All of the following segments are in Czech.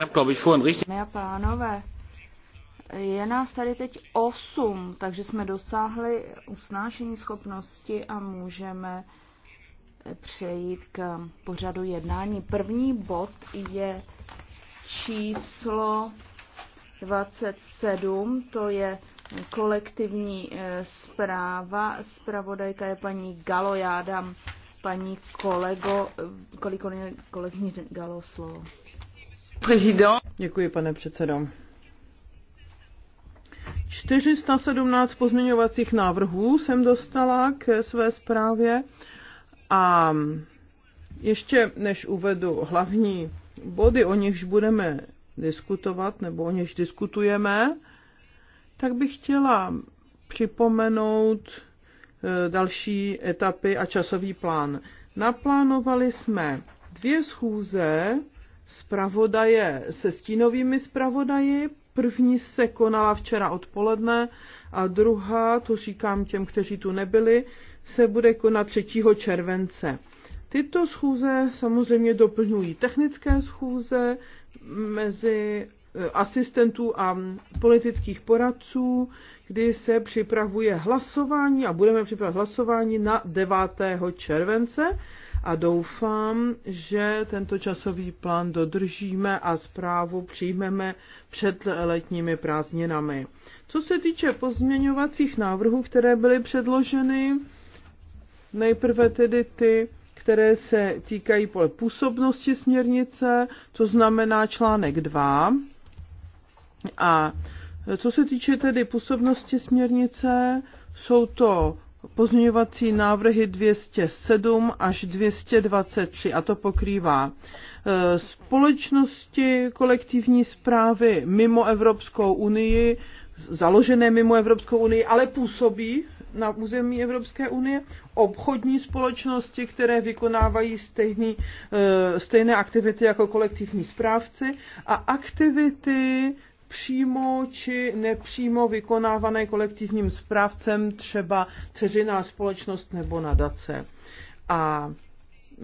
Dámy a pánové, je nás tady teď osm, takže jsme dosáhli usnášení schopnosti a můžeme přejít k pořadu jednání. První bod je číslo 27, to je kolektivní eh, zpráva. Zpravodajka je paní Galo, já dám paní kolego, eh, kolik kolegyni Galo slovo. Děkuji, pane předsedo. 417 pozměňovacích návrhů jsem dostala k své zprávě a ještě než uvedu hlavní body, o nichž budeme diskutovat nebo o nichž diskutujeme, tak bych chtěla připomenout eh, další etapy a časový plán. Naplánovali jsme dvě schůze zpravodaje se stínovými zpravodaji. První se konala včera odpoledne a druhá, to říkám těm, kteří tu nebyli, se bude konat 3. července. Tyto schůze samozřejmě doplňují technické schůze mezi eh, asistentů a politických poradců, kdy se připravuje hlasování a budeme připravovat hlasování na 9. července a doufám, že tento časový plán dodržíme a zprávu přijmeme před letními prázdninami. Co se týče pozměňovacích návrhů, které byly předloženy, nejprve tedy ty, které se týkají pole působnosti směrnice, to znamená článek 2. A co se týče tedy působnosti směrnice, jsou to pozměňovací návrhy 207 až 223 a to pokrývá eh, společnosti kolektivní zprávy mimo Evropskou unii, založené mimo Evropskou unii, ale působí na území Evropské unie, obchodní společnosti, které vykonávají stejný, eh, stejné aktivity jako kolektivní správci a aktivity přímo či nepřímo vykonávané kolektivním správcem, třeba dceřiná společnost nebo nadace, a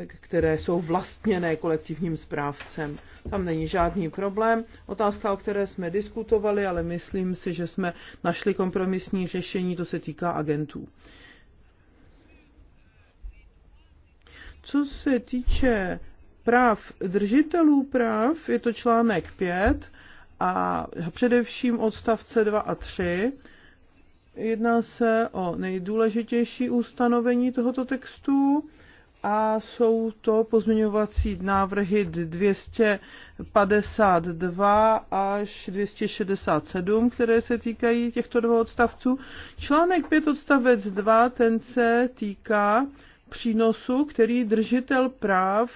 které jsou vlastněné kolektivním správcem. Tam není žádný problém. Otázka, o které jsme diskutovali, ale myslím si, že jsme našli kompromisní řešení, to se týká agentů. Co se týče práv držitelů práv, je to článek 5, a především odstavce 2 a 3. Jedná se o nejdůležitější ustanovení tohoto textu a jsou to pozměňovací návrhy 252 až 267, které se týkají těchto dvou odstavců. Článek 5 odstavec 2, ten se týká přínosu, který držitel práv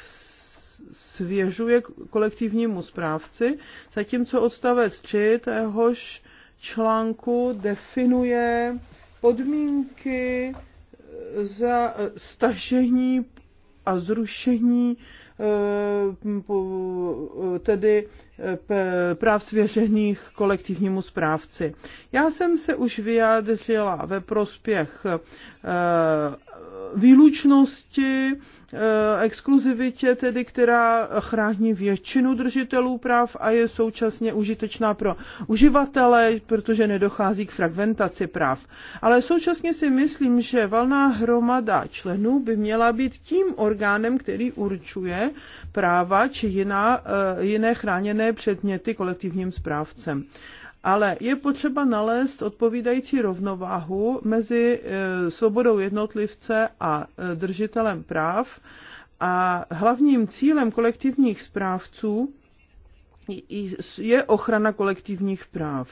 svěžuje kolektivnímu správci, zatímco odstavec 3 téhož článku definuje podmínky za stažení a zrušení Eh, eh, tedy eh, práv svěřených kolektivnímu správci. Já jsem se už vyjádřila ve prospěch výlučnosti, exkluzivitě, tedy která chrání většinu držitelů práv a je současně užitečná pro uživatele, protože nedochází k fragmentaci práv. Ale současně si myslím, že valná hromada členů by měla být tím orgánem, který určuje, práva či jiná, eh, jiné chráněné předměty kolektivním správcem. Ale je potřeba nalézt odpovídající rovnováhu mezi eh, svobodou jednotlivce a eh, držitelem práv. A hlavním cílem kolektivních správců je ochrana kolektivních práv.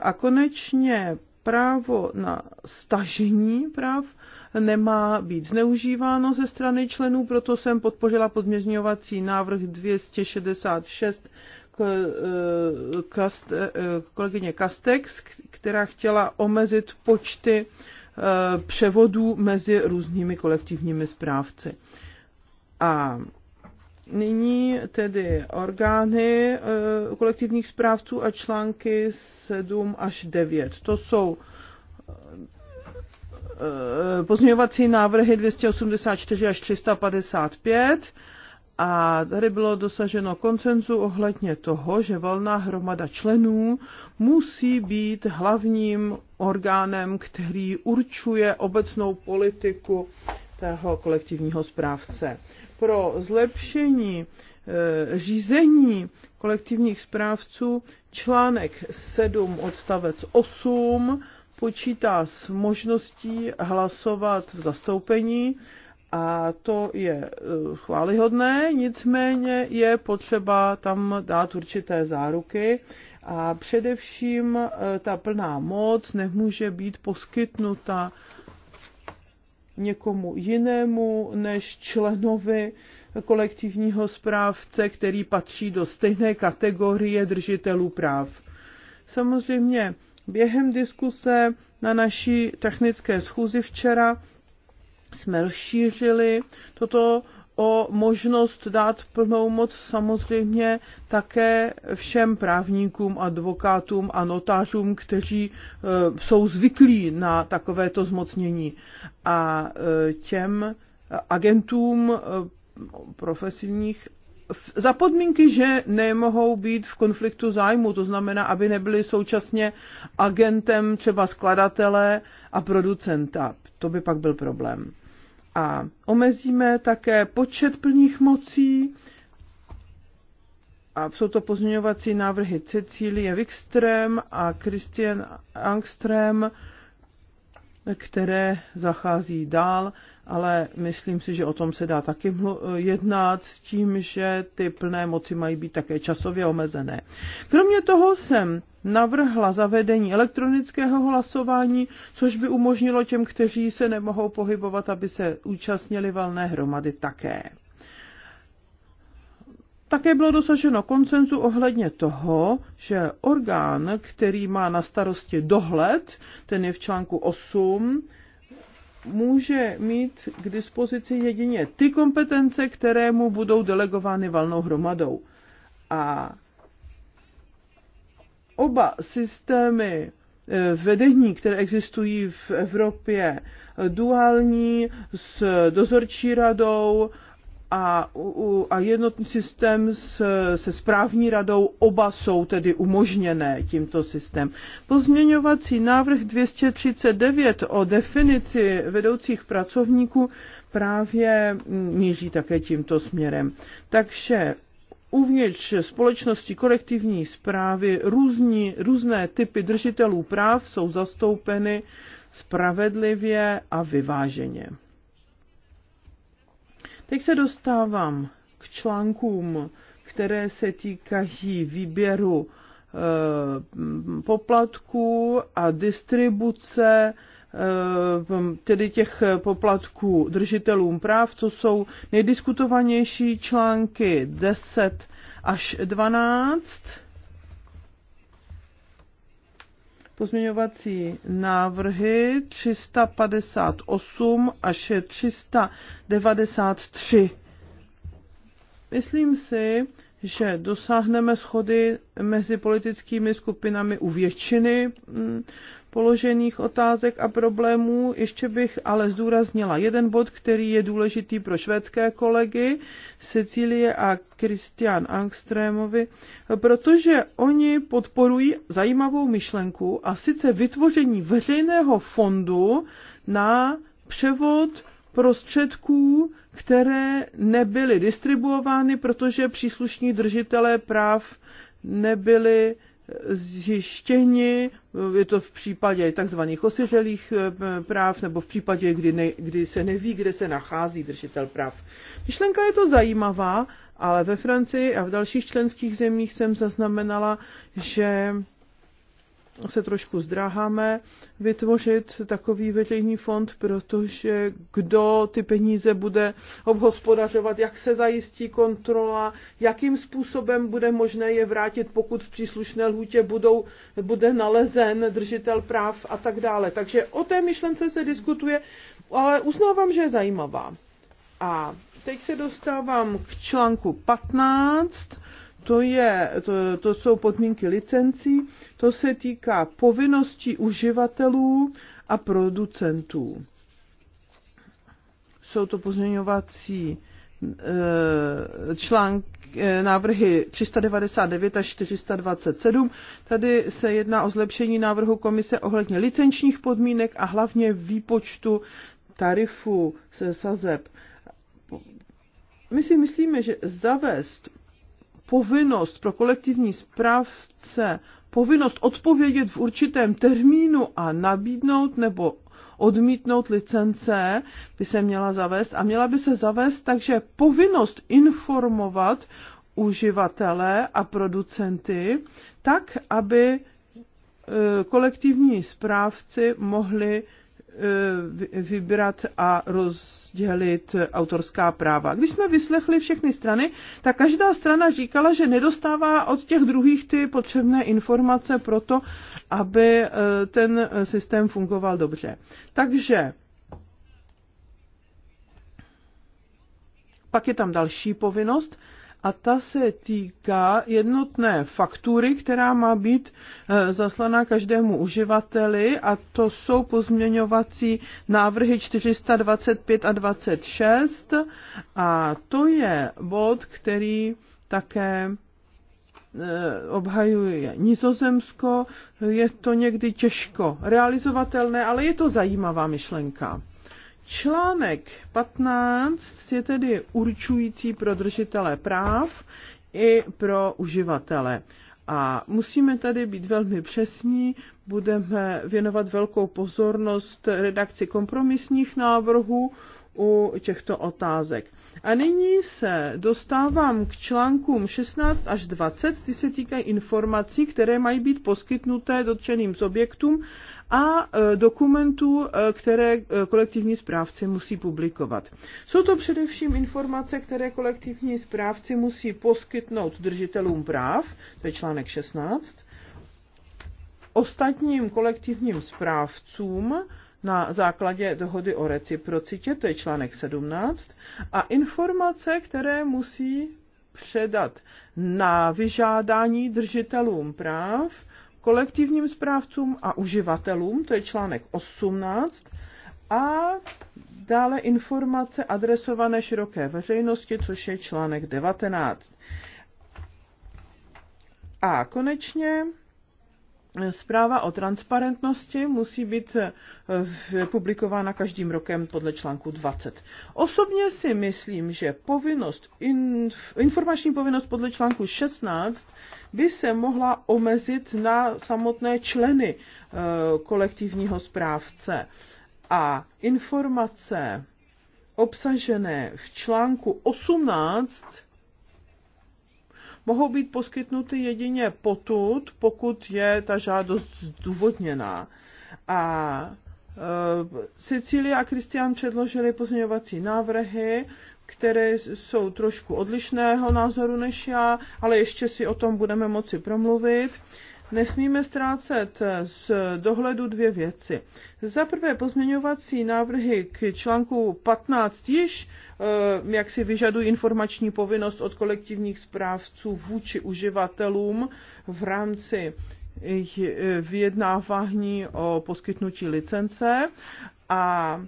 A konečně právo na stažení práv nemá být zneužíváno ze strany členů, proto jsem podpořila podměňovací návrh 266 eh, eh, kolegyně Kastex, která chtěla omezit počty eh, převodů mezi různými kolektivními správci. A nyní tedy orgány kolektivních správců a články 7 až 9. To jsou Eh, pozměňovací návrhy 284 až 355 a tady bylo dosaženo koncenzu ohledně toho, že valná hromada členů musí být hlavním orgánem, který určuje obecnou politiku tého kolektivního správce. Pro zlepšení eh, řízení kolektivních správců článek 7 odstavec 8 počítá s možností hlasovat v zastoupení a to je eh, chválihodné, nicméně je potřeba tam dát určité záruky a především eh, ta plná moc nemůže být poskytnuta někomu jinému než členovi kolektivního správce, který patří do stejné kategorie držitelů práv. Samozřejmě Během diskuse na naší technické schůzi včera jsme rozšířili toto o možnost dát plnou moc samozřejmě také všem právníkům, advokátům a notářům, kteří e, jsou zvyklí na takovéto zmocnění. A e, těm agentům e, profesivních za podmínky, že nemohou být v konfliktu zájmu, to znamená, aby nebyli současně agentem třeba skladatele a producenta. To by pak byl problém. A omezíme také počet plných mocí, a jsou to pozměňovací návrhy Cecílie Wikström a Christian Angström, které zachází dál ale myslím si, že o tom se dá taky jednat s tím, že ty plné moci mají být také časově omezené. Kromě toho jsem navrhla zavedení elektronického hlasování, což by umožnilo těm, kteří se nemohou pohybovat, aby se účastnili valné hromady také. Také bylo dosaženo koncenzu ohledně toho, že orgán, který má na starosti dohled, ten je v článku 8 může mít k dispozici jedině ty kompetence, které mu budou delegovány valnou hromadou. A oba systémy e, vedení, které existují v Evropě, duální s dozorčí radou, a, a jednotný systém s, se správní radou, oba jsou tedy umožněné tímto systém. Pozměňovací návrh 239 o definici vedoucích pracovníků právě míří také tímto směrem. Takže uvnitř společnosti kolektivní zprávy různí, různé typy držitelů práv jsou zastoupeny spravedlivě a vyváženě. Teď se dostávám k článkům, které se týkají výběru eh, poplatků a distribuce eh, tedy těch poplatků držitelům práv, co jsou nejdiskutovanější články 10 až 12 pozměňovací návrhy 358 až 393. Myslím si, že dosáhneme schody mezi politickými skupinami u většiny mm, položených otázek a problémů. Ještě bych ale zdůraznila jeden bod, který je důležitý pro švédské kolegy Cecilie a Christian Angstrémovi, protože oni podporují zajímavou myšlenku a sice vytvoření veřejného fondu na převod prostředků, které nebyly distribuovány, protože příslušní držitelé práv nebyli zjištěni, je to v případě tzv. osiřelých eh, práv nebo v případě, kdy, ne, kdy se neví, kde se nachází držitel práv. Myšlenka je to zajímavá, ale ve Francii a v dalších členských zemích jsem zaznamenala, že se trošku zdráháme vytvořit takový veřejný fond, protože kdo ty peníze bude obhospodařovat, jak se zajistí kontrola, jakým způsobem bude možné je vrátit, pokud v příslušné lhůtě budou, bude nalezen držitel práv a tak dále. Takže o té myšlence se diskutuje, ale uznávám, že je zajímavá. A teď se dostávám k článku 15 to, je, to, to jsou podmínky licencí, to se týká povinností uživatelů a producentů. Jsou to pozměňovací eh, článk, eh, návrhy 399 až 427. Tady se jedná o zlepšení návrhu komise ohledně licenčních podmínek a hlavně výpočtu tarifu se sazeb. My si myslíme, že zavést povinnost pro kolektivní správce povinnost odpovědět v určitém termínu a nabídnout nebo odmítnout licence by se měla zavést a měla by se zavést takže povinnost informovat uživatele a producenty tak, aby e, kolektivní správci mohli e, vybrat a roz, rozdělit autorská práva. Když jsme vyslechli všechny strany, tak každá strana říkala, že nedostává od těch druhých ty potřebné informace pro to, aby eh, ten systém fungoval dobře. Takže pak je tam další povinnost, a ta se týká jednotné faktury, která má být eh, zaslaná každému uživateli a to jsou pozměňovací návrhy 425 a 26 a to je bod, který také eh, obhajuje Nizozemsko. Je to někdy těžko realizovatelné, ale je to zajímavá myšlenka. Článek 15 je tedy určující pro držitele práv i pro uživatele. A musíme tady být velmi přesní, budeme věnovat velkou pozornost redakci kompromisních návrhů u těchto otázek. A nyní se dostávám k článkům 16 až 20, ty se týkají informací, které mají být poskytnuté dotčeným subjektům a e, dokumentů, e, které e, kolektivní správci musí publikovat. Jsou to především informace, které kolektivní správci musí poskytnout držitelům práv, to je článek 16, ostatním kolektivním správcům, na základě dohody o reciprocitě, to je článek 17, a informace, které musí předat na vyžádání držitelům práv kolektivním správcům a uživatelům, to je článek 18, a dále informace adresované široké veřejnosti, což je článek 19. A konečně Zpráva o transparentnosti musí být eh, publikována každým rokem podle článku 20. Osobně si myslím, že povinnost, informační povinnost podle článku 16 by se mohla omezit na samotné členy eh, kolektivního správce a informace obsažené v článku 18 mohou být poskytnuty jedině potud, pokud je ta žádost zdůvodněná. A Cecília a Kristian předložili pozměňovací návrhy, které jsou trošku odlišného názoru než já, ale ještě si o tom budeme moci promluvit. Nesmíme ztrácet z dohledu dvě věci. Za prvé pozměňovací návrhy k článku 15 již, eh, jak si vyžadují informační povinnost od kolektivních správců vůči uživatelům v rámci eh, vyjednávání o poskytnutí licence a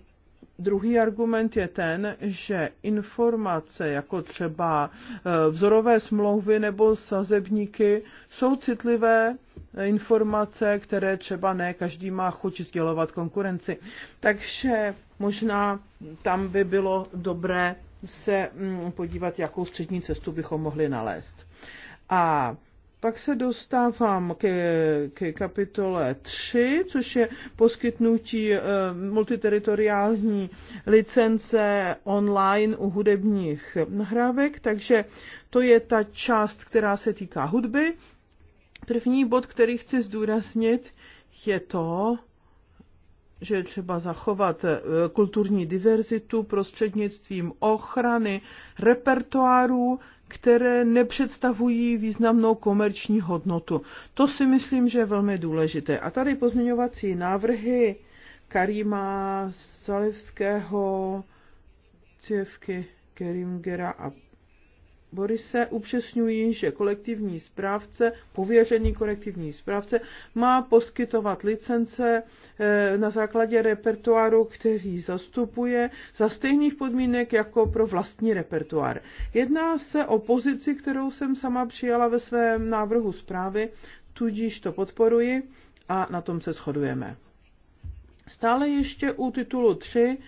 Druhý argument je ten, že informace jako třeba e, vzorové smlouvy nebo sazebníky jsou citlivé informace, které třeba ne každý má chuť sdělovat konkurenci. Takže možná tam by bylo dobré se mm, podívat, jakou střední cestu bychom mohli nalézt. A pak se dostávám ke, ke kapitole 3, což je poskytnutí e, eh, multiteritoriální licence online u hudebních nahrávek, takže to je ta část, která se týká hudby. První bod, který chci zdůraznit, je to, že je třeba zachovat eh, kulturní diverzitu prostřednictvím ochrany repertoáru které nepředstavují významnou komerční hodnotu. To si myslím, že je velmi důležité. A tady pozměňovací návrhy Karima Salivského, Cievky, Keringera a Borise upřesňují, že kolektivní správce, pověřený kolektivní správce, má poskytovat licence eh, na základě repertoáru, který zastupuje za stejných podmínek jako pro vlastní repertoár. Jedná se o pozici, kterou jsem sama přijala ve svém návrhu zprávy, tudíž to podporuji a na tom se shodujeme. Stále ještě u titulu 3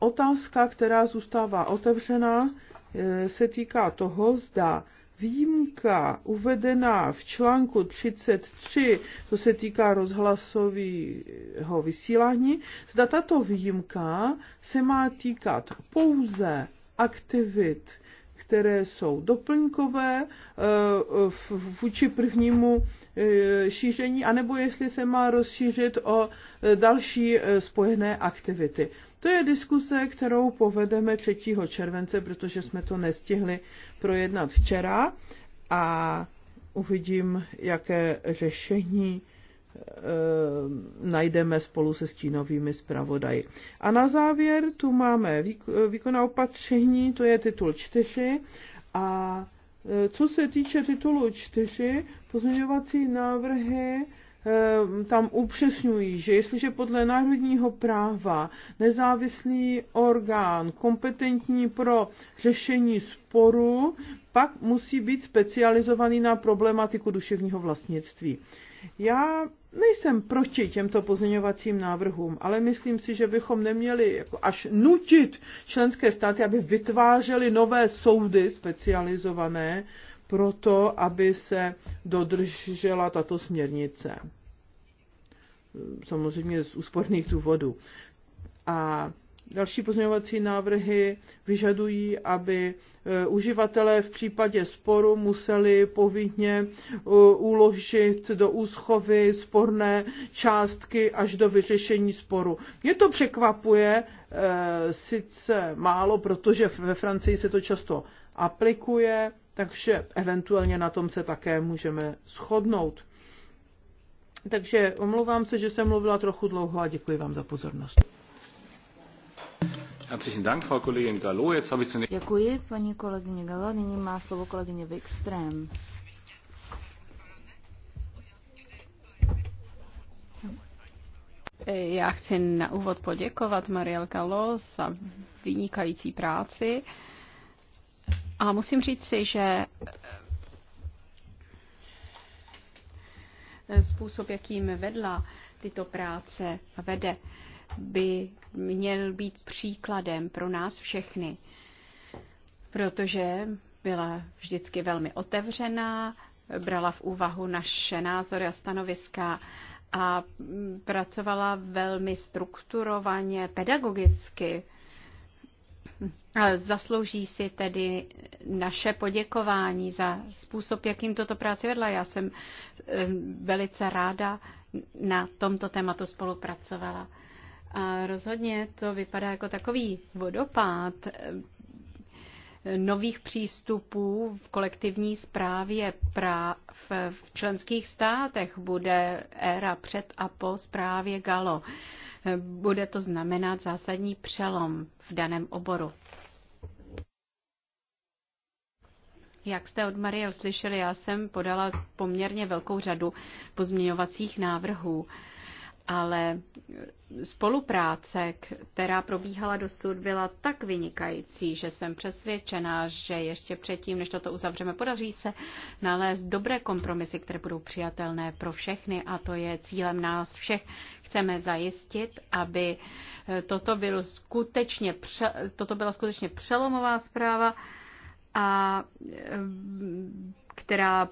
otázka, která zůstává otevřená, Eh, se týká toho, zda výjimka uvedená v článku 33, co se týká rozhlasového vysílání, zda tato výjimka se má týkat pouze aktivit, které jsou doplňkové eh, vůči prvnímu eh, šíření, anebo jestli se má rozšířit o další spojené aktivity. To je diskuse, kterou povedeme 3. července, protože jsme to nestihli projednat včera a uvidím, jaké řešení eh, najdeme spolu se stínovými zpravodaji. A na závěr tu máme výkonná opatření, to je titul 4 a eh, co se týče titulu 4, pozměňovací návrhy Eh, tam upřesňují, že jestliže podle národního práva nezávislý orgán kompetentní pro řešení sporu, pak musí být specializovaný na problematiku duševního vlastnictví. Já nejsem proti těmto pozměňovacím návrhům, ale myslím si, že bychom neměli jako až nutit členské státy, aby vytvářely nové soudy specializované, proto, aby se dodržela tato směrnice. Samozřejmě z úsporných důvodů. A další pozměňovací návrhy vyžadují, aby e, uživatelé v případě sporu museli povinně e, uložit do úschovy sporné částky až do vyřešení sporu. Mě to překvapuje, e, sice málo, protože ve Francii se to často aplikuje, takže eventuálně na tom se také můžeme shodnout. Takže omlouvám se, že jsem mluvila trochu dlouho a děkuji vám za pozornost. Děkuji, paní kolegyně Galo. Nyní má slovo kolegyně Wikström. Já chci na úvod poděkovat Mariel Galo za vynikající práci. A musím říct si, že způsob, jakým vedla tyto práce a vede, by měl být příkladem pro nás všechny, protože byla vždycky velmi otevřená, brala v úvahu naše názory a stanoviska a pracovala velmi strukturovaně, pedagogicky Zaslouží si tedy naše poděkování za způsob, jakým toto práci vedla. Já jsem eh, velice ráda na tomto tématu spolupracovala. A rozhodně to vypadá jako takový vodopád eh, nových přístupů v kolektivní správě práv v členských státech bude éra před a po správě Galo. Bude to znamenat zásadní přelom v daném oboru. Jak jste od Marie slyšeli, já jsem podala poměrně velkou řadu pozměňovacích návrhů ale spolupráce, která probíhala dosud, byla tak vynikající, že jsem přesvědčená, že ještě předtím, než toto uzavřeme, podaří se nalézt dobré kompromisy, které budou přijatelné pro všechny a to je cílem nás všech. Chceme zajistit, aby eh, toto, byl skutečně, toto byla skutečně přelomová zpráva, a eh, která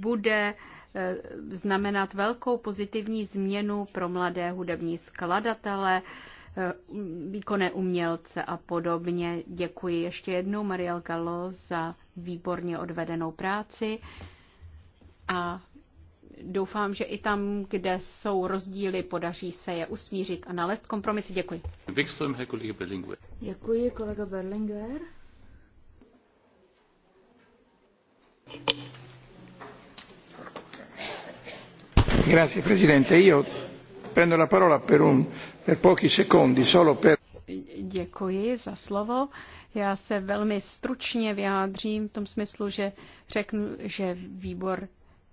bude Eh, znamenat velkou pozitivní změnu pro mladé hudební skladatele, eh, výkonné umělce a podobně. Děkuji ještě jednou Mariel Gallo za výborně odvedenou práci a doufám, že i tam, kde jsou rozdíly, podaří se je usmířit a nalézt kompromisy. Děkuji. Děkuji, kolega Berlinguer. Grazie Presidente. prendo la parola per pochi secondi solo per... Děkuji za slovo. Já se velmi stručně vyjádřím v tom smyslu, že řeknu, že výbor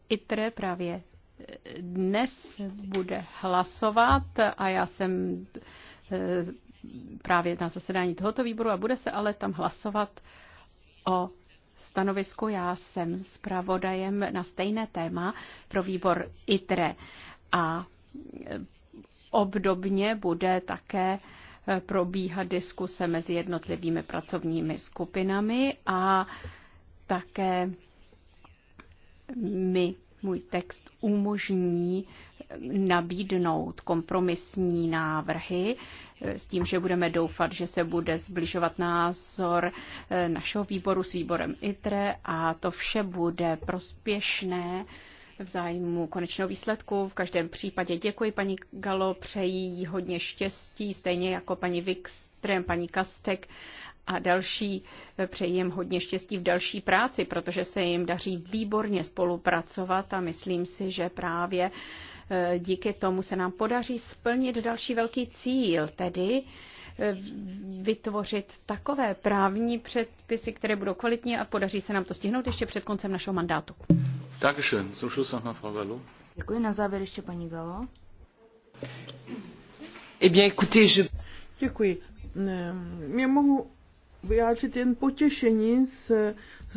ITRE právě eh, dnes bude hlasovat a já jsem eh, právě na zasedání tohoto výboru a bude se ale tam hlasovat o stanovisku. Já jsem zpravodajem na stejné téma pro výbor ITRE a obdobně bude také e, probíhat diskuse mezi jednotlivými pracovními skupinami a také mi můj text umožní nabídnout kompromisní návrhy, s tím, že budeme doufat, že se bude zbližovat názor eh, našeho výboru s výborem ITRE a to vše bude prospěšné v zájmu konečného výsledku. V každém případě děkuji paní Galo, přeji jí hodně štěstí, stejně jako paní Wikström, paní Kastek a další. Eh, přeji jim hodně štěstí v další práci, protože se jim daří výborně spolupracovat a myslím si, že právě uh, Eh, díky tomu se nám podaří splnit další velký cíl, tedy eh, vytvořit takové právní předpisy, které budou kvalitní a podaří se nám to stihnout ještě před koncem našeho mandátu. na Děkuji, na závěr ještě paní Galo. Eh bien, écoutez, Děkuji. Já mohu vyjádřit jen potěšení z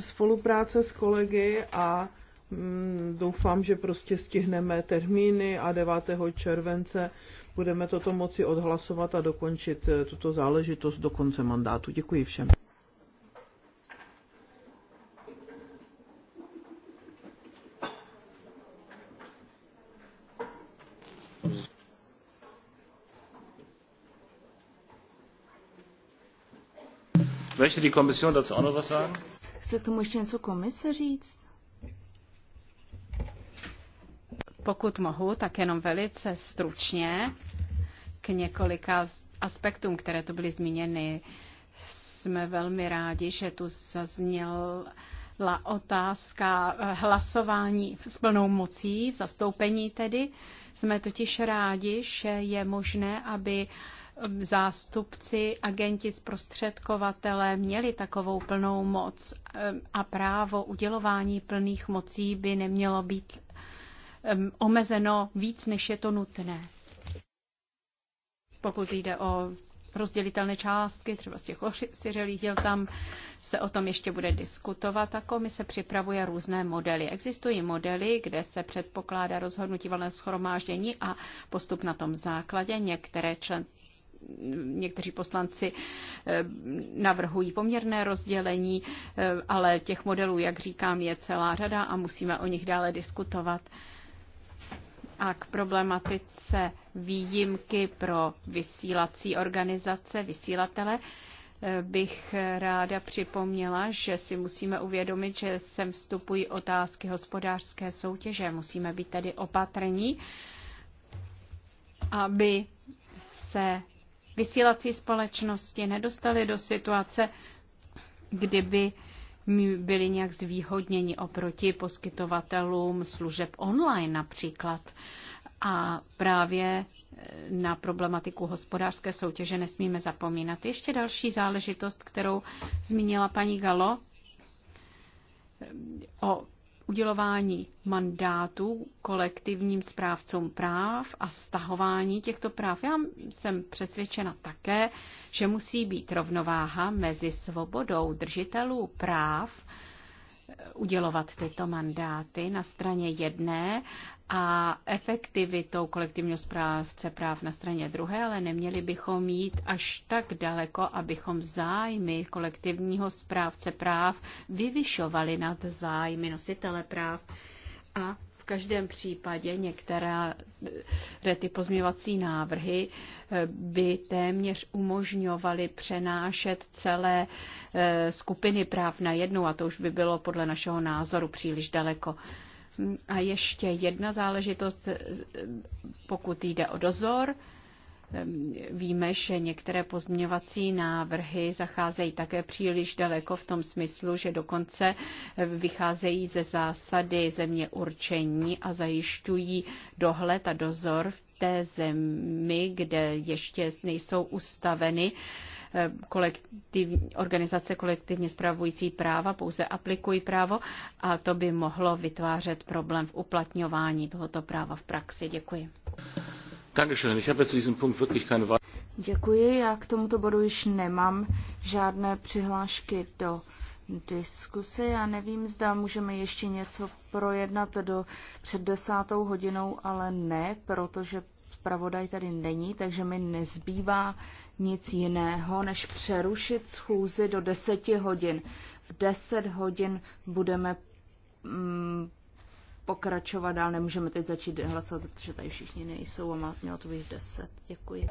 spolupráce s kolegy a Mm, doufám, že prostě stihneme termíny a 9. července budeme toto moci odhlasovat a dokončit eh, tuto záležitost do konce mandátu. Děkuji všem. Möchte die Kommission dazu auch noch was sagen? Chce tomu ještě něco komise říct? Pokud mohu, tak jenom velice stručně k několika aspektům, které tu byly zmíněny. Jsme velmi rádi, že tu zazněla otázka hlasování s plnou mocí, v zastoupení tedy. Jsme totiž rádi, že je možné, aby zástupci, agenti, zprostředkovatele měli takovou plnou moc eh, a právo udělování plných mocí by nemělo být omezeno víc, než je to nutné. Pokud jde o rozdělitelné částky, třeba z těch osiřelých děl, tam se o tom ještě bude diskutovat a komise připravuje různé modely. Existují modely, kde se předpokládá rozhodnutí valné schromáždění a postup na tom základě. Některé člen, někteří poslanci eh, navrhují poměrné rozdělení, eh, ale těch modelů, jak říkám, je celá řada a musíme o nich dále diskutovat a k problematice výjimky pro vysílací organizace, vysílatele, eh, bych ráda připomněla, že si musíme uvědomit, že sem vstupují otázky hospodářské soutěže. Musíme být tedy opatrní, aby se vysílací společnosti nedostaly do situace, kdyby byli nějak zvýhodněni oproti poskytovatelům služeb online například. A právě e, na problematiku hospodářské soutěže nesmíme zapomínat. Ještě další záležitost, kterou zmínila paní Galo, o udělování mandátů kolektivním správcům práv a stahování těchto práv. Já jsem přesvědčena také, že musí být rovnováha mezi svobodou držitelů práv udělovat tyto mandáty na straně jedné a efektivitou kolektivního správce práv na straně druhé, ale neměli bychom jít až tak daleko, abychom zájmy kolektivního správce práv vyvyšovali nad zájmy nositele práv. A v každém případě některé eh, ty pozměvací návrhy eh, by téměř umožňovaly přenášet celé eh, skupiny práv na jednu a to už by bylo podle našeho názoru příliš daleko. A ještě jedna záležitost, pokud jde o dozor. Víme, že některé pozměňovací návrhy zacházejí také příliš daleko v tom smyslu, že dokonce vycházejí ze zásady země určení a zajišťují dohled a dozor v té zemi, kde ještě nejsou ustaveny uh, kolektivní, organizace kolektivně spravující práva pouze aplikují právo a to by mohlo vytvářet problém v uplatňování tohoto práva v praxi. Děkuji. Děkuji, já k tomuto bodu již nemám žádné přihlášky do diskuse. Já nevím, zda můžeme ještě něco projednat do před desátou hodinou, ale ne, protože zpravodaj tady není, takže mi nezbývá nic jiného, než přerušit schůzi do 10 hodin. V 10 hodin budeme mm, pokračovat dál. Nemůžeme teď začít hlasovat, protože tady všichni nejsou a má, mělo to být 10. Děkuji.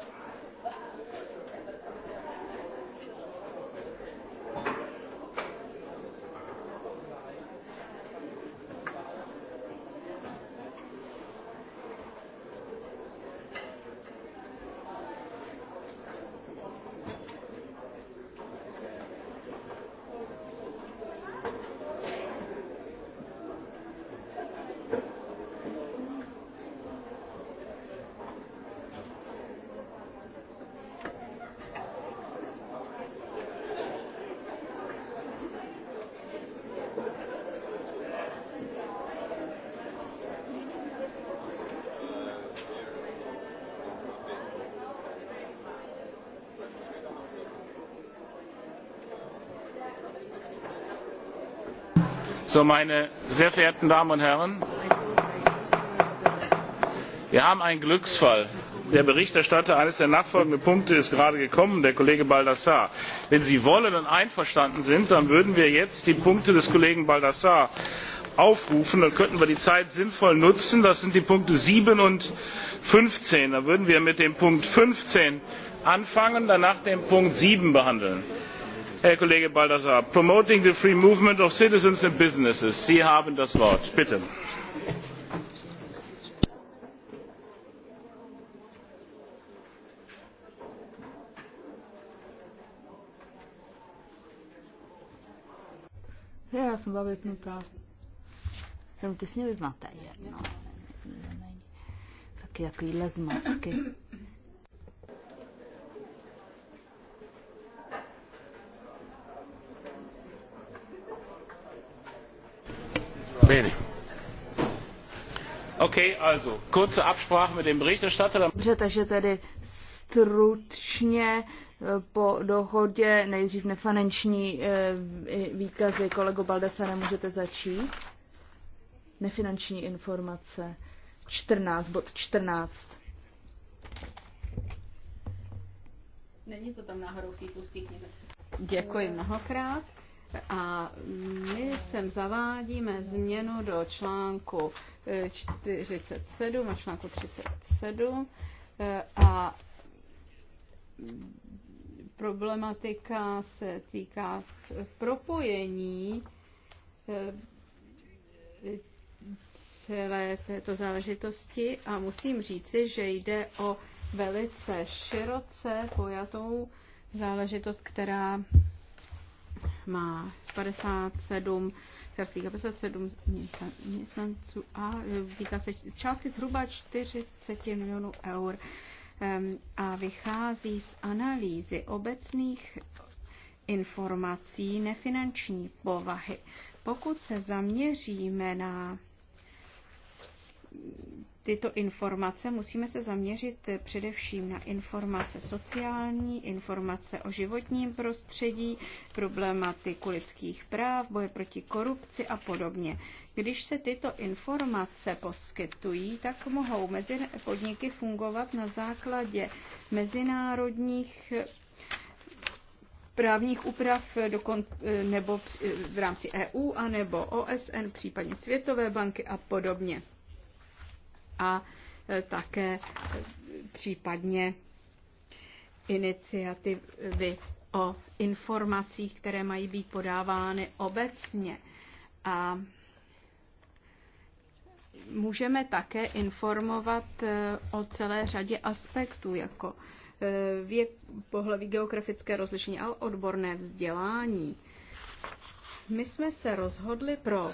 So, meine sehr verehrten Damen und Herren, wir haben einen Glücksfall. Der Berichterstatter eines der nachfolgenden Punkte ist gerade gekommen, der Kollege baldassarre. Wenn Sie wollen und einverstanden sind, dann würden wir jetzt die Punkte des Kollegen baldassarre aufrufen dann könnten wir die zeit sinnvoll nutzen das sind die punkte sieben und fünfzehn dann würden wir mit dem punkt fünfzehn anfangen danach den punkt sieben behandeln herr kollege baldassarre promoting the free movement of citizens and businesses sie haben das wort bitte. Já jsem byla vypnutá. Jenom ty s ní vypnaté jedno. Taky zmatky. Dobře, takže tedy stručně eh, po dohodě nejdřív nefinanční eh, výkazy. Kolego Baldesa, nemůžete začít? Nefinanční informace. 14, bod 14. Není to tam náhodou v té tlusté knize. Děkuji mnohokrát. A my sem zavádíme změnu do článku 47 eh, a článku 37 eh, a problematika se týká propojení eh, celé této záležitosti a musím říci, že jde o velice široce pojatou záležitost, která má 57 ministerských a 57 zaměstnanců a e, týká se částky zhruba 40 milionů eur a vychází z analýzy obecných informací nefinanční povahy. Pokud se zaměříme na tyto informace, musíme se zaměřit eh, především na informace sociální, informace o životním prostředí, problematiku lidských práv, boje proti korupci a podobně. Když se tyto informace poskytují, tak mohou mezi podniky fungovat na základě mezinárodních eh, právních úprav eh, nebo v rámci EU a nebo OSN, případně Světové banky a podobně a e, také e, případně iniciativy o informacích, které mají být podávány obecně. A můžeme také informovat e, o celé řadě aspektů, jako věk, pohlaví, geografické rozlišení a odborné vzdělání. My jsme se rozhodli pro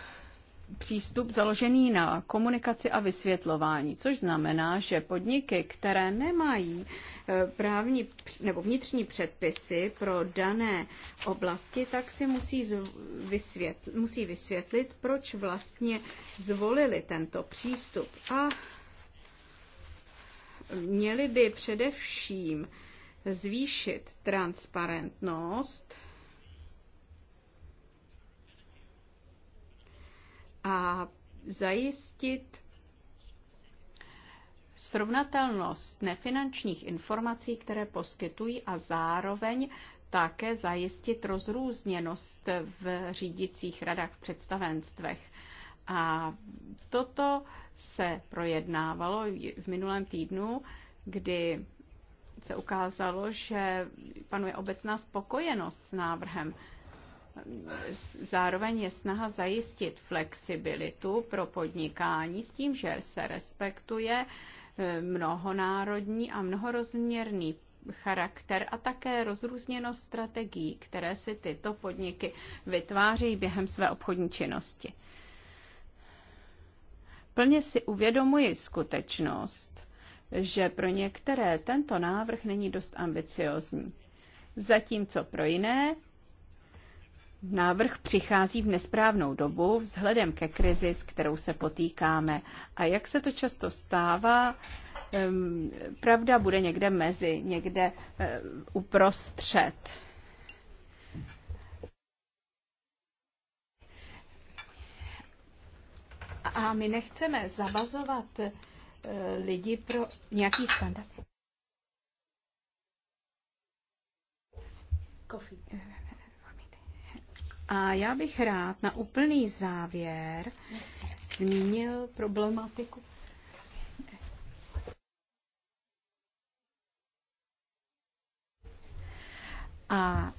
přístup založený na komunikaci a vysvětlování, což znamená, že podniky, které nemají e, právní nebo vnitřní předpisy pro dané oblasti, tak si musí, vysvětl, musí vysvětlit, proč vlastně zvolili tento přístup. A měli by především zvýšit transparentnost a zajistit srovnatelnost nefinančních informací, které poskytují a zároveň také zajistit rozrůzněnost v řídicích radách, v představenstvech. A toto se projednávalo v minulém týdnu, kdy se ukázalo, že panuje obecná spokojenost s návrhem zároveň je snaha zajistit flexibilitu pro podnikání s tím, že se respektuje eh, mnohonárodní a mnohorozměrný charakter a také rozrůzněnost strategií, které si tyto podniky vytváří během své obchodní činnosti. Plně si uvědomuji skutečnost, že pro některé tento návrh není dost ambiciozní, zatímco pro jiné Návrh přichází v nesprávnou dobu vzhledem ke krizi, s kterou se potýkáme. A jak se to často stává, pravda bude někde mezi, někde eh, uprostřed. A my nechceme zavazovat eh, lidi pro nějaký standard. Coffee. A já bych rád na úplný závěr zmínil problematiku A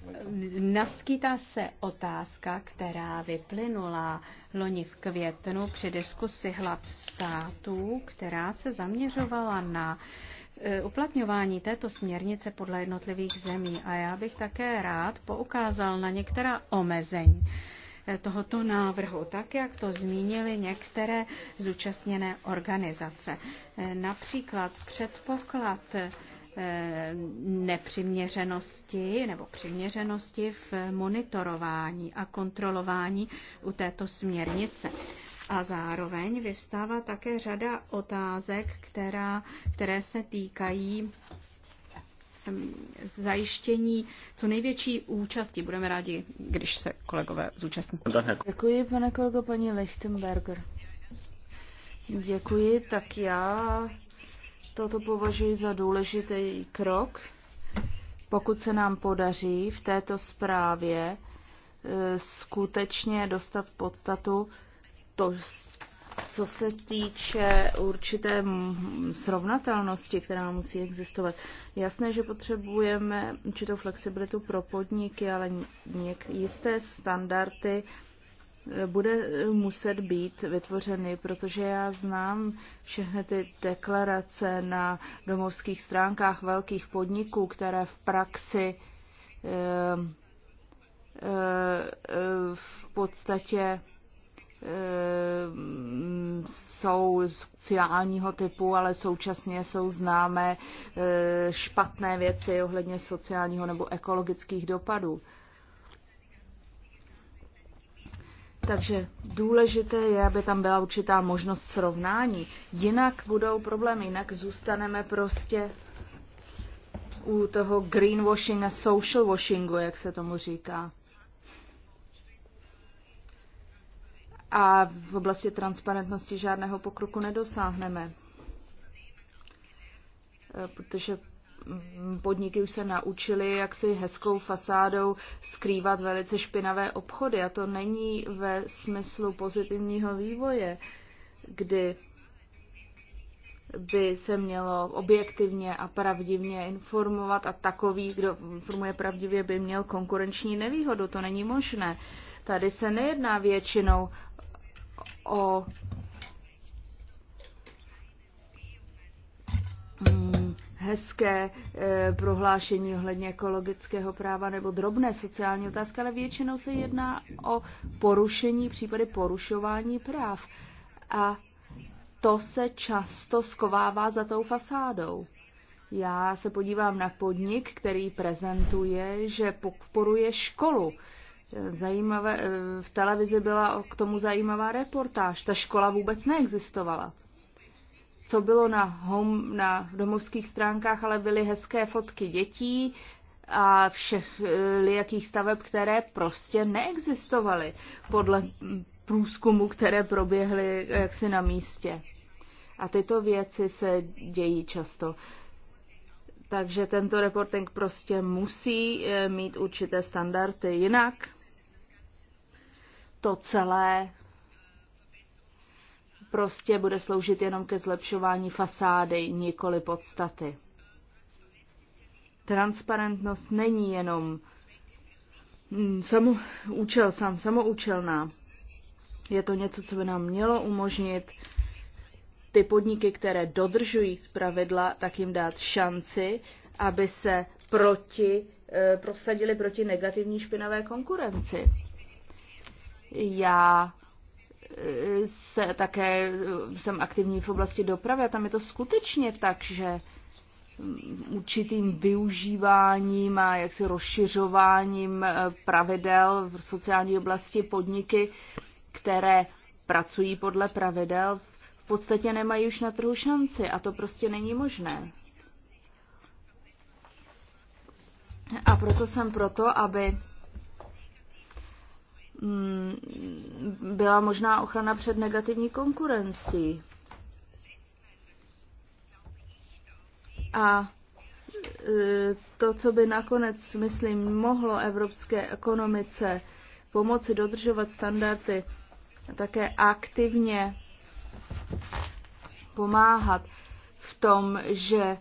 naskýtá se otázka, která vyplynula loni v květnu při diskusi hlav států, která se zaměřovala na Eh, uplatňování této směrnice podle jednotlivých zemí. A já bych také rád poukázal na některá omezení eh, tohoto návrhu, tak jak to zmínili některé zúčastněné organizace. Eh, například předpoklad Eh, nepřiměřenosti nebo přiměřenosti v monitorování a kontrolování u této směrnice. A zároveň vyvstává také řada otázek, která, které se týkají zajištění co největší účasti. Budeme rádi, když se kolegové zúčastní. Děkuji, pane kolego, paní Lechtenberger. Děkuji, tak já Toto považuji za důležitý krok, pokud se nám podaří v této zprávě e, skutečně dostat podstatu to, co se týče určité srovnatelnosti, která musí existovat. Jasné, že potřebujeme určitou flexibilitu pro podniky, ale něk, jisté standardy bude muset být vytvořeny, protože já znám všechny ty deklarace na domovských stránkách velkých podniků, které v praxi eh, eh, v podstatě eh, jsou sociálního typu, ale současně jsou známé špatné věci ohledně sociálního nebo ekologických dopadů. Takže důležité je, aby tam byla určitá možnost srovnání. Jinak budou problémy, jinak zůstaneme prostě u toho greenwashing a social washingu, jak se tomu říká. A v oblasti transparentnosti žádného pokroku nedosáhneme. Protože podniky už se naučily, jak si hezkou fasádou skrývat velice špinavé obchody. A to není ve smyslu pozitivního vývoje, kdy by se mělo objektivně a pravdivně informovat a takový, kdo informuje pravdivě, by měl konkurenční nevýhodu. To není možné. Tady se nejedná většinou o. Hmm hezké e, prohlášení ohledně ekologického práva nebo drobné sociální otázky, ale většinou se jedná o porušení, případy porušování práv. A to se často skovává za tou fasádou. Já se podívám na podnik, který prezentuje, že podporuje školu. Zajímavé, eh, v televizi byla k tomu zajímavá reportáž. Ta škola vůbec neexistovala co bylo na, home, na domovských stránkách, ale byly hezké fotky dětí a všech eh, jakých staveb, které prostě neexistovaly podle průzkumu, které proběhly eh, jaksi na místě. A tyto věci se dějí často. Takže tento reporting prostě musí eh, mít určité standardy, jinak to celé prostě bude sloužit jenom ke zlepšování fasády, nikoli podstaty. Transparentnost není jenom mm, samo, účel, sám samoučelná. Je to něco, co by nám mělo umožnit ty podniky, které dodržují pravidla, tak jim dát šanci, aby se proti, e, prosadili proti negativní špinavé konkurenci. Já se také eh, jsem aktivní v oblasti dopravy a tam je to skutečně tak, že určitým využíváním a jaksi rozšiřováním eh, pravidel v sociální oblasti podniky, které pracují podle pravidel, v podstatě nemají už na trhu šanci a to prostě není možné. A proto jsem proto, aby Mm, byla možná ochrana před negativní konkurencí. A e, to, co by nakonec, myslím, mohlo evropské ekonomice pomoci dodržovat standardy, také aktivně pomáhat v tom, že e,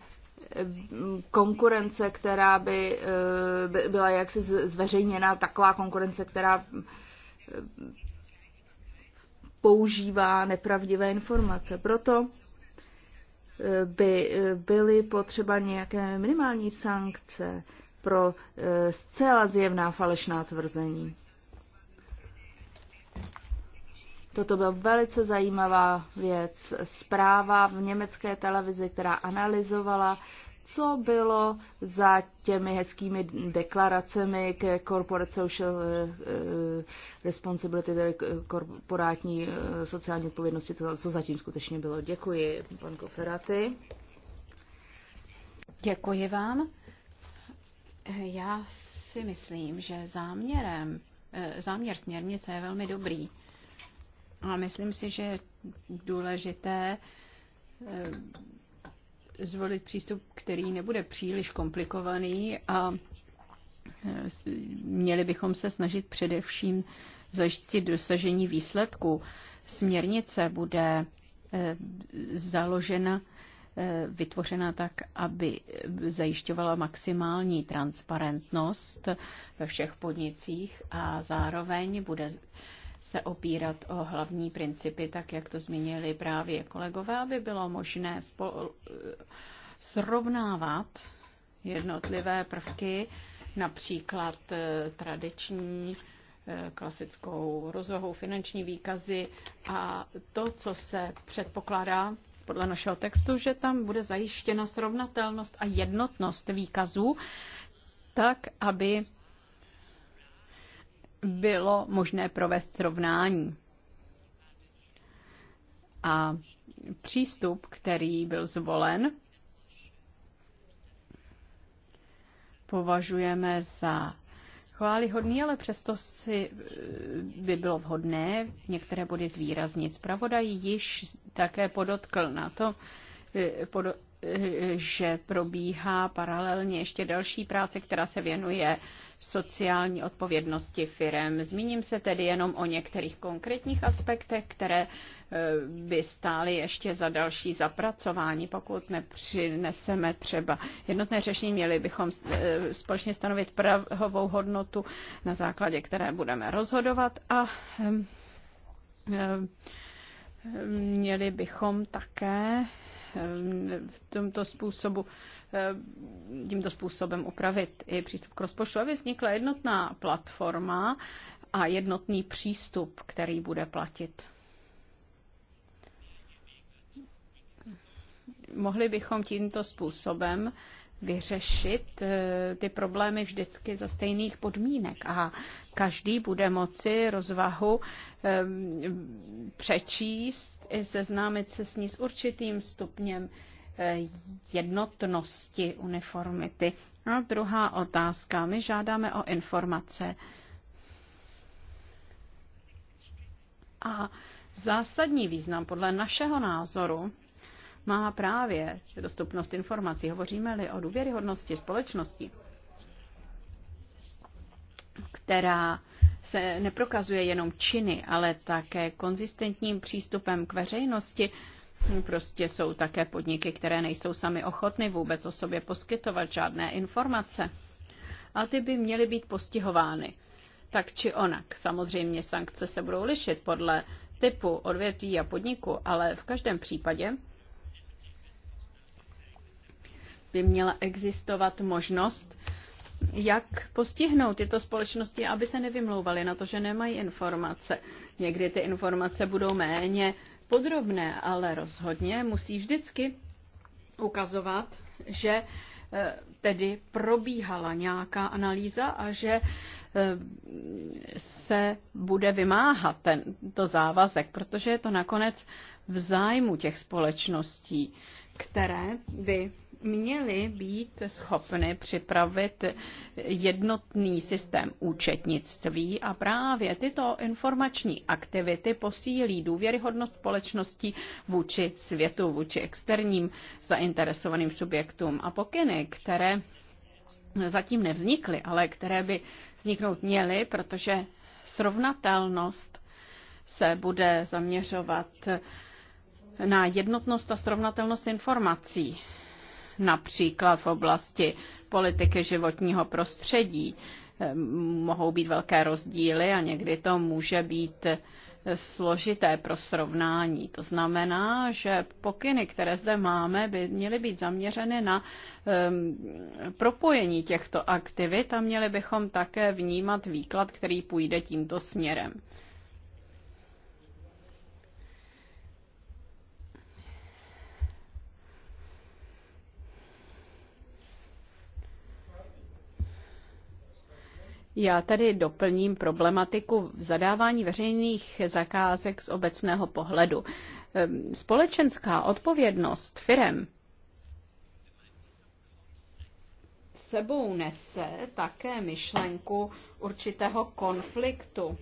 konkurence, která by e, byla jaksi zveřejněná, taková konkurence, která používá nepravdivé informace. Proto eh, by eh, byly potřeba nějaké minimální sankce pro eh, zcela zjevná falešná tvrzení. Toto byla velice zajímavá věc. Zpráva v německé televizi, která analyzovala co bylo za těmi hezkými deklaracemi k Corporate Social eh, eh, Responsibility, tedy eh, korporátní sociální odpovědnosti, co, co zatím skutečně bylo. Děkuji, pan Koferaty. Děkuji vám. Já si myslím, že záměrem, záměr směrnice je velmi dobrý. A myslím si, že důležité zvolit přístup, který nebude příliš komplikovaný a e, měli bychom se snažit především zajistit dosažení výsledku. Směrnice bude e, založena, e, vytvořena tak, aby zajišťovala maximální transparentnost ve všech podnicích a zároveň bude se opírat o hlavní principy, tak jak to zmínili právě kolegové, aby bylo možné spol- srovnávat jednotlivé prvky, například eh, tradiční eh, klasickou rozlohou finanční výkazy a to, co se předpokládá podle našeho textu, že tam bude zajištěna srovnatelnost a jednotnost výkazů, tak, aby bylo možné provést srovnání. A přístup, který byl zvolen, považujeme za chválihodný, ale přesto si eh, by bylo vhodné některé body zvýraznit. Zpravodaj již také podotkl na to, eh, že probíhá paralelně ještě další práce, která se věnuje sociální odpovědnosti firem. Zmíním se tedy jenom o některých konkrétních aspektech, které eh, by stály ještě za další zapracování. Pokud nepřineseme třeba jednotné řešení, měli bychom eh, společně stanovit pravou hodnotu, na základě které budeme rozhodovat a eh, měli bychom také v tomto způsobu, eh, tímto způsobem upravit i přístup k rozpočtu, aby vznikla jednotná platforma a jednotný přístup, který bude platit. Mohli bychom tímto způsobem vyřešit eh, ty problémy vždycky za stejných podmínek a každý bude moci rozvahu eh, přečíst i seznámit se s ní s určitým stupněm eh, jednotnosti uniformity. A no, druhá otázka. My žádáme o informace. A zásadní význam podle našeho názoru má právě dostupnost informací. Hovoříme-li o důvěryhodnosti společnosti, která se neprokazuje jenom činy, ale také konzistentním přístupem k veřejnosti, Prostě jsou také podniky, které nejsou sami ochotny vůbec o sobě poskytovat žádné informace. A ty by měly být postihovány. Tak či onak. Samozřejmě sankce se budou lišit podle typu odvětví a podniku, ale v každém případě by měla existovat možnost, jak postihnout tyto společnosti, aby se nevymlouvaly na to, že nemají informace. Někdy ty informace budou méně podrobné, ale rozhodně musí vždycky ukazovat, že eh, tedy probíhala nějaká analýza a že eh, se bude vymáhat tento závazek, protože je to nakonec v zájmu těch společností, které by měly být schopny připravit jednotný systém účetnictví a právě tyto informační aktivity posílí důvěryhodnost společnosti vůči světu, vůči externím zainteresovaným subjektům. A pokyny, které zatím nevznikly, ale které by vzniknout měly, protože srovnatelnost se bude zaměřovat na jednotnost a srovnatelnost informací například v oblasti politiky životního prostředí. Ehm, mohou být velké rozdíly a někdy to může být eh, složité pro srovnání. To znamená, že pokyny, které zde máme, by měly být zaměřeny na um, propojení těchto aktivit a měli bychom také vnímat výklad, který půjde tímto směrem. Já tady doplním problematiku v zadávání veřejných zakázek z obecného pohledu. Ehm, společenská odpovědnost firem sebou nese také myšlenku určitého konfliktu.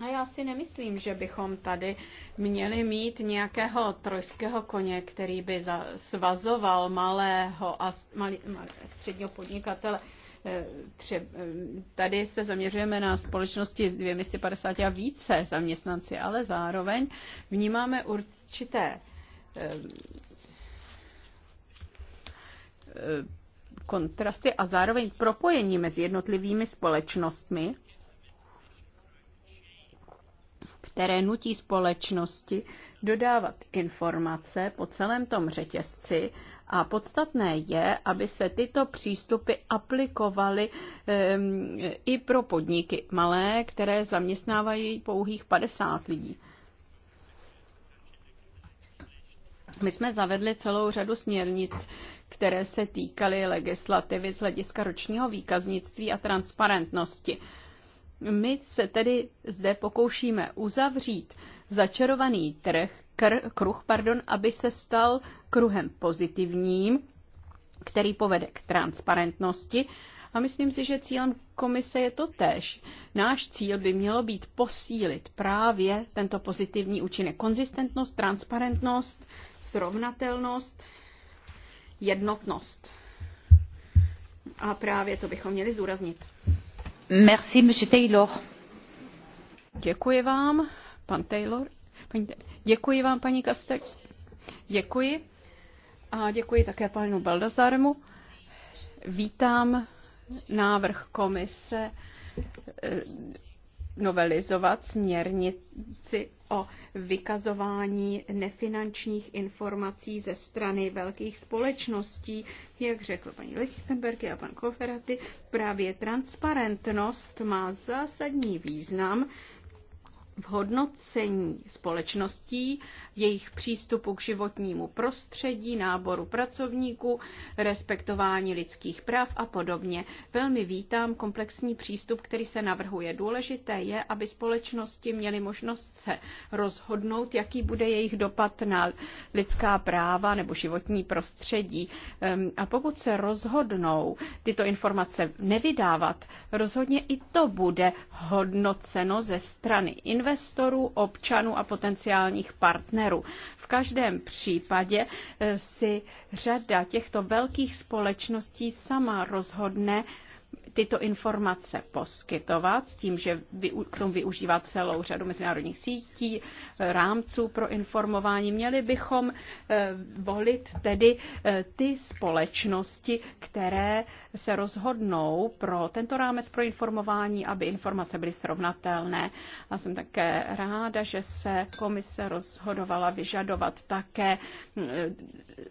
A já si nemyslím, že bychom tady měli mít nějakého trojského koně, který by svazoval malého a malý, malý, středního podnikatele Třeba, tady se zaměřujeme na společnosti s 250 a více zaměstnanci, ale zároveň vnímáme určité eh, kontrasty a zároveň propojení mezi jednotlivými společnostmi, které nutí společnosti dodávat informace po celém tom řetězci a podstatné je, aby se tyto přístupy aplikovaly ehm, i pro podniky malé, které zaměstnávají pouhých 50 lidí. My jsme zavedli celou řadu směrnic, které se týkaly legislativy z hlediska ročního výkaznictví a transparentnosti. My se tedy zde pokoušíme uzavřít začarovaný trh, kr, kruh, pardon, aby se stal kruhem pozitivním, který povede k transparentnosti. A myslím si, že cílem komise je to tež. Náš cíl by mělo být posílit právě tento pozitivní účinek. Konzistentnost, transparentnost, srovnatelnost, jednotnost. A právě to bychom měli zdůraznit. Děkuji vám, Taylor. Paní, děkuji vám, Kastek. Děkuji. A děkuji také panu Baldazaremu. Vítám návrh komise eh, novelizovat směrnici o vykazování nefinančních informací ze strany velkých společností. Jak řekl paní Lichtenberg a pan Koferaty, právě transparentnost má zásadní význam v hodnocení společností, jejich přístupu k životnímu prostředí, náboru pracovníků, respektování lidských práv a podobně. Velmi vítám komplexní přístup, který se navrhuje. Důležité je, aby společnosti měly možnost se rozhodnout, jaký bude jejich dopad na lidská práva nebo životní prostředí. Ehm, a pokud se rozhodnou tyto informace nevydávat, rozhodně i to bude hodnoceno ze strany investorů investorů, občanů a potenciálních partnerů. V každém případě eh, si řada těchto velkých společností sama rozhodne, tyto informace poskytovat s tím, že k tomu využívá celou řadu mezinárodních sítí, rámců pro informování. Měli bychom eh, volit tedy eh, ty společnosti, které se rozhodnou pro tento rámec pro informování, aby informace byly srovnatelné. A jsem také ráda, že se komise rozhodovala vyžadovat také mm,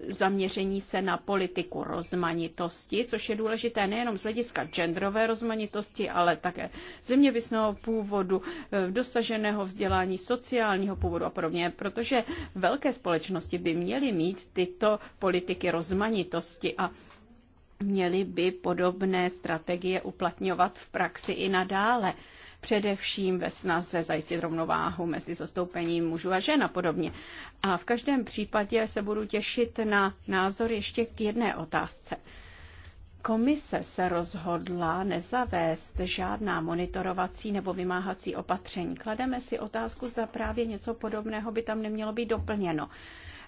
zaměření se na politiku rozmanitosti, což je důležité nejenom z hlediska genderové rozmanitosti, ale také zeměvisného původu, eh, dosaženého vzdělání, sociálního původu a podobně, protože velké společnosti by měly mít tyto politiky rozmanitosti a měly by podobné strategie uplatňovat v praxi i nadále především ve snaze zajistit rovnováhu mezi zastoupením mužů a žen a podobně. A v každém případě se budu těšit na názor ještě k jedné otázce. Komise se rozhodla nezavést žádná monitorovací nebo vymáhací opatření. Klademe si otázku, zda právě něco podobného by tam nemělo být doplněno.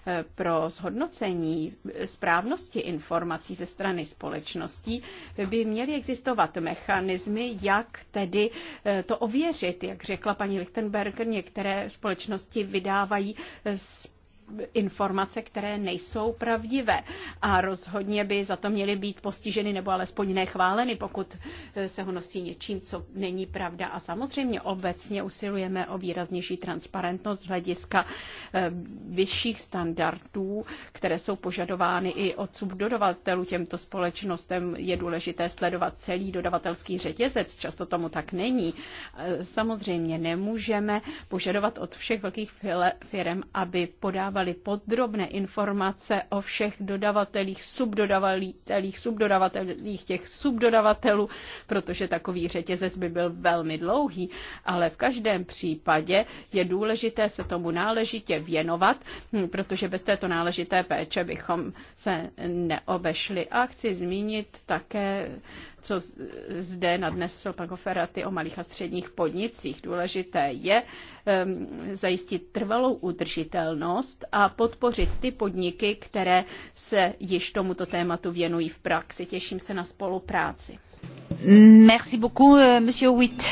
Eh, pro zhodnocení správnosti informací ze strany společností by měly existovat mechanismy, jak tedy eh, to ověřit. Jak řekla paní Lichtenberger, některé společnosti vydávají informace, které nejsou pravdivé a rozhodně by za to měly být postiženy nebo alespoň nechváleny, pokud eh, se nosí něčím, co není pravda. A samozřejmě obecně usilujeme o výraznější transparentnost z hlediska eh, vyšších standardů, které jsou požadovány i od subdodavatelů těmto společnostem. Je důležité sledovat celý dodavatelský řetězec, často tomu tak není. Eh, samozřejmě nemůžeme požadovat od všech velkých firm, aby podávali dostávali podrobné informace o všech dodavatelích, subdodavatelích, subdodavatelích těch subdodavatelů, protože takový řetězec by byl velmi dlouhý, ale v každém případě je důležité se tomu náležitě věnovat, hm, protože bez této náležité péče bychom se neobešli. A chci zmínit také co zde nadnesl pan Koferaty o malých a středních podnicích. Důležité je zajistit trvalou udržitelnost a podpořit ty podniky, které se již tomuto tématu věnují v praxi. Těším se na spolupráci. Merci beaucoup, euh, monsieur Witt.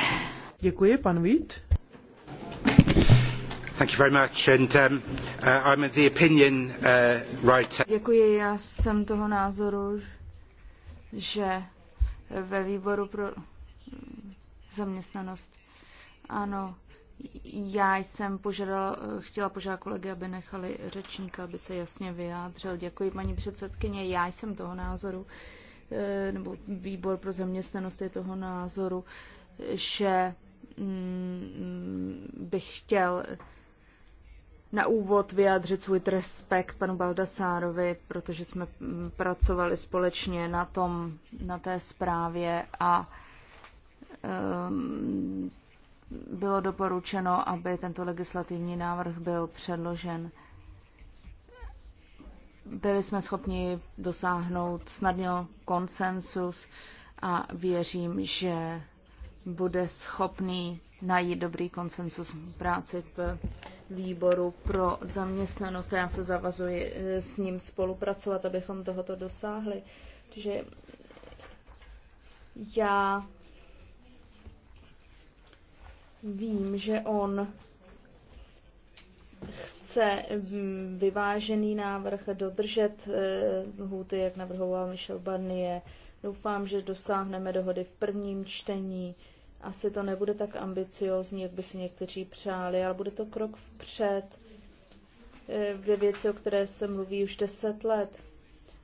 Děkuji, pan Witt. Thank you very much. And, um, uh, uh, I'm the opinion, uh, Děkuji, já jsem toho názoru, že ve výboru pro zaměstnanost. Ano, já jsem požadala, chtěla požádat kolegy, aby nechali řečníka, aby se jasně vyjádřil. Děkuji, paní předsedkyně. Já jsem toho názoru, eh, nebo výbor pro zaměstnanost je toho názoru, že mm, bych chtěl na úvod vyjádřit svůj respekt panu Baldasárovi, protože jsme mm, pracovali společně na, tom, na té zprávě a um, bylo doporučeno, aby tento legislativní návrh byl předložen. Byli jsme schopni dosáhnout snadně konsensus a věřím, že bude schopný najít dobrý konsensus práci v výboru pro zaměstnanost. Já se zavazuji eh, s ním spolupracovat, abychom tohoto dosáhli. Takže já vím, že on chce mm, vyvážený návrh dodržet eh, lhůty, jak navrhoval Michel Barnier. Doufám, že dosáhneme dohody v prvním čtení asi to nebude tak ambiciozní, jak by si někteří přáli, ale bude to krok vpřed eh, ve věci, o které se mluví už deset let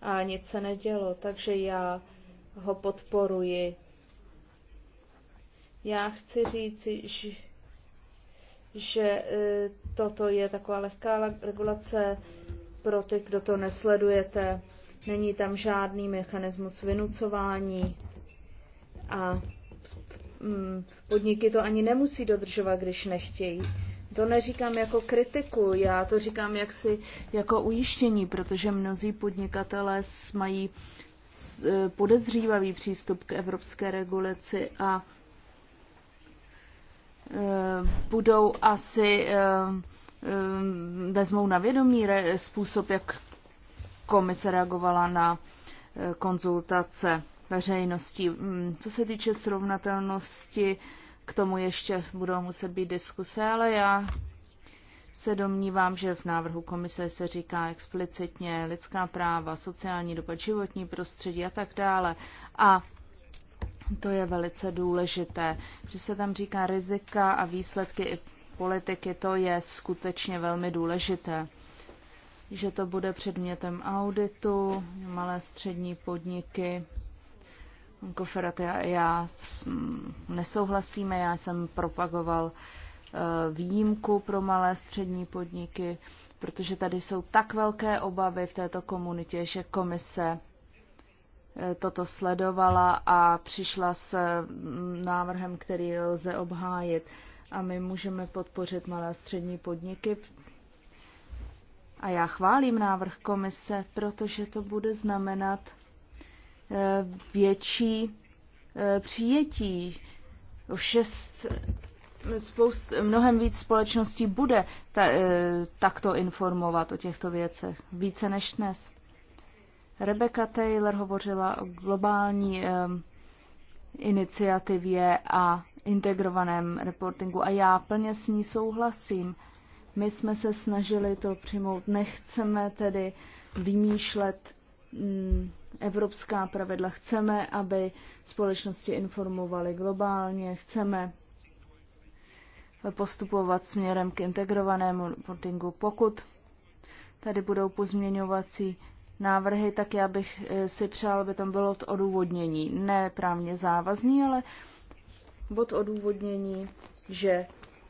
a nic se nedělo, takže já ho podporuji. Já chci říct, že, že eh, toto je taková lehká regulace pro ty, kdo to nesledujete. Není tam žádný mechanismus vynucování a Mm, podniky to ani nemusí dodržovat, když nechtějí. To neříkám jako kritiku, já to říkám jaksi jako ujištění, protože mnozí podnikatelé mají e, podezřívavý přístup k evropské regulaci a e, budou asi e, vezmou na vědomí způsob, jak komise reagovala na konzultace veřejností. Mm, co se týče srovnatelnosti, k tomu ještě budou muset být diskuse, ale já se domnívám, že v návrhu komise se říká explicitně lidská práva, sociální dopad, životní prostředí a tak dále. A to je velice důležité, že se tam říká rizika a výsledky i politiky, to je skutečně velmi důležité. Že to bude předmětem auditu, malé střední podniky, Koferat, já, já mm, nesouhlasíme, já jsem propagoval eh, výjimku pro malé střední podniky, protože tady jsou tak velké obavy v této komunitě, že komise eh, toto sledovala a přišla s mm, návrhem, který lze obhájit. A my můžeme podpořit malé střední podniky. A já chválím návrh komise, protože to bude znamenat Eh, větší eh, přijetí. Šest, spoust, mnohem víc společností bude ta, eh, takto informovat o těchto věcech, více než dnes. Rebecca Taylor hovořila o globální iniciativě a integrovaném reportingu a já plně s ní souhlasím. My jsme se snažili to přijmout, nechceme tedy vymýšlet Mm, evropská pravidla. Chceme, aby společnosti informovaly globálně, chceme postupovat směrem k integrovanému reportingu. Pokud tady budou pozměňovací návrhy, tak já bych eh, si přál, aby tam bylo to odůvodnění. Ne právně závazný, ale bod odůvodnění, že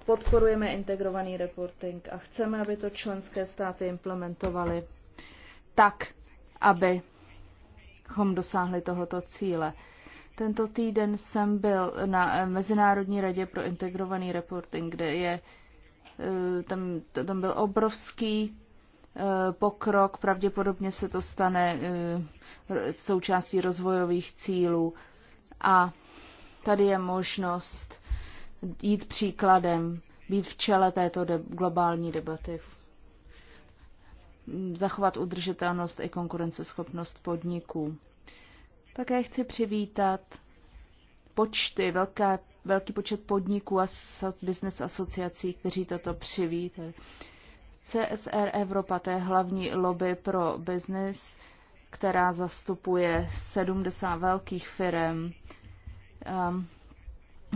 podporujeme integrovaný reporting a chceme, aby to členské státy implementovaly tak, abychom dosáhli tohoto cíle. Tento týden jsem byl na Mezinárodní radě pro integrovaný reporting, kde je eh, tam, tam byl obrovský eh, pokrok, pravděpodobně se to stane eh, součástí rozvojových cílů. A tady je možnost jít příkladem, být v čele této de- globální debaty zachovat udržitelnost i konkurenceschopnost podniků. Také chci přivítat počty, velké, velký počet podniků a business asociací, kteří toto přivítali. CSR Evropa, to je hlavní lobby pro business, která zastupuje 70 velkých firm. Um,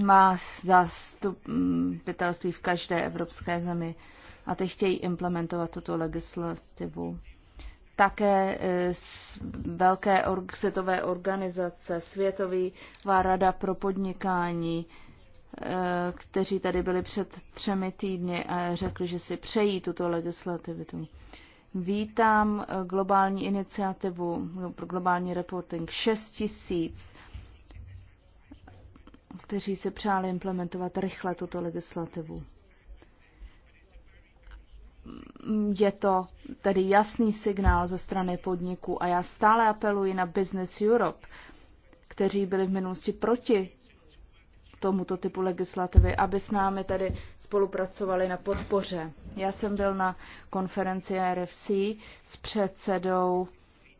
má zastupitelství mm, v každé evropské zemi a ty chtějí implementovat tuto legislativu. Také eh, velké světové organizace, Světová rada pro podnikání, eh, kteří tady byli před třemi týdny a řekli, že si přejí tuto legislativu. Vítám eh, globální iniciativu no, pro globální reporting 6 tisíc, kteří se přáli implementovat rychle tuto legislativu je to tedy jasný signál ze strany podniku a já stále apeluji na Business Europe, kteří byli v minulosti proti tomuto typu legislativy, aby s námi tedy spolupracovali na podpoře. Já jsem byl na konferenci RFC s předsedou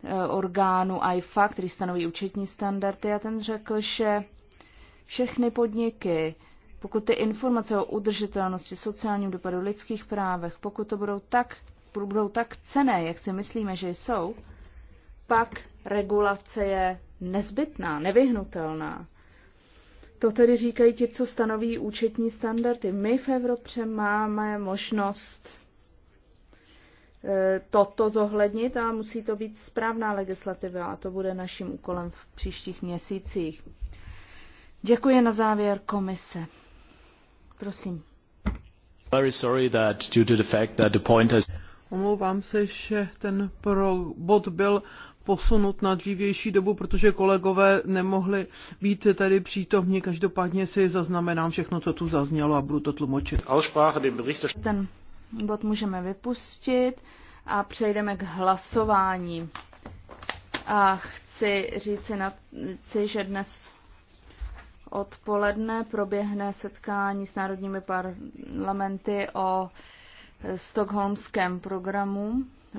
eh, orgánu IFA, který stanoví účetní standardy a ten řekl, že všechny podniky pokud ty informace o udržitelnosti, sociálním dopadu, lidských právech, pokud to budou tak, budou tak cené, jak si myslíme, že jsou, pak regulace je nezbytná, nevyhnutelná. To tedy říkají ti, co stanoví účetní standardy. My v Evropě máme možnost eh, toto zohlednit a musí to být správná legislativa a to bude naším úkolem v příštích měsících. Děkuji na závěr komise. Prosím. sorry Omlouvám se, že ten bod byl posunut na dřívější dobu, protože kolegové nemohli být tady přítomni. Každopádně si zaznamenám všechno, co tu zaznělo a budu to tlumočit. Ten bod můžeme vypustit a přejdeme k hlasování. A chci říci, na, chci, že dnes Odpoledne proběhne setkání s národními parlamenty o stokholmském programu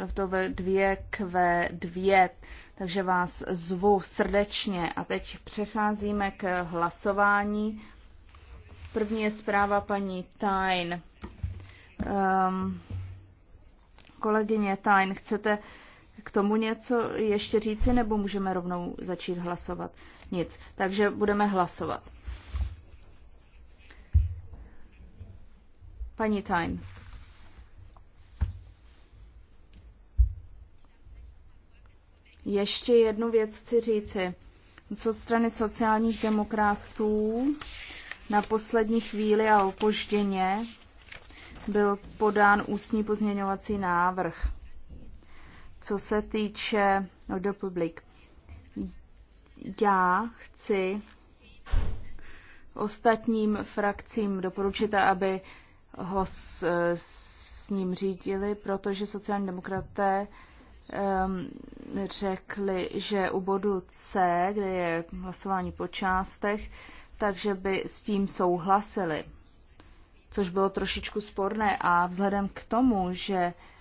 v to ve 2Q2, takže vás zvu srdečně. A teď přecházíme k hlasování. První je zpráva paní Tajn. Um, ehm, kolegyně Tajn, chcete k tomu něco ještě říci, nebo můžeme rovnou začít hlasovat? Nic. Takže budeme hlasovat. Paní Tajn. Ještě jednu věc chci říci. Co strany sociálních demokratů na poslední chvíli a opožděně byl podán ústní pozměňovací návrh co se týče do publik, já chci ostatním frakcím doporučit, aby ho s, s ním řídili, protože sociální demokraté um, řekli, že u bodu C, kde je hlasování po částech, takže by s tím souhlasili, což bylo trošičku sporné. A vzhledem k tomu, že uh,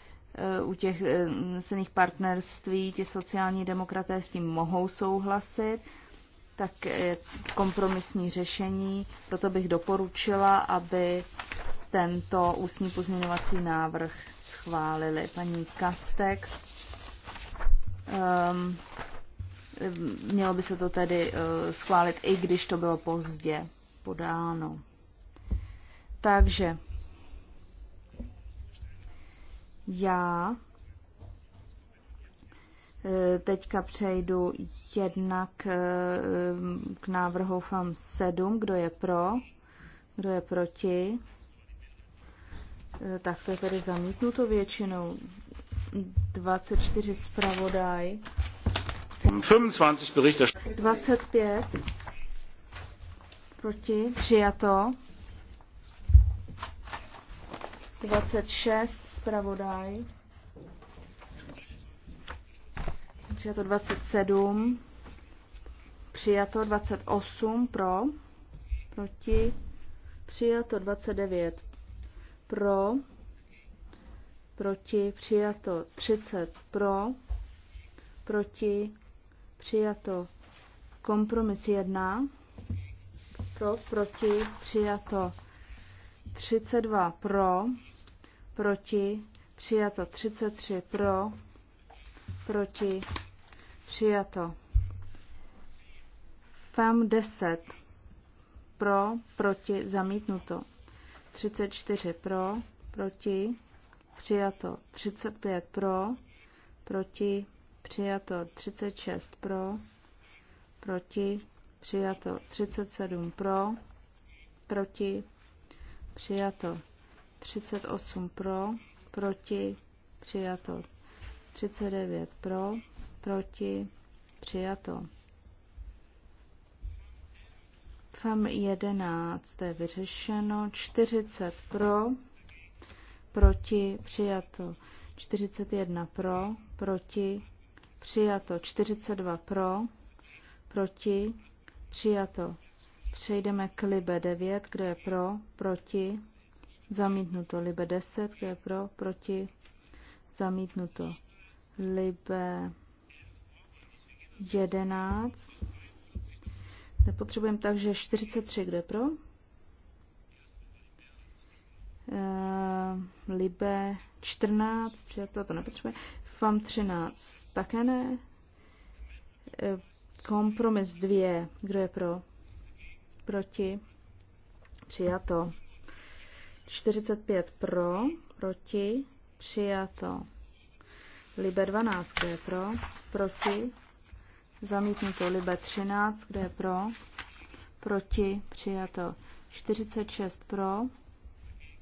u těch eh, silných partnerství ti sociální demokraté s tím mohou souhlasit, tak kompromisní řešení. Proto bych doporučila, aby tento ústní pozměňovací návrh schválili. Paní Kastex, um, mělo by se to tedy uh, schválit, i když to bylo pozdě podáno. Takže já eh, teďka přejdu jednak eh, k návrhu FAM 7, kdo je pro, kdo je proti. Eh, tak to je tedy zamítnuto většinou. 24 zpravodaj. 25 25 proti, přijato. 26 zpravodaj. Přijato 27. Přijato 28 pro. Proti. Přijato 29 pro. Proti. Přijato 30 pro. Proti. Přijato kompromis 1. Pro. Proti. Přijato 32 pro proti, přijato 33 pro, proti, přijato. FEM 10 pro, proti, zamítnuto. 34 pro, proti, přijato. 35 pro, proti, přijato. 36 pro, proti, přijato. 37 pro, proti, přijato. 38 pro, proti, přijato. 39 pro, proti, přijato. FAM 11 je vyřešeno, 40 pro, proti, přijato. 41 pro, proti, přijato. 42 pro, proti, přijato. Přejdeme k Libe 9, kdo je pro, proti, Zamítnuto. Libe 10, kdo je pro, proti. Zamítnuto. Libe 11. Nepotřebujeme takže 43, kde pro? Uh, Libe 14, přijato, to nepotřebuje. FAM 13, také ne. E, kompromis 2, kdo je pro? Proti? Přijato. 45 pro, proti, přijato. Libe 12, kde je pro, proti, zamítnuto. Libe 13, kde je pro, proti, přijato. 46 pro,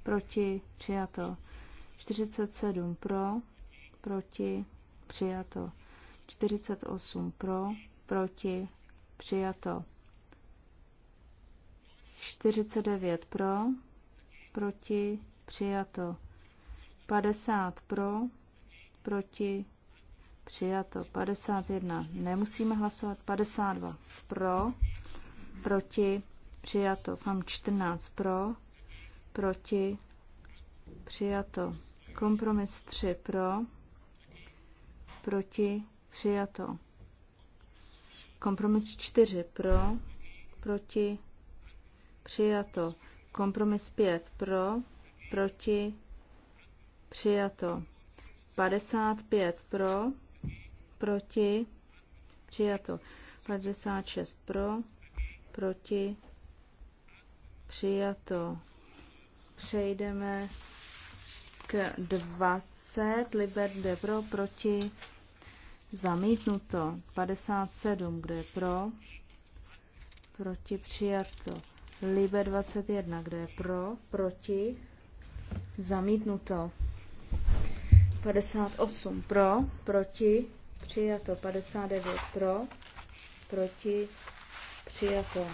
proti, přijato. 47 pro, proti, přijato. 48 pro, proti, přijato. 49 pro, proti, přijato. 50 pro, proti, přijato. 51 nemusíme hlasovat. 52 pro, proti, přijato. Mám 14 pro, proti, přijato. Kompromis 3 pro, proti, přijato. Kompromis 4 pro, proti, přijato. Kompromis 5 pro, proti, přijato. 55 pro, proti, přijato. 56 pro, proti, přijato. Přejdeme k 20, liber jde pro, proti, zamítnuto. 57, kde je pro, proti, přijato. Libe 21, kde je pro, proti, zamítnuto. 58 pro, proti, přijato. 59 pro, proti, přijato.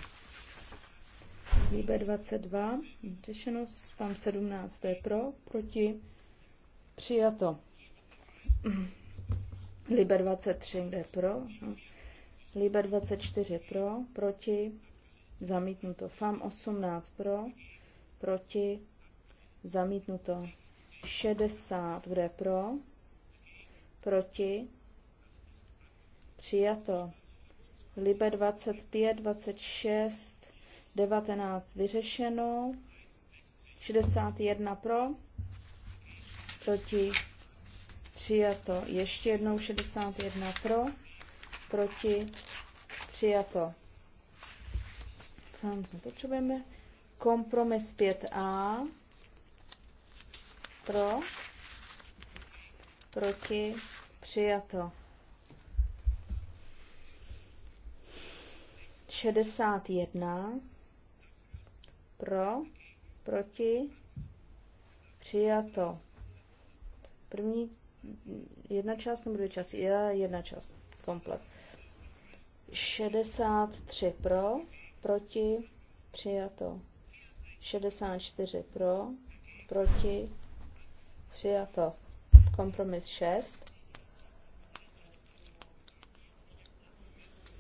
Libe 22, řešeno, spam 17, je pro, proti, přijato. Libe 23, kde je pro, no. Libe 24 pro, proti, zamítnuto. FAM 18 pro, proti, zamítnuto. 60, kde pro, proti, přijato. Libe 25, 26, 19 vyřešeno, 61 pro, proti, přijato. Ještě jednou 61 pro, proti, přijato. Sans nepotřebujeme. Kompromis 5a. Pro. Proti. Přijato. 61. Pro. Proti. Přijato. První jedna část nebo dvě části? jedna část. Komplet. 63 pro proti, přijato. 64 pro, proti, přijato. Kompromis 6.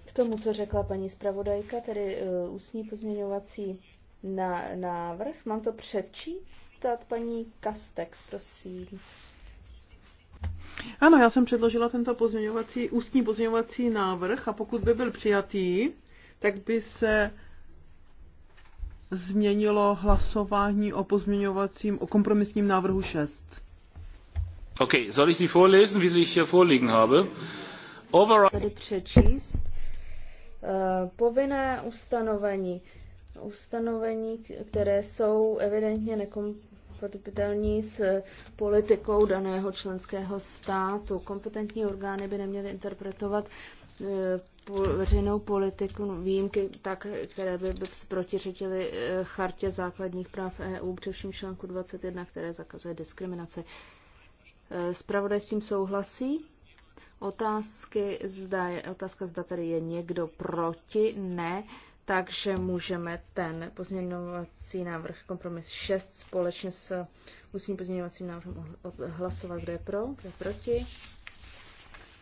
K tomu, co řekla paní zpravodajka, tedy uh, ústní pozměňovací na, návrh, mám to předčítat paní Kastex, prosím. Ano, já jsem předložila tento pozměňovací, ústní pozměňovací návrh a pokud by byl přijatý, tak by se změnilo hlasování o pozměňovacím, o kompromisním návrhu 6. Okay, soll ich sie vorlesen, wie sie ich hier vorliegen habe? Over... Tady přečíst. Uh, povinné ustanovení. Ustanovení, které jsou evidentně nekompatibilní s politikou daného členského státu. Kompetentní orgány by neměly interpretovat eh, veřejnou politiku no, výjimky, tak, které by protiřečily eh, chartě základních práv EU, především článku 21, které zakazuje diskriminaci. Spravodaj eh, s tím souhlasí. Otázky, zda je, otázka, zda tady je někdo proti, ne, takže můžeme ten pozměňovací návrh kompromis 6 společně s ústním pozměňovacím návrhem hlasovat, kdo je pro, kdo je proti.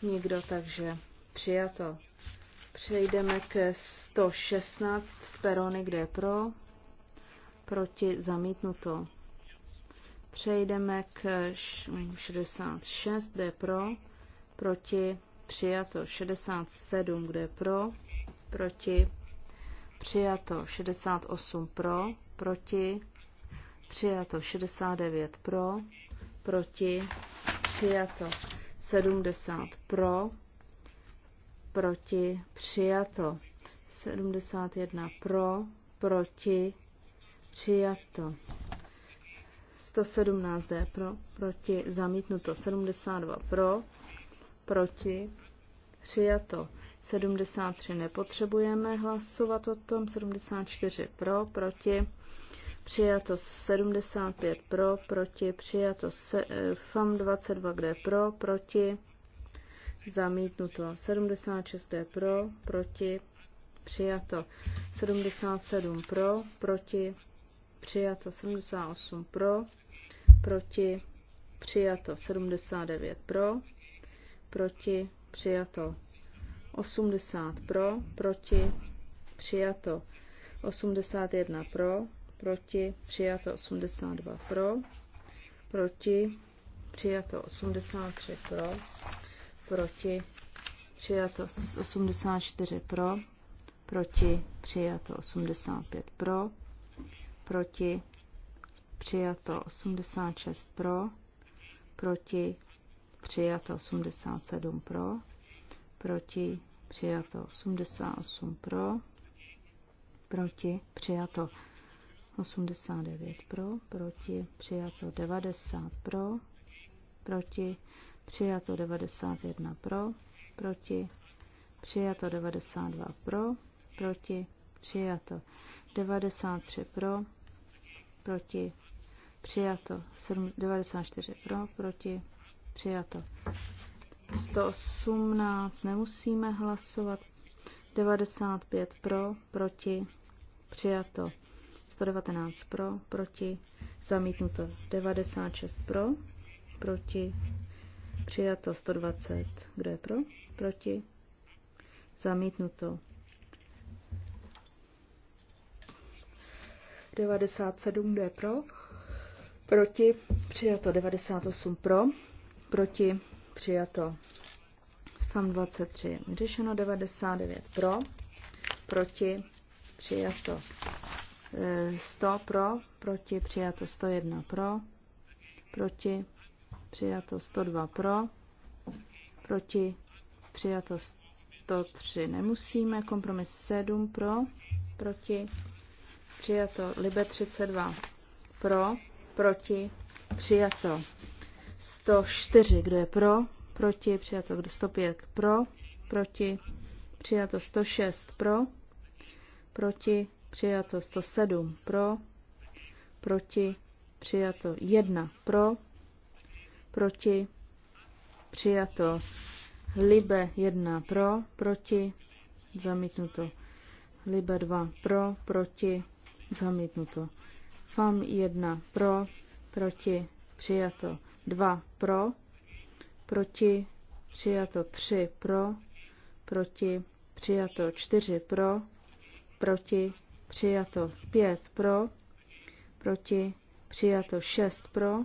Nikdo, takže přijato. Přejdeme ke 116 z perony, kde je pro, proti zamítnuto. Přejdeme k 66, kde je pro, proti přijato. 67, kde je pro, proti přijato. 68 pro, proti přijato. 69 pro, proti přijato. 70 pro, proti, přijato. 71 pro, proti, přijato. 117 D pro, proti, zamítnuto. 72 pro, proti, přijato. 73 nepotřebujeme hlasovat o tom, 74 pro, proti, přijato 75 pro, proti, přijato se, eh, FAM 22, kde pro, proti, zamítnuto. 76 je pro, proti, přijato. 77 pro, proti, přijato. 78 pro, proti, přijato. 79 pro, proti, přijato. 80 pro, proti, přijato. 81 pro, proti, přijato 82 pro, proti, přijato 83 pro, proti, přijato 84 pro, proti, přijato 85 pro, proti, přijato 86 pro, proti, přijato 87 pro, proti, přijato 88 pro, proti, přijato 89 pro, proti, přijato 90 pro, proti, přijato 91 pro, proti, přijato 92 pro, proti, přijato 93 pro, proti, přijato 94 pro, proti, přijato 118, nemusíme hlasovat, 95 pro, proti, přijato 119 pro, proti, zamítnuto 96 pro, proti, Přijato 120. Kdo je pro? Proti? Zamítnuto. 97. Kdo je pro? Proti? Přijato 98. Pro? Proti? Přijato. 123. 23. Vyřešeno 99. Pro? Proti? Přijato. 100 eh, pro, proti přijato 101 pro, proti přijato 102 pro, proti, přijato 103 nemusíme, kompromis 7 pro, proti, přijato Libe 32 pro, proti, přijato 104, kdo je pro, proti, přijato 105 pro, proti, přijato 106 pro, proti, přijato 107 pro, proti, přijato 1 pro, proti, přijato. Libe 1 pro, proti, zamítnuto. Libe 2 pro, proti, zamítnuto. FAM 1 pro, proti, přijato. 2 pro, proti, přijato. 3 pro, proti, přijato. 4 pro, proti, přijato. 5 pro, proti, přijato. 6 pro,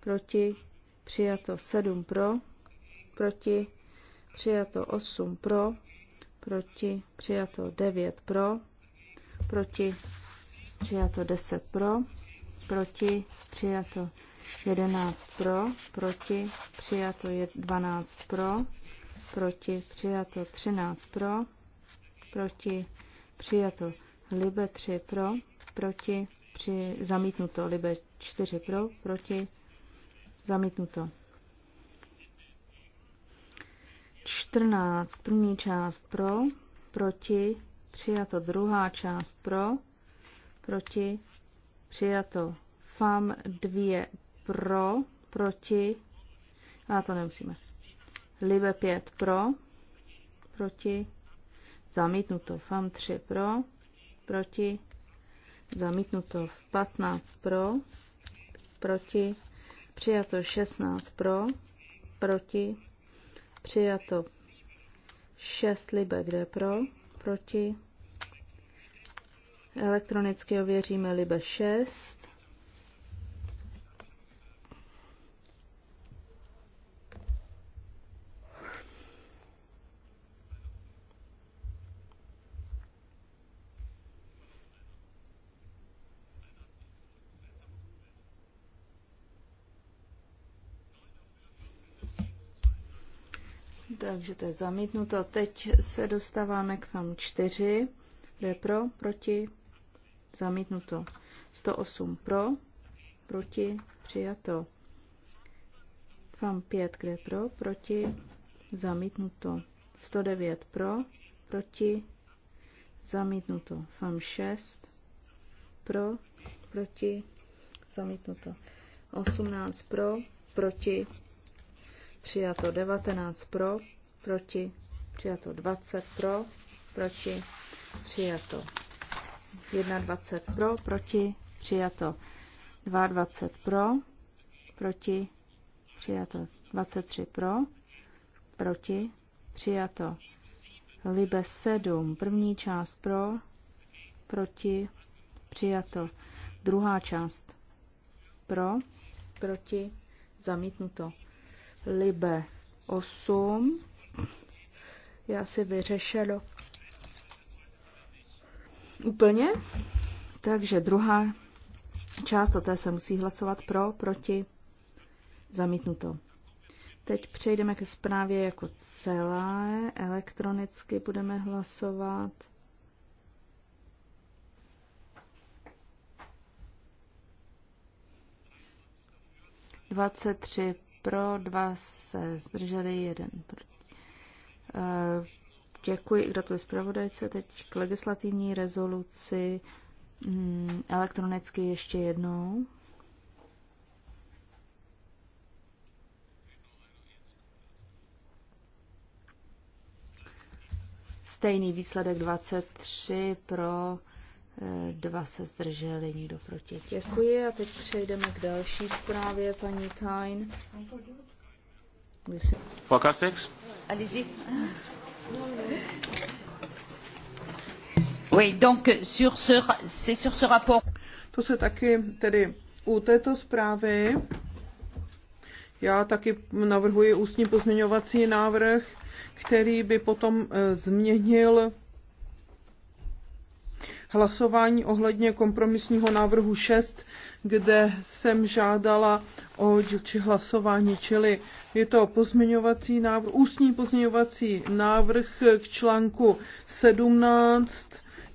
proti, přijato 7 pro, proti, přijato 8 pro, proti, přijato 9 pro, proti, přijato 10 pro, proti, přijato 11 pro, proti, přijato 12 pro, proti, přijato 13 pro, proti, přijato Libe 3 pro, proti, při, zamítnuto Libe 4 pro, proti, Zamítnuto. 14. První část pro, proti, přijato. Druhá část pro, proti, přijato. FAM 2 pro, proti, a to nemusíme. Libe 5 pro, proti, zamítnuto. FAM 3 pro, proti, zamítnuto. 15 pro, proti, Přijato 16 pro, proti. Přijato 6 libe, kde pro, proti. Elektronicky ověříme libe 6. takže to je zamítnuto. Teď se dostáváme k FAM 4, kde je pro, proti, zamítnuto. 108 pro, proti, přijato. FAM 5, kde je pro, proti, zamítnuto. 109 pro, proti, zamítnuto. FAM 6 pro, proti, zamítnuto. 18 pro, proti, přijato 19 pro, Přijato 20 pro, proti, přijato. 21 pro, proti, přijato. 22 pro, proti, přijato. 23 pro, proti, přijato. Libe 7, první část pro, proti, přijato. Druhá část pro, proti, zamítnuto. Libe 8, je asi vyřešeno. Úplně? Takže druhá část, o té se musí hlasovat pro, proti, zamítnuto. Teď přejdeme ke zprávě jako celé, elektronicky budeme hlasovat. Dvacet tři pro, dva se zdrželi, jeden proti. Eh, děkuji i gratuluji zpravodajce. Teď k legislativní rezoluci hmm, elektronicky ještě jednou. Stejný výsledek 23 pro, eh, dva se zdrželi, nikdo proti. Děkuji a teď přejdeme k další zprávě, paní Kain. Pokasex? Allez-y. Oui, donc sur ce, c'est sur ce rapport. To se taky tedy u této zprávy já taky navrhuji ústní pozměňovací návrh, který by potom eh, změnil hlasování ohledně kompromisního návrhu 6 kde jsem žádala o dílčí hlasování, čili je to pozměňovací návrh, ústní pozměňovací návrh k článku 17,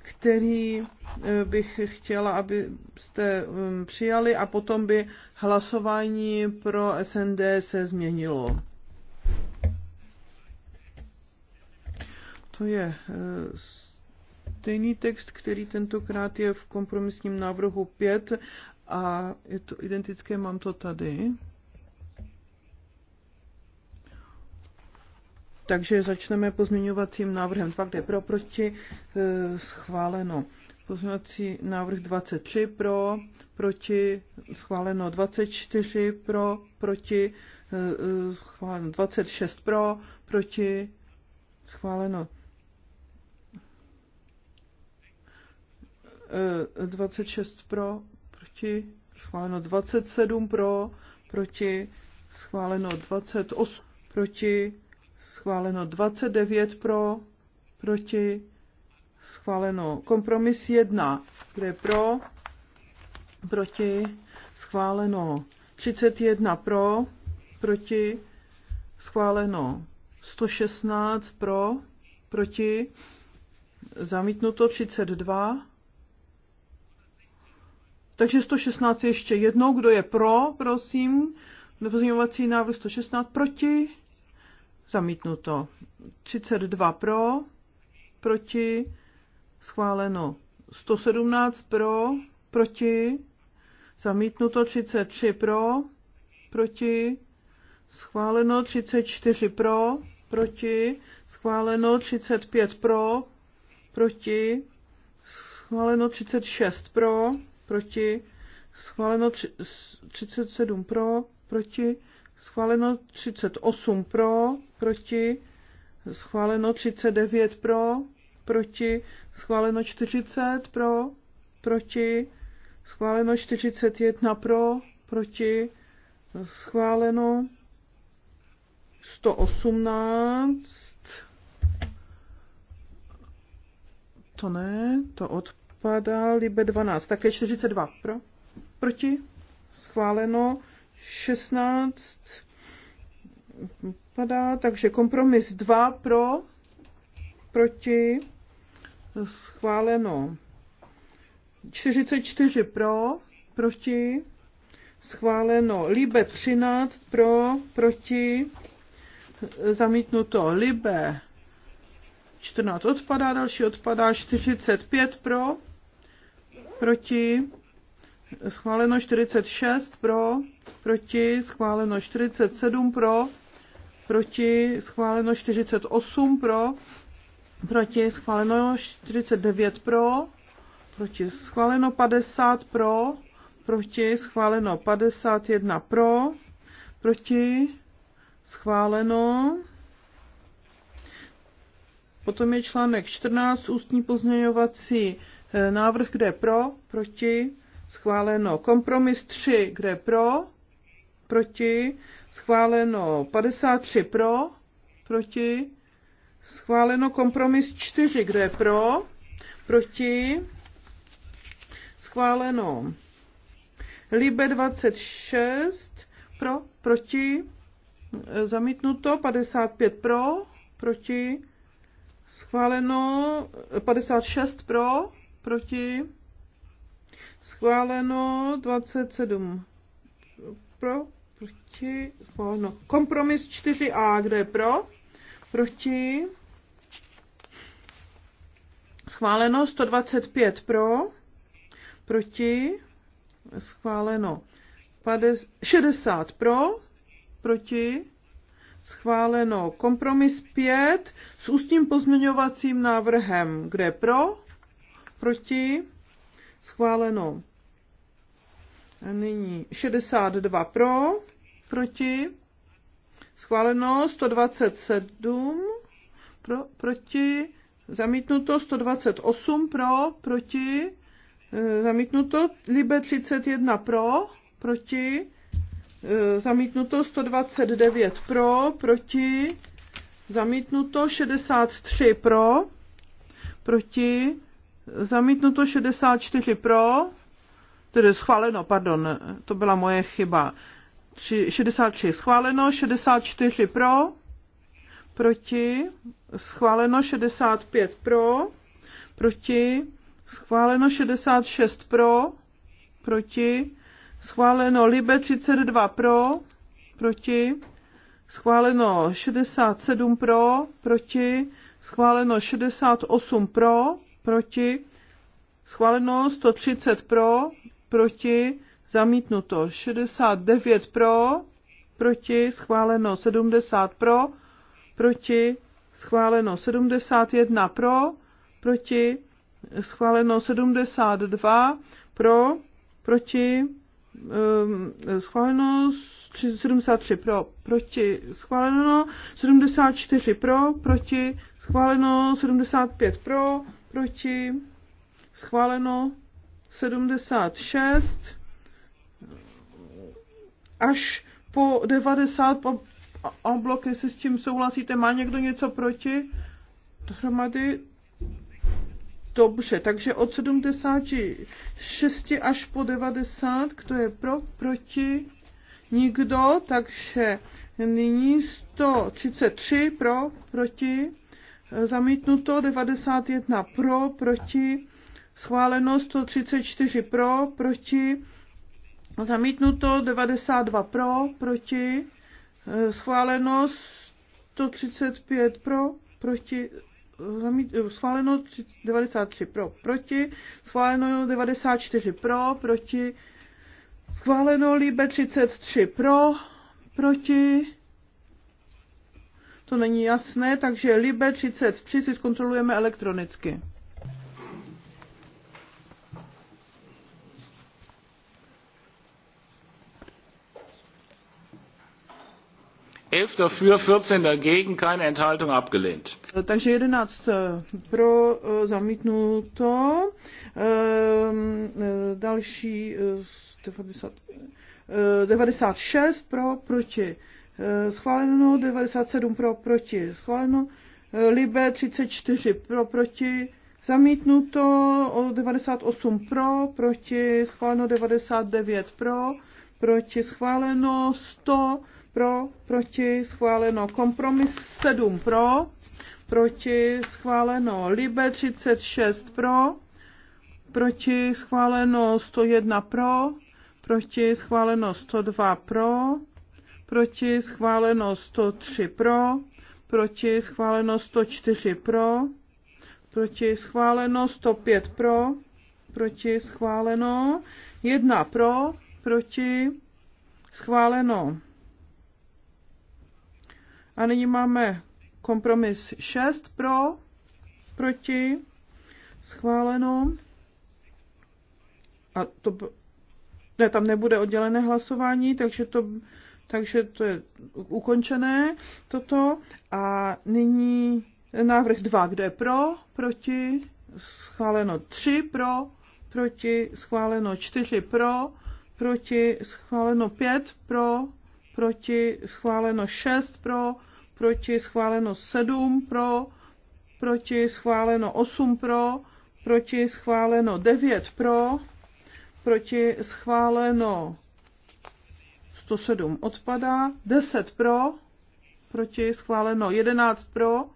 který eh, bych chtěla, abyste mm, přijali a potom by hlasování pro SND se změnilo. To je eh, stejný text, který tentokrát je v kompromisním návrhu 5 a je to identické, mám to tady. Takže začneme pozměňovacím návrhem 2, kde eh, pro, proti, schváleno. Pozměňovací návrh 23 pro, proti, schváleno 24 eh, pro, proti, schváleno 26 pro, proti, schváleno 26 pro, proti, schváleno 27 pro, proti, schváleno 28 proti, schváleno 29 pro, proti, schváleno kompromis 1, kde je pro, proti, schváleno 31 pro, proti, schváleno 116 pro, proti, zamítnuto 32 takže 116 ještě jednou. Kdo je pro, prosím? Pozměňovací návrh 116 proti. Zamítnuto. 32 pro, proti. Schváleno. 117 pro, proti. Zamítnuto 33 pro, proti. Schváleno 34 pro, proti. Schváleno 35 pro, proti. Schváleno 36 pro, proti, schváleno 37 pro, proti, schváleno 38 pro, proti, schváleno 39 pro, proti, schváleno 40 pro, proti, schváleno 41 pro, proti, schváleno 118, to ne, to od odpadá, Libe 12, také 42 pro, proti, schváleno, 16 padá, takže kompromis 2 pro, proti, schváleno, 44 pro, proti, schváleno, Libe 13 pro, proti, zamítnuto, Libe 14 odpadá, další odpadá 45 pro, proti, schváleno 46 pro, proti, schváleno 47 pro, proti, schváleno 48 pro, proti, schváleno 49 pro, proti, schváleno 50 pro, proti, schváleno 51 pro, proti, schváleno. Potom je článek 14, ústní pozměňovací Návrh, kde pro, proti, schváleno. Kompromis 3, kde pro, proti, schváleno. 53 pro, proti, schváleno. Kompromis 4, kde pro, proti, schváleno. Libe 26, pro, proti, zamítnuto, 55 pro, proti, schváleno, 56 pro, proti, schváleno 27 pro, proti, schváleno. Kompromis 4a, kdo je pro, proti, schváleno 125 pro, proti, schváleno 50, 60 pro, proti, schváleno kompromis 5 s ústním pozměňovacím návrhem, kde pro, proti, schváleno. Nyní 62 pro, proti, schváleno 127 pro, proti, zamítnuto 128 eh, eh, pro, proti, zamítnuto Libe 31 pro, proti, zamítnuto 129 pro, proti, zamítnuto 63 pro, proti, Zamítnuto 64 pro, tedy schváleno, pardon, to byla moje chyba. 63 schváleno, 64 pro, proti, schváleno 65 pro, proti, schváleno 66 pro, proti, schváleno Libe 32 pro, proti, schváleno 67 pro, proti, schváleno 68 pro, proti, schváleno 130 pro, proti, zamítnuto 69 pro, proti, schváleno 70 pro, proti, schváleno 71 pro, proti, schváleno 72 ehm, pro, proti, schváleno 73 pro, proti schváleno, 74 pro, proti schváleno, 75 pro, proti, schváleno 76 až po 90 a blok, jestli s tím souhlasíte, má někdo něco proti? Dohromady Dobře, takže od 76 až po 90, kdo je pro, proti, nikdo, takže nyní 133 pro, proti, zamítnuto, 91 pro, proti, schváleno 134 pro, proti, zamítnuto 92 pro, proti, schváleno 135 pro, proti, zamít, schváleno 93 pro, proti, schváleno 94 pro, proti, schváleno líbe 33 pro, proti, to není jasné, takže Libe 33 si zkontrolujeme elektronicky. elf dafür, 14 dagegen, keine Enthaltung abgelehnt. Eh, takže 11 eh, pro eh, zamítnuto, ehm, další 96 pro proti Eh, schváleno, 97 eh, pro, proti, schváleno, Libe 34 pro, proti, zamítnuto, 98 pro, proti, schváleno 99 pro, proti, schváleno 100 pro, proti, schváleno, kompromis 7 pro, proti, schváleno, Libe 36 pro, proti, schváleno 101 pro, proti, schváleno 102 pro, proti schváleno 103 pro, proti schváleno 104 pro, proti schváleno 105 pro, proti schváleno 1 pro, proti schváleno. A nyní máme kompromis 6 pro, proti schváleno. A to, ne, tam nebude oddělené hlasování, takže to takže to je ukončené toto. A nyní návrh 2, kdo je pro, proti, schváleno 3 pro, proti, schváleno 4 pro, proti, schváleno 5 pro, proti, schváleno 6 pro, proti, schváleno 7 pro, proti, schváleno 8 pro, proti, schváleno 9 pro, proti, schváleno 107 odpadá, 10 pro, proti schváleno 11 pro,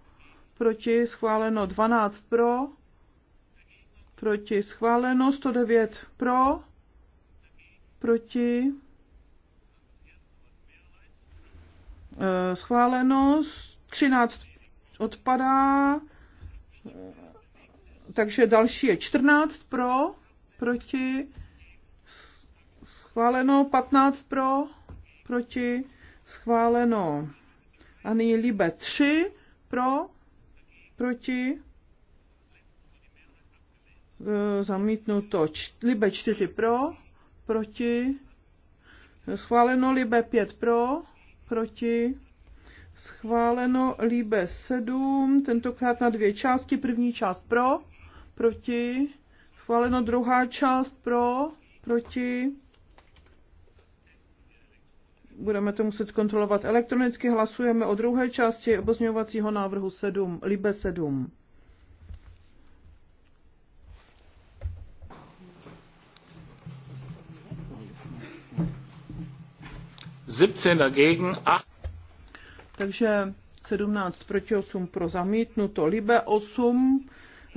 proti schváleno 12 pro, proti schváleno 109 pro, proti eh, schváleno 13 odpadá, eh, takže další je 14 pro, proti schváleno 15 pro, proti, schváleno. A nyní Libe 3, pro, proti, e, zamítnuto. libe 4 pro, proti, schváleno Libe 5 pro, proti, schváleno Libe 7, tentokrát na dvě části, první část pro, proti, schváleno druhá část pro, proti, budeme to muset kontrolovat elektronicky. Hlasujeme o druhé části obozňovacího návrhu 7, Libe 7. Takže 17 proti 8 pro zamítnuto. Libe 8,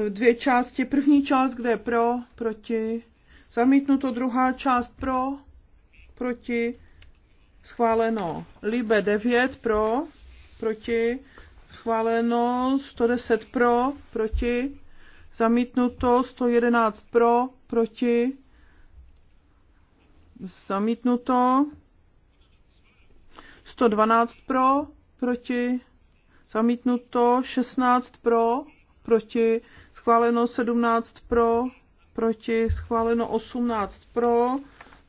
dvě části. První část, kde je pro, proti. Zamítnuto druhá část pro, proti schváleno. Libe 9 pro, proti, schváleno. 110 pro, proti, zamítnuto. 111 pro, proti, zamítnuto. 112 pro, proti, zamítnuto. 16 pro, proti, schváleno. 17 pro, proti, schváleno. 18 pro,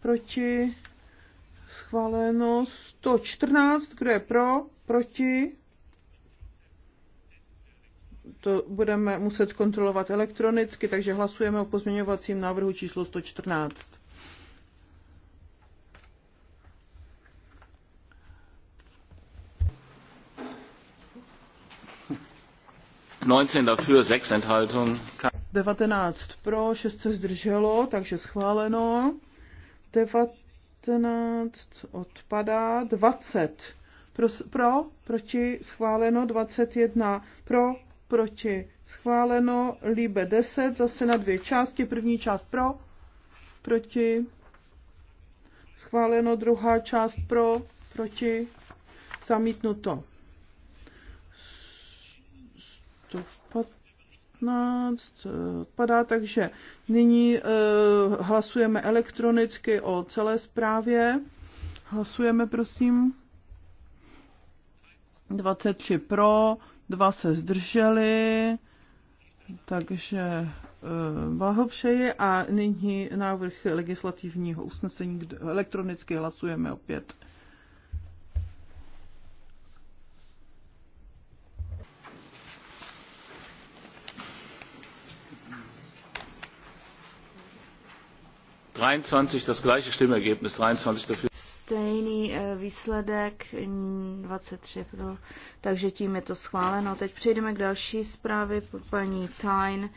proti, schváleno 114, kdo je pro, proti. To budeme muset kontrolovat elektronicky, takže hlasujeme o pozměňovacím návrhu číslo 114. Dafür, 6 19 pro, 6 se zdrželo, takže schváleno. 9, 19 odpadá, 20 pro, pro, proti, schváleno, 21 pro, proti, schváleno, líbe 10, zase na dvě části, první část pro, proti, schváleno, druhá část pro, proti, zamítnuto. 115 15 odpadá, takže nyní eh, hlasujeme elektronicky o celé zprávě. Hlasujeme, prosím. 23 pro, 2 se zdrželi, takže eh, blahopřeji a nyní návrh legislativního usnesení, kde elektronicky hlasujeme opět. das gleiche Stimmergebnis, dafür. Stejný eh, výsledek, 23 mm, pro, takže tím je to schváleno. Teď přejdeme k další zprávě paní Tyne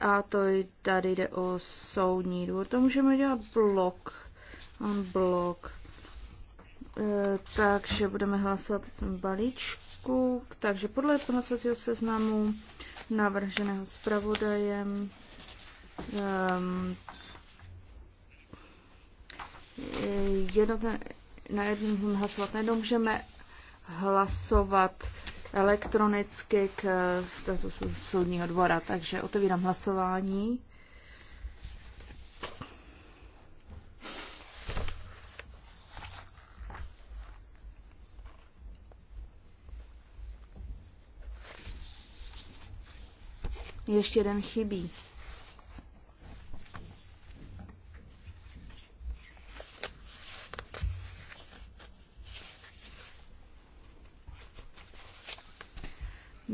a to tady jde o soudní důvod. To můžeme dělat blok, on blok. E, takže budeme hlasovat o balíčku. Takže podle hlasovacího seznamu navrženého zpravodajem e, Eh, jenom na jednom hlasovat nejednou můžeme hlasovat elektronicky k eh, statusu soudního dvora. Takže otevírám hlasování. Ještě jeden chybí.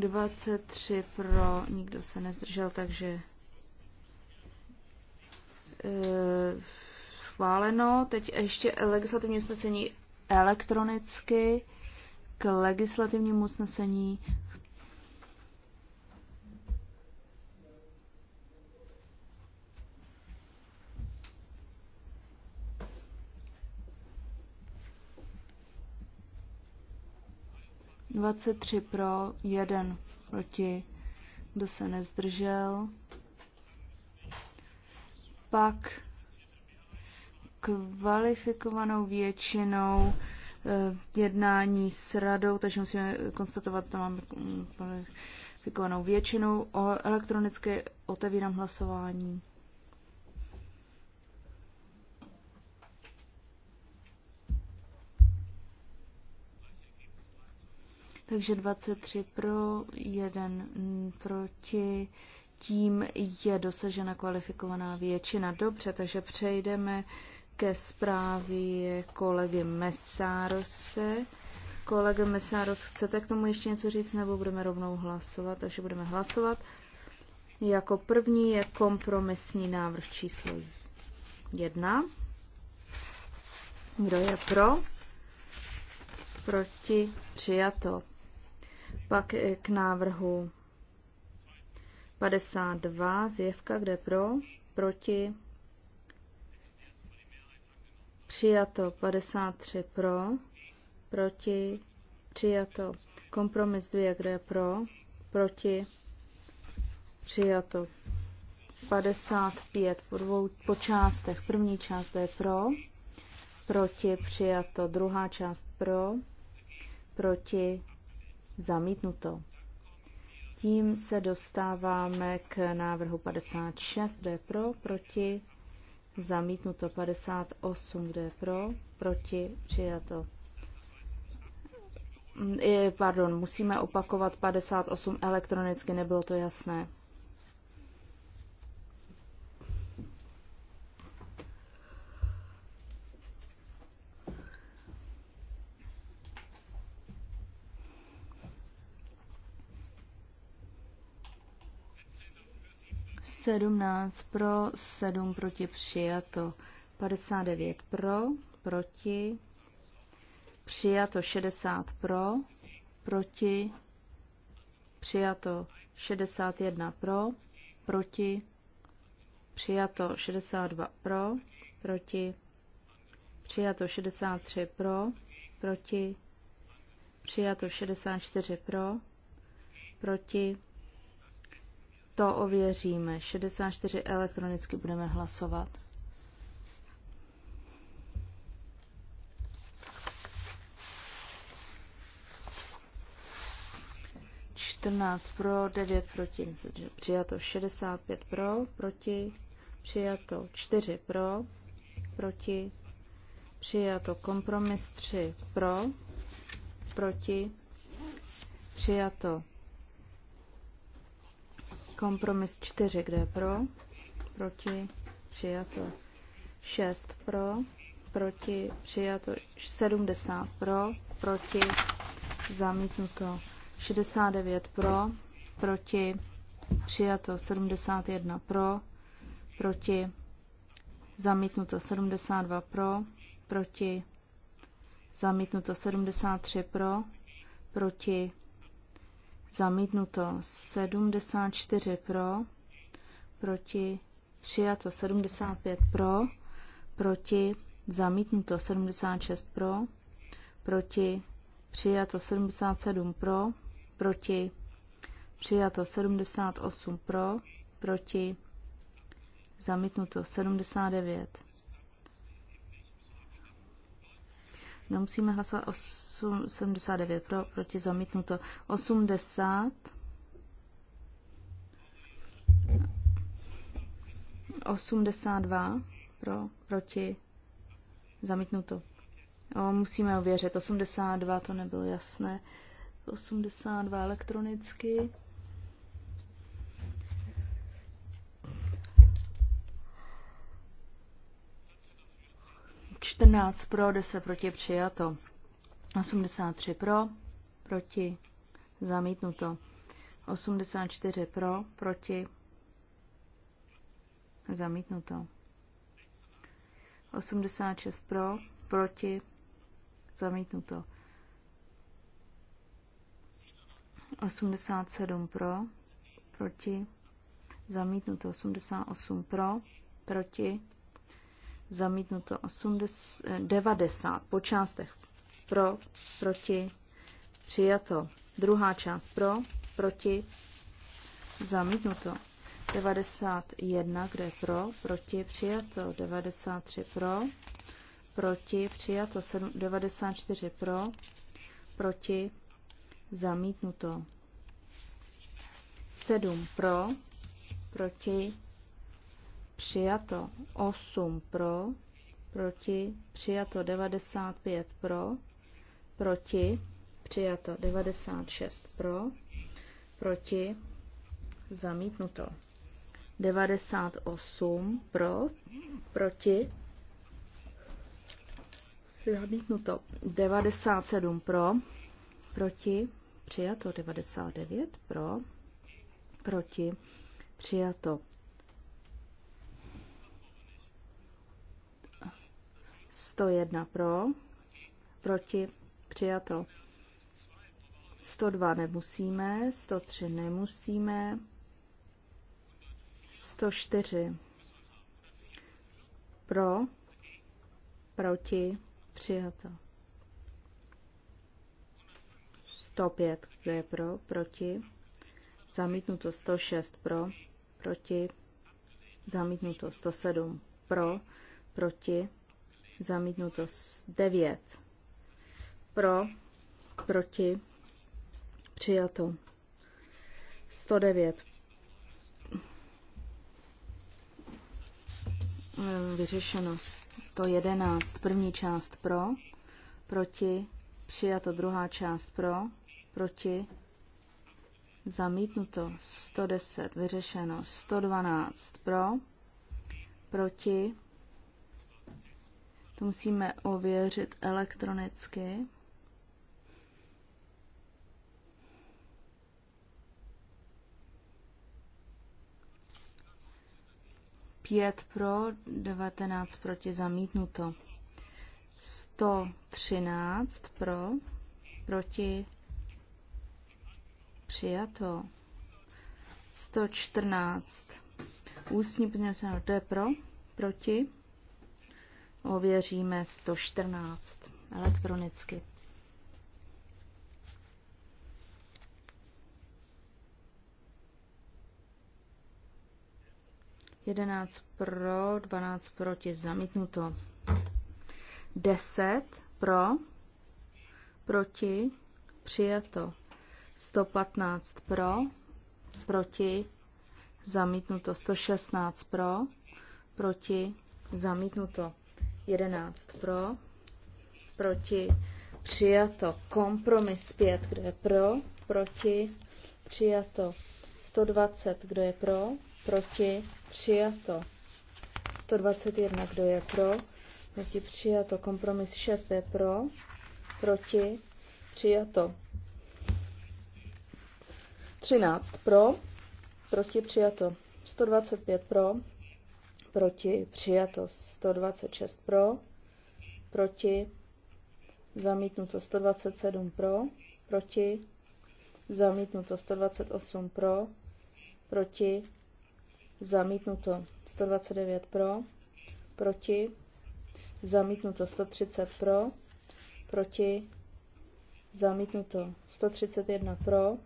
23 pro, nikdo se nezdržel, takže e, schváleno. Teď ještě legislativní usnesení elektronicky k legislativnímu usnesení 23 pro, 1 proti, kdo se nezdržel. Pak kvalifikovanou většinou eh, jednání s radou, takže musíme konstatovat, že tam máme kvalifikovanou většinu. O elektronicky otevírám hlasování. Takže 23 pro, 1 proti. Tím je dosažena kvalifikovaná většina. Dobře, takže přejdeme ke zprávě kolegy Mesárose. Kolega Mesáros, chcete k tomu ještě něco říct, nebo budeme rovnou hlasovat? Takže budeme hlasovat. Jako první je kompromisní návrh číslo 1. Kdo je pro? Proti přijato. Pak e, k návrhu 52 zjevka, kde pro, proti, přijato 53 pro, proti, přijato kompromis 2, kde je pro, proti, přijato 55 po, dvou, po částech. První část je pro, proti přijato, druhá část pro, proti Zamítnuto. Tím se dostáváme k návrhu 56, kde je pro, proti, zamítnuto 58, kde je pro, proti, přijato. Mm, pardon, musíme opakovat 58 elektronicky, nebylo to jasné. 17 pro, 7 proti přijato. 59 pro, proti, přijato 60 pro, proti, přijato 61 pro, proti, přijato 62 pro, proti, přijato 63 pro, proti, přijato 64 pro, proti, to ověříme. 64 elektronicky budeme hlasovat. pro, 9 proti, přijato 65 pro, proti, přijato 4 pro, proti, přijato kompromis 3 pro, proti, přijato Kompromis 4, kde je pro, proti, přijato 6 pro, proti, přijato 70 pro, proti, zamítnuto 69 pro, proti, přijato 71 pro, proti, zamítnuto 72 pro, proti, zamítnuto 73 pro, proti, Zamítnuto 74 pro, proti přijato 75 pro, proti zamítnuto 76 pro, proti přijato 77 pro, proti přijato 78 pro, proti zamítnuto 79 Nemusíme no, hlasovat 8, 79 pro, proti zamítnuto 80. 82 pro, proti zamítnuto. O, musíme ověřit. 82 to nebylo jasné. 82 elektronicky. 14 pro, 10 proti přijato. 83 pro, proti zamítnuto. 84 pro, proti zamítnuto. 86 pro, proti zamítnuto. 87 pro, proti zamítnuto. 88 pro, proti zamítnuto 80, 90 po částech pro, proti, přijato. Druhá část pro, proti, zamítnuto. 91, kde je pro, proti, přijato. 93 pro, proti, přijato. 94 pro, proti, zamítnuto. 7 pro, proti, přijato 8 pro, proti, přijato 95 pro, proti, přijato 96 pro, proti, zamítnuto. 98 pro, proti, zamítnuto. 97 pro, proti, přijato 99 pro, proti, přijato 101 pro, proti, přijato. 102 nemusíme, 103 nemusíme, 104 pro, proti, přijato. 105, kdo je pro, proti, zamítnuto 106 pro, proti, zamítnuto 107 pro, proti, Zamítnuto 9. Pro, proti, přijato. 109. Eh, vyřešeno 111. První část pro, proti, přijato. Druhá část pro, proti, zamítnuto 110. Vyřešeno 112. Pro, proti, to musíme ověřit elektronicky. Pět pro, 19 proti zamítnuto. 113 pro, proti přijato. 114 ústní pozměňovací to je pro, proti Ověříme 114 elektronicky. Jedenáct pro, dvanáct proti, zamítnuto. Deset pro, proti, přijato. 115 pro, proti, zamítnuto. 116 pro, proti, zamítnuto. 11 pro, proti, přijato. Kompromis 5, kdo je pro, proti, přijato. 120, kdo je pro, proti, přijato. 121, kdo je pro, proti, přijato. Kompromis 6, je pro, proti, přijato. 13 pro, proti, přijato. 125 pro, proti, přijato 126 pro, proti, zamítnuto 127 pro, proti, zamítnuto 128 pro, proti, zamítnuto 129 pro, proti, zamítnuto 130 pro, proti, zamítnuto 131 pro,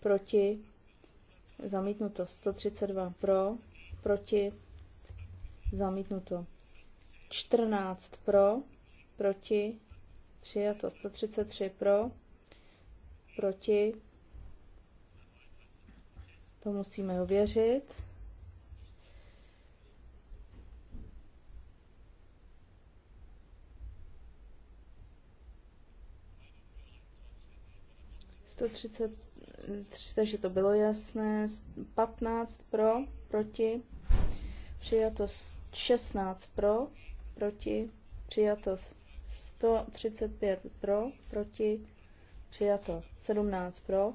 proti, zamítnuto 132 pro, proti, Zamítnuto. 14 pro, proti, přijato. 133 pro, proti. To musíme ověřit. takže to bylo jasné. 15 pro, proti. Přijato 16 pro, proti, přijato 135 pro, proti, přijato 17 pro.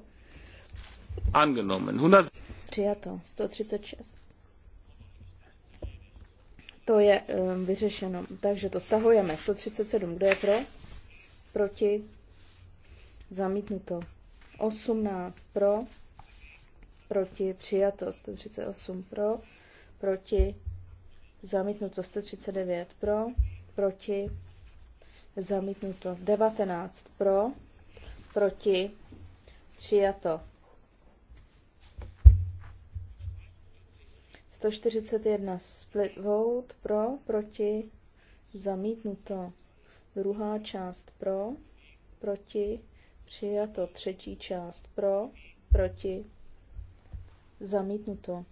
Angenommen. 100... Přijato 136. To je um, vyřešeno. Takže to stahujeme. 137. Kdo je pro? Proti? Zamítnuto. 18 pro, proti, přijato, 138 pro, proti, Zamítnuto 139 pro, proti, zamítnuto 19 pro, proti, přijato. 141 split vote pro, proti, zamítnuto. Druhá část pro, proti, přijato. Třetí část pro, proti, zamítnuto.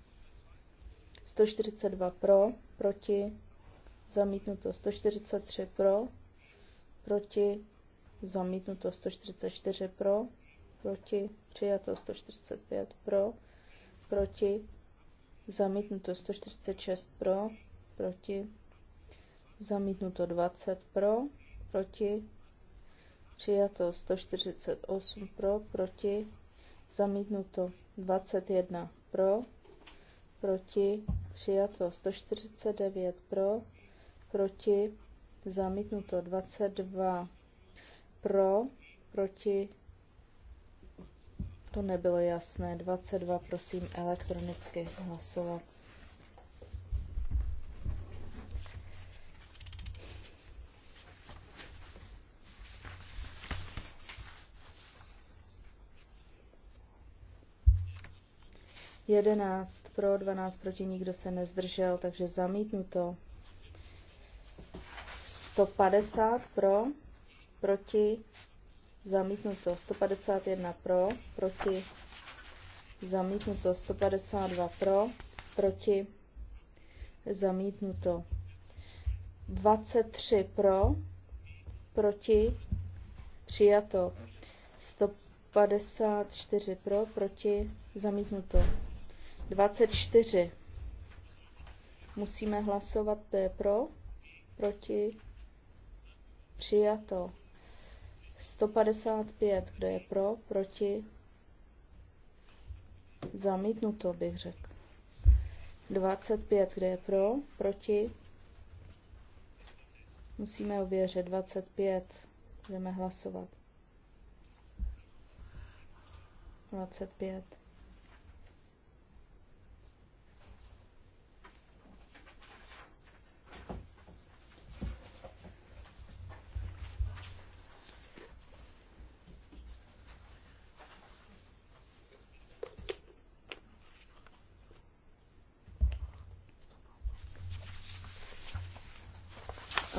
142 pro, proti, zamítnuto 143 pro, proti, zamítnuto 144 pro, proti, přijato 145 pro, proti, zamítnuto 146 pro, proti, zamítnuto 20 pro, proti, přijato 148 pro, proti, zamítnuto 21 pro, proti, přijato 149 pro, proti, zamítnuto 22 pro, proti, to nebylo jasné, 22 prosím elektronicky hlasovat. 11 pro, 12 proti, nikdo se nezdržel, takže zamítnuto. 150 pro, proti, zamítnuto. 151 pro, proti, zamítnuto. 152 pro, proti, zamítnuto. 23 pro, proti, přijato. 154 pro, proti, zamítnuto. 24. Musíme hlasovat, to je pro, proti, přijato. 155, kdo je pro, proti, zamítnuto bych řekl. 25, kde je pro, proti, musíme ověřit, 25, budeme hlasovat. 25.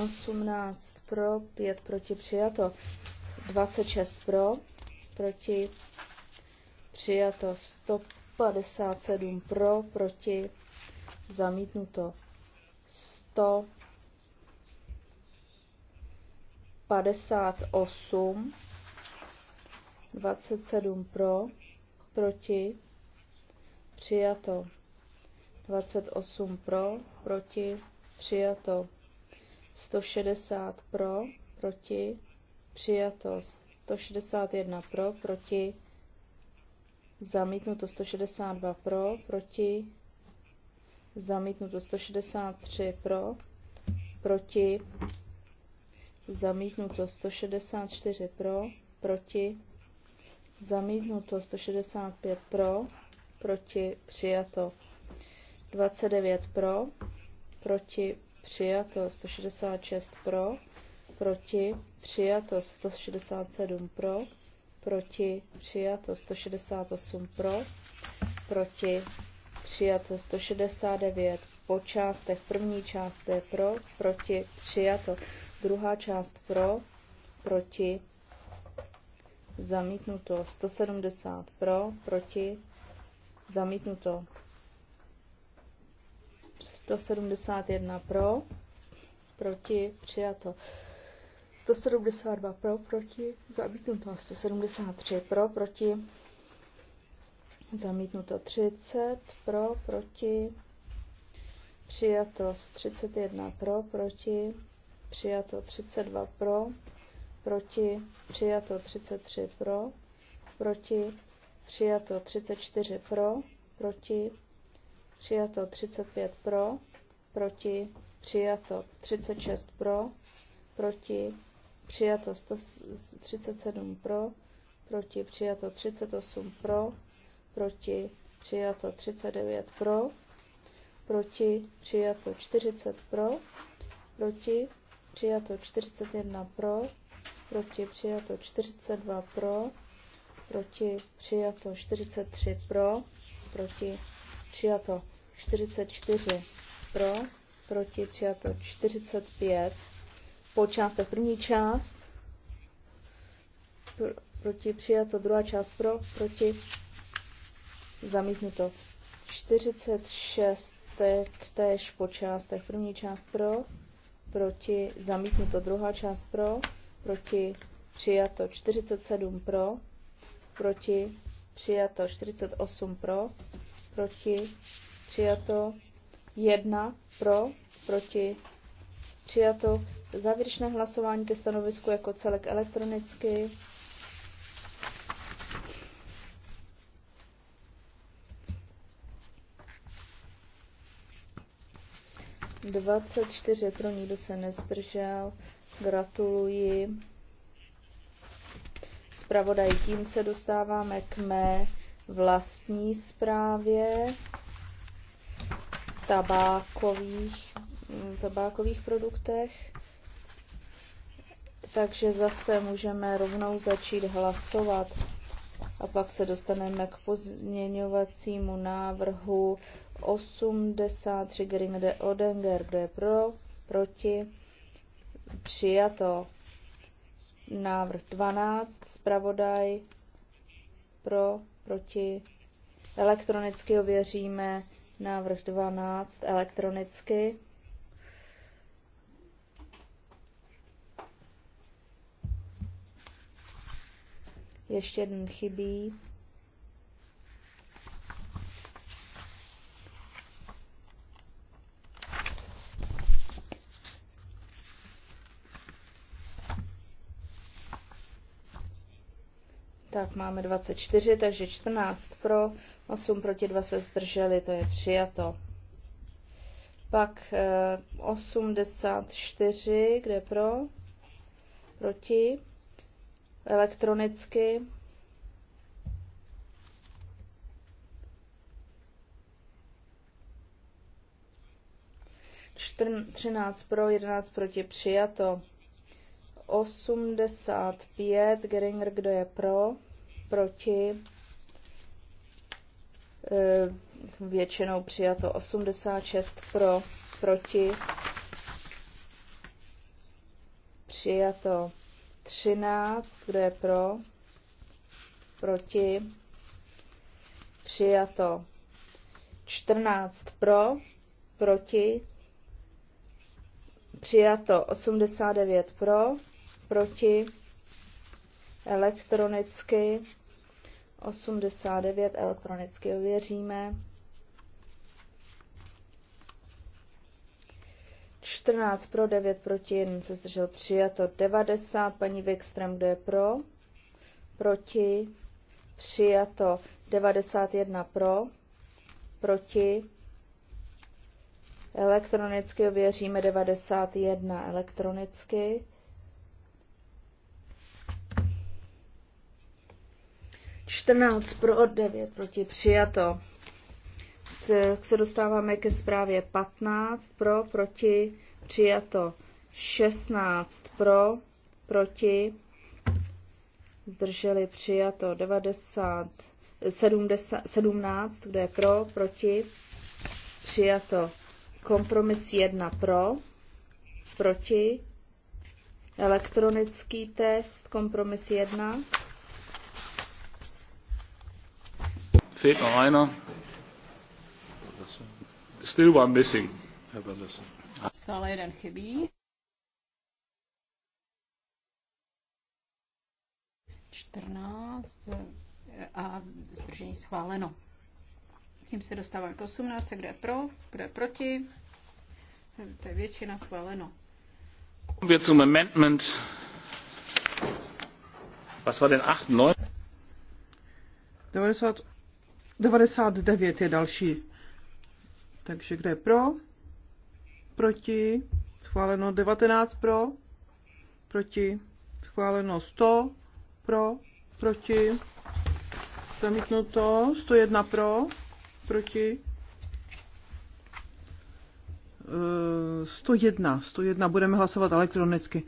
18 pro, 5 proti přijato. 26 pro, proti přijato. 157 pro, proti zamítnuto. 158 27 pro, proti, přijato. 28 pro, proti, přijato. 160 pro, proti, přijato 161 pro, proti, zamítnuto 162 pro, proti, zamítnuto 163 pro, proti, zamítnuto 164 pro, proti, zamítnuto 165 pro, proti, přijato 29 pro, proti, přijato 166 pro, proti, přijato 167 pro, proti, přijato 168 pro, proti, přijato 169 po částech. První část je pro, proti, přijato. Druhá část pro, proti, zamítnuto. 170 pro, proti, zamítnuto. 171 pro, proti, přijato. 172 pro, proti, zamítnuto. 173 pro, proti, zamítnuto. 30 pro, proti, přijato. 31 pro, proti, přijato. 32 pro, proti, přijato. 33 pro, proti, přijato. 34 pro, proti, přijato 35 pro, proti, přijato 36 pro, proti, přijato 137 pro, proti, přijato 38 pro, proti, přijato 39 pro, proti, přijato 40 pro, proti, přijato 41 pro, proti, přijato 42 pro, proti, přijato 43 pro, proti, přijato 44 pro, proti přijato 45 po částech první část, pr- proti přijato druhá část pro, proti zamítnuto 46 též po částech první část pro, proti zamítnuto druhá část pro, proti přijato 47 pro, proti přijato 48 pro, proti, přijato, jedna pro, proti, přijato, závěrečné hlasování ke stanovisku jako celek elektronicky. Dvacet čtyři pro nikdo se nezdržel. Gratuluji zpravodaji. Tím se dostáváme k mé vlastní zprávě tabákových, mm, tabákových produktech. Takže zase můžeme rovnou začít hlasovat a pak se dostaneme k pozměňovacímu návrhu 83 Gringde Odenger, kdo je pro, proti, přijato. Návrh 12, zpravodaj, pro, proti, elektronicky ověříme návrh 12 elektronicky. Ještě jeden chybí. Tak máme 24, takže 14 pro, 8 proti 2 se zdrželi, to je přijato. Pak 84, eh, kde pro, proti, elektronicky. Čtr- 13 pro, 11 proti, přijato. 85, Geringer, kdo je pro? proti, eh, většinou přijato 86 pro, proti, přijato 13, kdo je pro, proti, přijato 14 pro, proti, přijato 89 pro, proti, elektronicky. 89 elektronicky ověříme. 14 pro, 9 proti, 1 se zdržel přijato, 90, paní Wikström, kdo je pro, proti, přijato, 91 pro, proti, elektronicky ověříme 91 elektronicky, 14 pro od 9 proti přijato. Tak se dostáváme ke zprávě 15 pro proti přijato. 16 pro proti zdrželi přijato 90, 70, 17, kde je pro, proti, přijato kompromis 1 pro, proti, elektronický test, kompromis 1, Fehlt noch einer? Still one missing. Stále jeden chybí. 14 eh, a zdržení schváleno. Tím se dostáváme k 18, kde je pro, kde je proti. To je většina schváleno. Wir zum Amendment. Was war denn 98? 98 99 je další. Takže kde je pro? Proti? Schváleno 19 pro? Proti? Schváleno 100 pro? Proti? Zamítnuto 101 pro? Proti? 101. Eh, 101 budeme hlasovat elektronicky.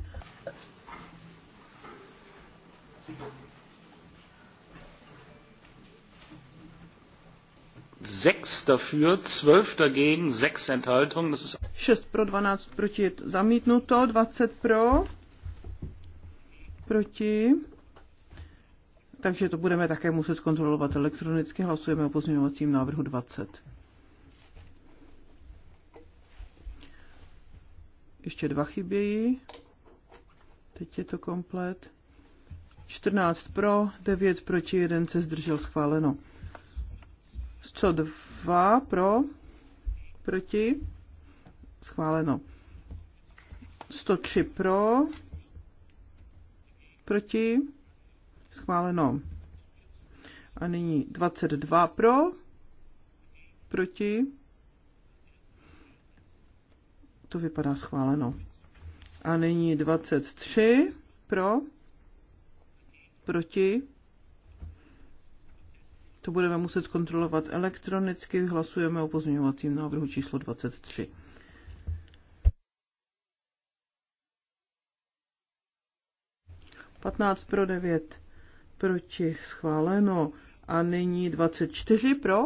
sechs dafür, zwölf dagegen, sechs Enthaltungen. Das ist 6 pro 12 proti zamítnuto, 20 pro proti. Takže to budeme také muset zkontrolovat elektronicky. Hlasujeme o pozměňovacím návrhu 20. Ještě dva chybějí. Teď je to komplet. 14 pro, 9 proti, 1 se zdržel schváleno. 102 pro, proti, schváleno. 103 pro, proti, schváleno. A nyní 22 pro, proti, to vypadá schváleno. A nyní 23 pro, proti, to budeme muset kontrolovat elektronicky. Hlasujeme o pozměňovacím návrhu číslo 23. Patnáct pro 9 proti schváleno. A nyní 24 pro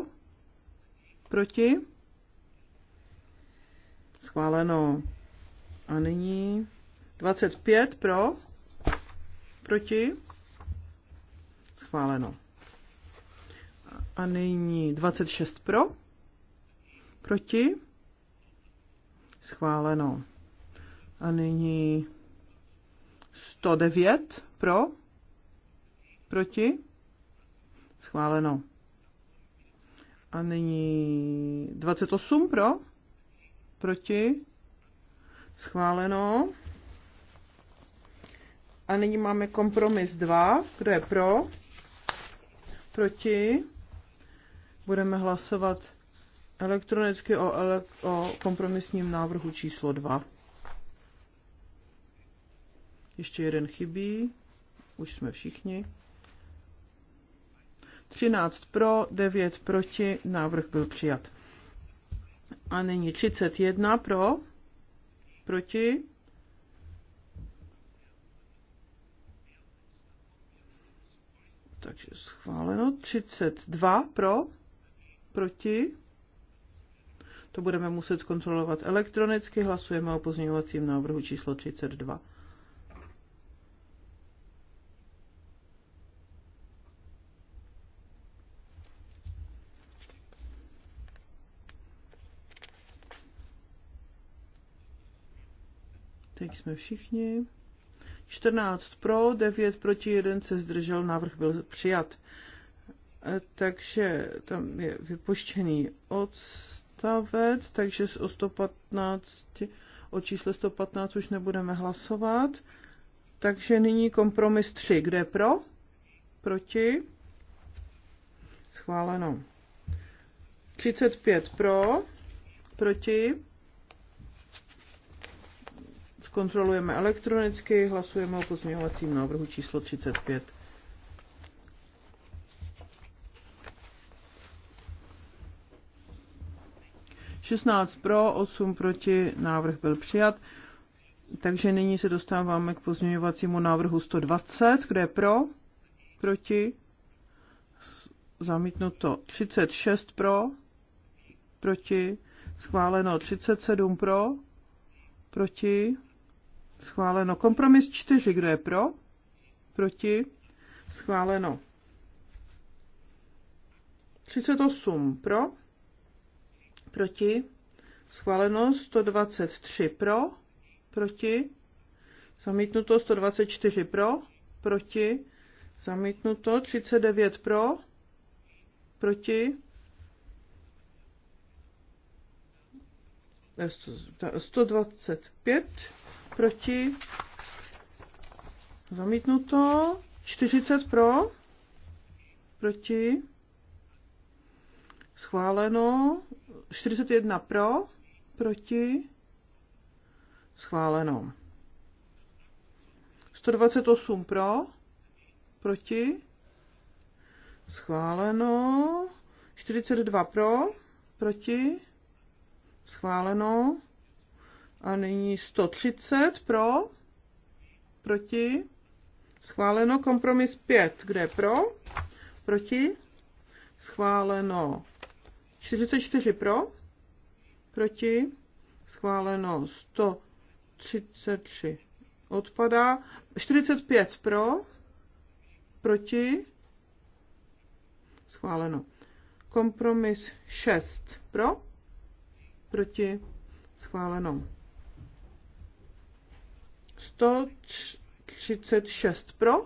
proti schváleno. A nyní 25 pro proti schváleno. A nyní 26 pro. Proti. Schváleno. A nyní 109 pro. Proti. Schváleno. A nyní 28 pro. Proti. Schváleno. A nyní máme kompromis 2. Kdo je pro? Proti? budeme hlasovat elektronicky o, ele- o kompromisním návrhu číslo 2. Ještě jeden chybí, už jsme všichni. 13 pro, 9 proti, návrh byl přijat. A nyní 31 pro, proti. Takže schváleno. 32 pro, Proti? To budeme muset kontrolovat elektronicky. Hlasujeme o pozměňovacím návrhu číslo 32. Teď jsme všichni. 14 pro, 9 proti, 1 se zdržel, návrh byl přijat takže tam je vypuštěný odstavec, takže o 115, o čísle 115 už nebudeme hlasovat. Takže nyní kompromis 3. Kde je pro? Proti? Schváleno. 35 pro, proti. Zkontrolujeme elektronicky, hlasujeme o pozměňovacím návrhu číslo 35. 16 pro, 8 proti, návrh byl přijat. Takže nyní se dostáváme k pozměňovacímu návrhu 120, kde je pro, proti, zamítnuto 36 pro, proti, schváleno 37 pro, proti, schváleno kompromis 4, kdo je pro, proti, schváleno 38 pro, proti, schváleno 123 pro, proti, zamítnuto 124 pro, proti, zamítnuto 39 pro, proti, 125 proti, zamítnuto 40 pro, proti, Schváleno. 41 pro, proti. Schváleno. 128 pro, proti. Schváleno. 42 pro, proti. Schváleno. A nyní 130 pro, proti. Schváleno kompromis 5, kde je pro, proti. Schváleno 44 pro, proti, schváleno 133 odpadá, 45 pro, proti, schváleno. Kompromis 6 pro, proti, schváleno. 136 pro,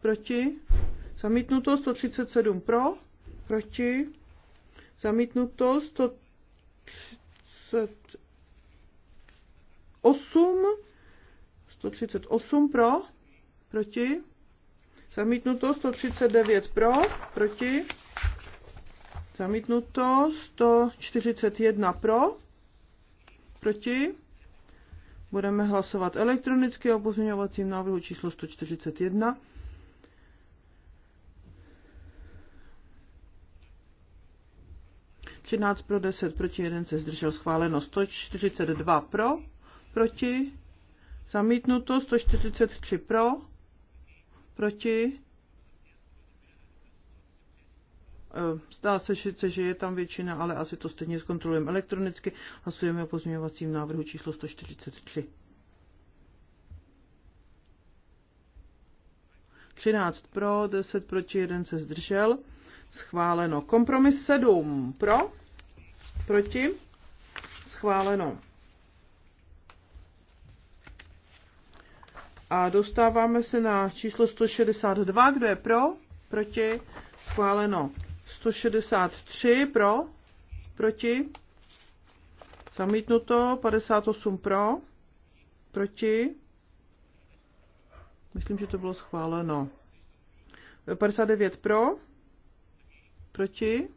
proti, zamítnuto 137 pro, proti, zamítnuto 138, 138 pro, proti, zamítnuto 139 pro, proti, zamítnuto 141 pro, proti, budeme hlasovat elektronicky o pozměňovacím návrhu číslo 141. 13 pro 10 proti 1 se zdržel schváleno. 142 pro, proti, zamítnuto. 143 pro, proti. Eh, zdá se sice, že je tam většina, ale asi to stejně zkontrolujeme elektronicky. Hlasujeme o pozměňovacím návrhu číslo 143. 13 pro, 10 proti, 1 se zdržel. Schváleno. Kompromis 7. Pro? Proti? Schváleno. A dostáváme se na číslo 162. Kdo je pro? Proti? Schváleno. 163 pro? Proti? Zamítnuto. 58 pro? Proti? Myslím, že to bylo schváleno. 59 pro? proti,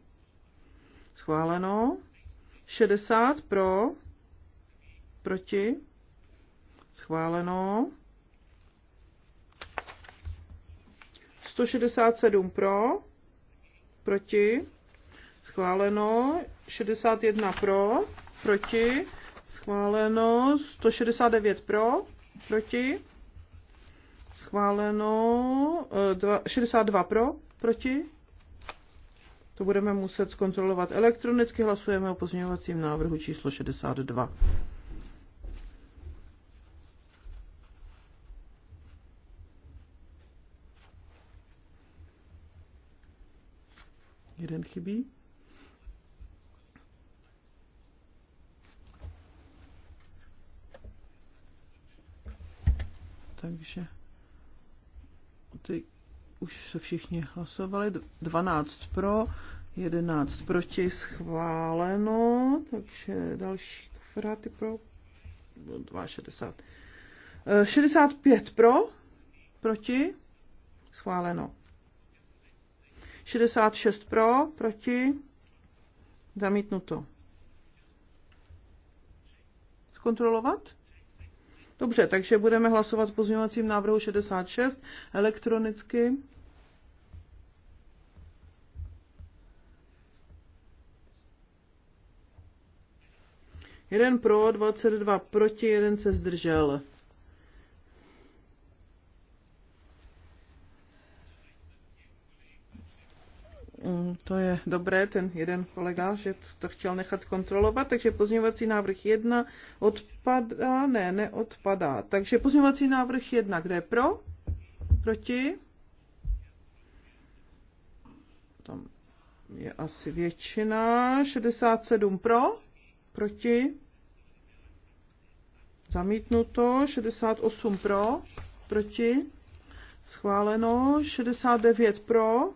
schváleno. 60 pro, proti, schváleno. 167 pro, proti, schváleno. 61 pro, proti, schváleno. 169 pro, proti, schváleno. 62 eh, pro, proti, to budeme muset zkontrolovat elektronicky. Hlasujeme o pozměňovacím návrhu číslo 62. Jeden chybí. Takže ty už se všichni hlasovali, 12 pro, 11 proti, schváleno, takže další kofráty pro, 2,60. 65 eh, pro, proti, schváleno. 66 pro, proti, zamítnuto. Zkontrolovat? Dobře, takže budeme hlasovat s pozměňovacím návrhu 66 elektronicky. Jeden pro, 22 proti, jeden se zdržel. Mm, to je dobré, ten jeden kolega, že to chtěl nechat kontrolovat, takže pozměňovací návrh 1 odpadá, ne, neodpadá. Takže pozměňovací návrh 1, kde je pro? Proti? Tam je asi většina, 67 pro, proti? Zamítnuto, 68 pro, proti? Schváleno, 69 pro,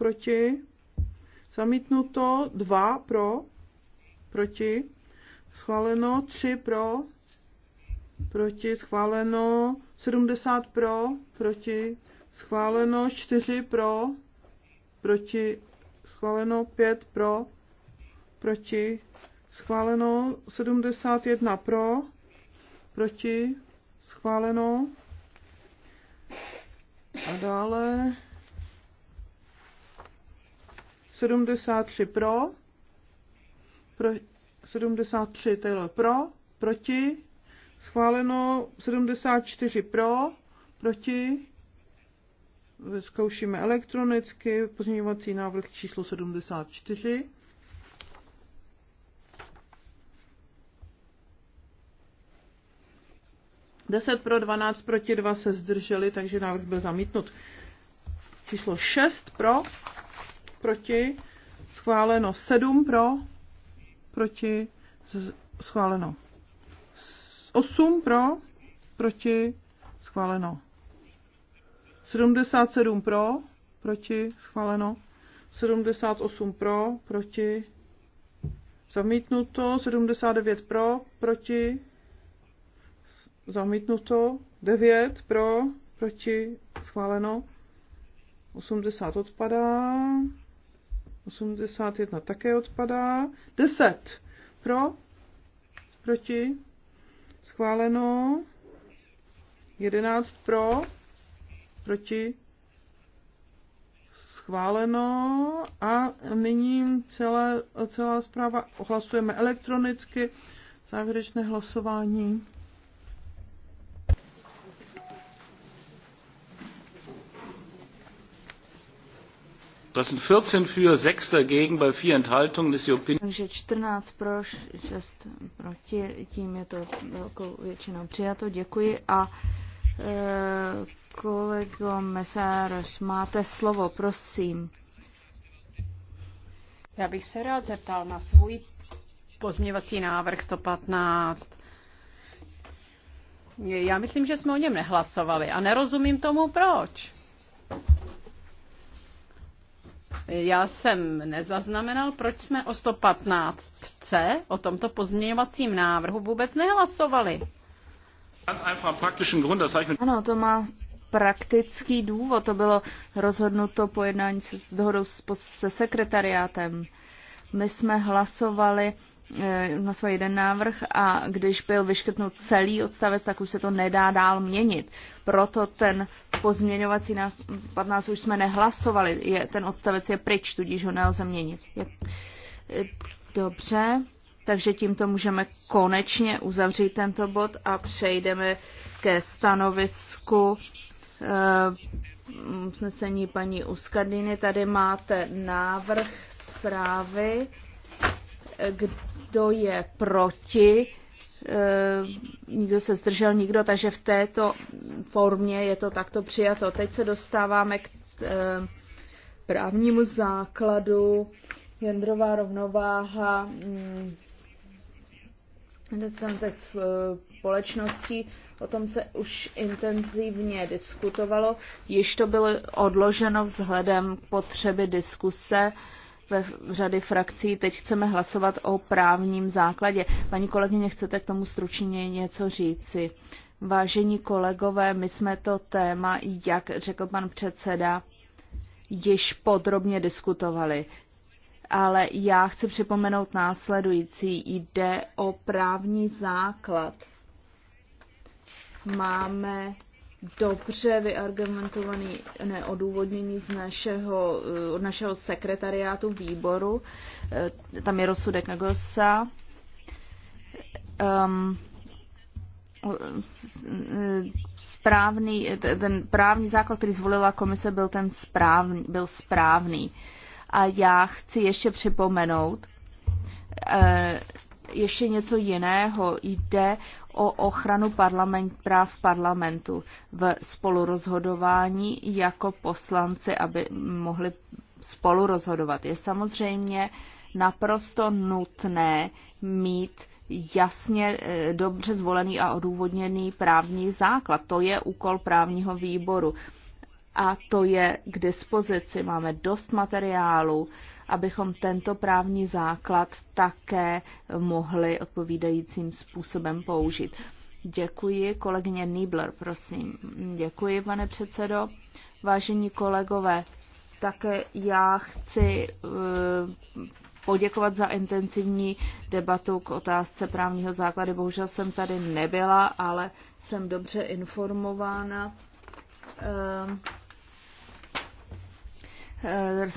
proti, zamítnuto, 2 pro, proti, schváleno, 3 pro, proti, schváleno, 70 pro, proti, schváleno, 4 pro, proti, schváleno, 5 pro, proti, schváleno, 71 pro, proti, schváleno. A dále 73 pro, pro 73 Taylor pro, proti, schváleno 74 pro, proti, zkoušíme elektronicky, pozměňovací návrh číslo 74. Deset pro, 12 proti, Dva se zdrželi, takže návrh byl zamítnut. Číslo 6 pro, proti, schváleno 7 pro, proti, schváleno 8 pro, proti, schváleno 77 pro, proti, schváleno 78 pro, proti, zamítnuto 79 pro, proti, zamítnuto 9 pro, proti, schváleno 80 odpadá. 81 také odpadá. 10 pro, proti, schváleno. 11 pro, proti, schváleno. A nyní celé, celá zpráva ohlasujeme elektronicky. Závěrečné hlasování. für, dagegen, bei Enthaltungen ist die Opinion. Takže 14 pro, 6 proti, tím je to velkou většinou přijato. Děkuji a e, kolego Mesároš, máte slovo, prosím. Já bych se rád zeptal na svůj pozměvací návrh 115. Já myslím, že jsme o něm nehlasovali a nerozumím tomu, proč. Já jsem nezaznamenal, proč jsme o 115c, o tomto pozměňovacím návrhu, vůbec nehlasovali. Ano, to má praktický důvod. To bylo rozhodnuto pojednání se, s dohodou se sekretariátem. My jsme hlasovali na eh, svůj jeden návrh a když byl vyškrtnut celý odstavec, tak už se to nedá dál měnit. Proto ten pozměňovací na 15 už jsme nehlasovali. Je, ten odstavec je pryč, tudíž ho nelze měnit. Je, eh, Dobře, takže tímto můžeme konečně uzavřít tento bod a přejdeme ke stanovisku eh, usnesení paní Uskadiny. Tady máte návrh zprávy kdo je proti, eh, nikdo se zdržel, nikdo, takže v této formě je to takto přijato. Teď se dostáváme k eh, právnímu základu, jendrová rovnováha, mm, tam text eh, společností, o tom se už intenzivně diskutovalo, již to bylo odloženo vzhledem k potřeby diskuse ve řady frakcí. Teď chceme hlasovat o právním základě. Paní kolegyně, chcete k tomu stručně něco říci? Vážení kolegové, my jsme to téma, jak řekl pan předseda, již podrobně diskutovali. Ale já chci připomenout následující. Jde o právní základ. Máme dobře vyargumentovaný neodůvodnění z našeho, eh, od našeho sekretariátu výboru. Eh, tam je rozsudek Nagosa. Um, správný, ten právní základ, který zvolila komise, byl ten správný, byl správný. A já chci ještě připomenout, ještě něco jiného. Jde o ochranu parlament, práv parlamentu v spolurozhodování jako poslanci, aby mohli spolurozhodovat. Je samozřejmě naprosto nutné mít jasně eh, dobře zvolený a odůvodněný právní základ. To je úkol právního výboru a to je k dispozici. Máme dost materiálu, abychom tento právní základ také mohli odpovídajícím způsobem použít. Děkuji, kolegyně Niebler, prosím. Děkuji, pane předsedo. Vážení kolegové, také já chci eh, poděkovat za intenzivní debatu k otázce právního základu. Bohužel jsem tady nebyla, ale jsem dobře informována. Ehm, Eh,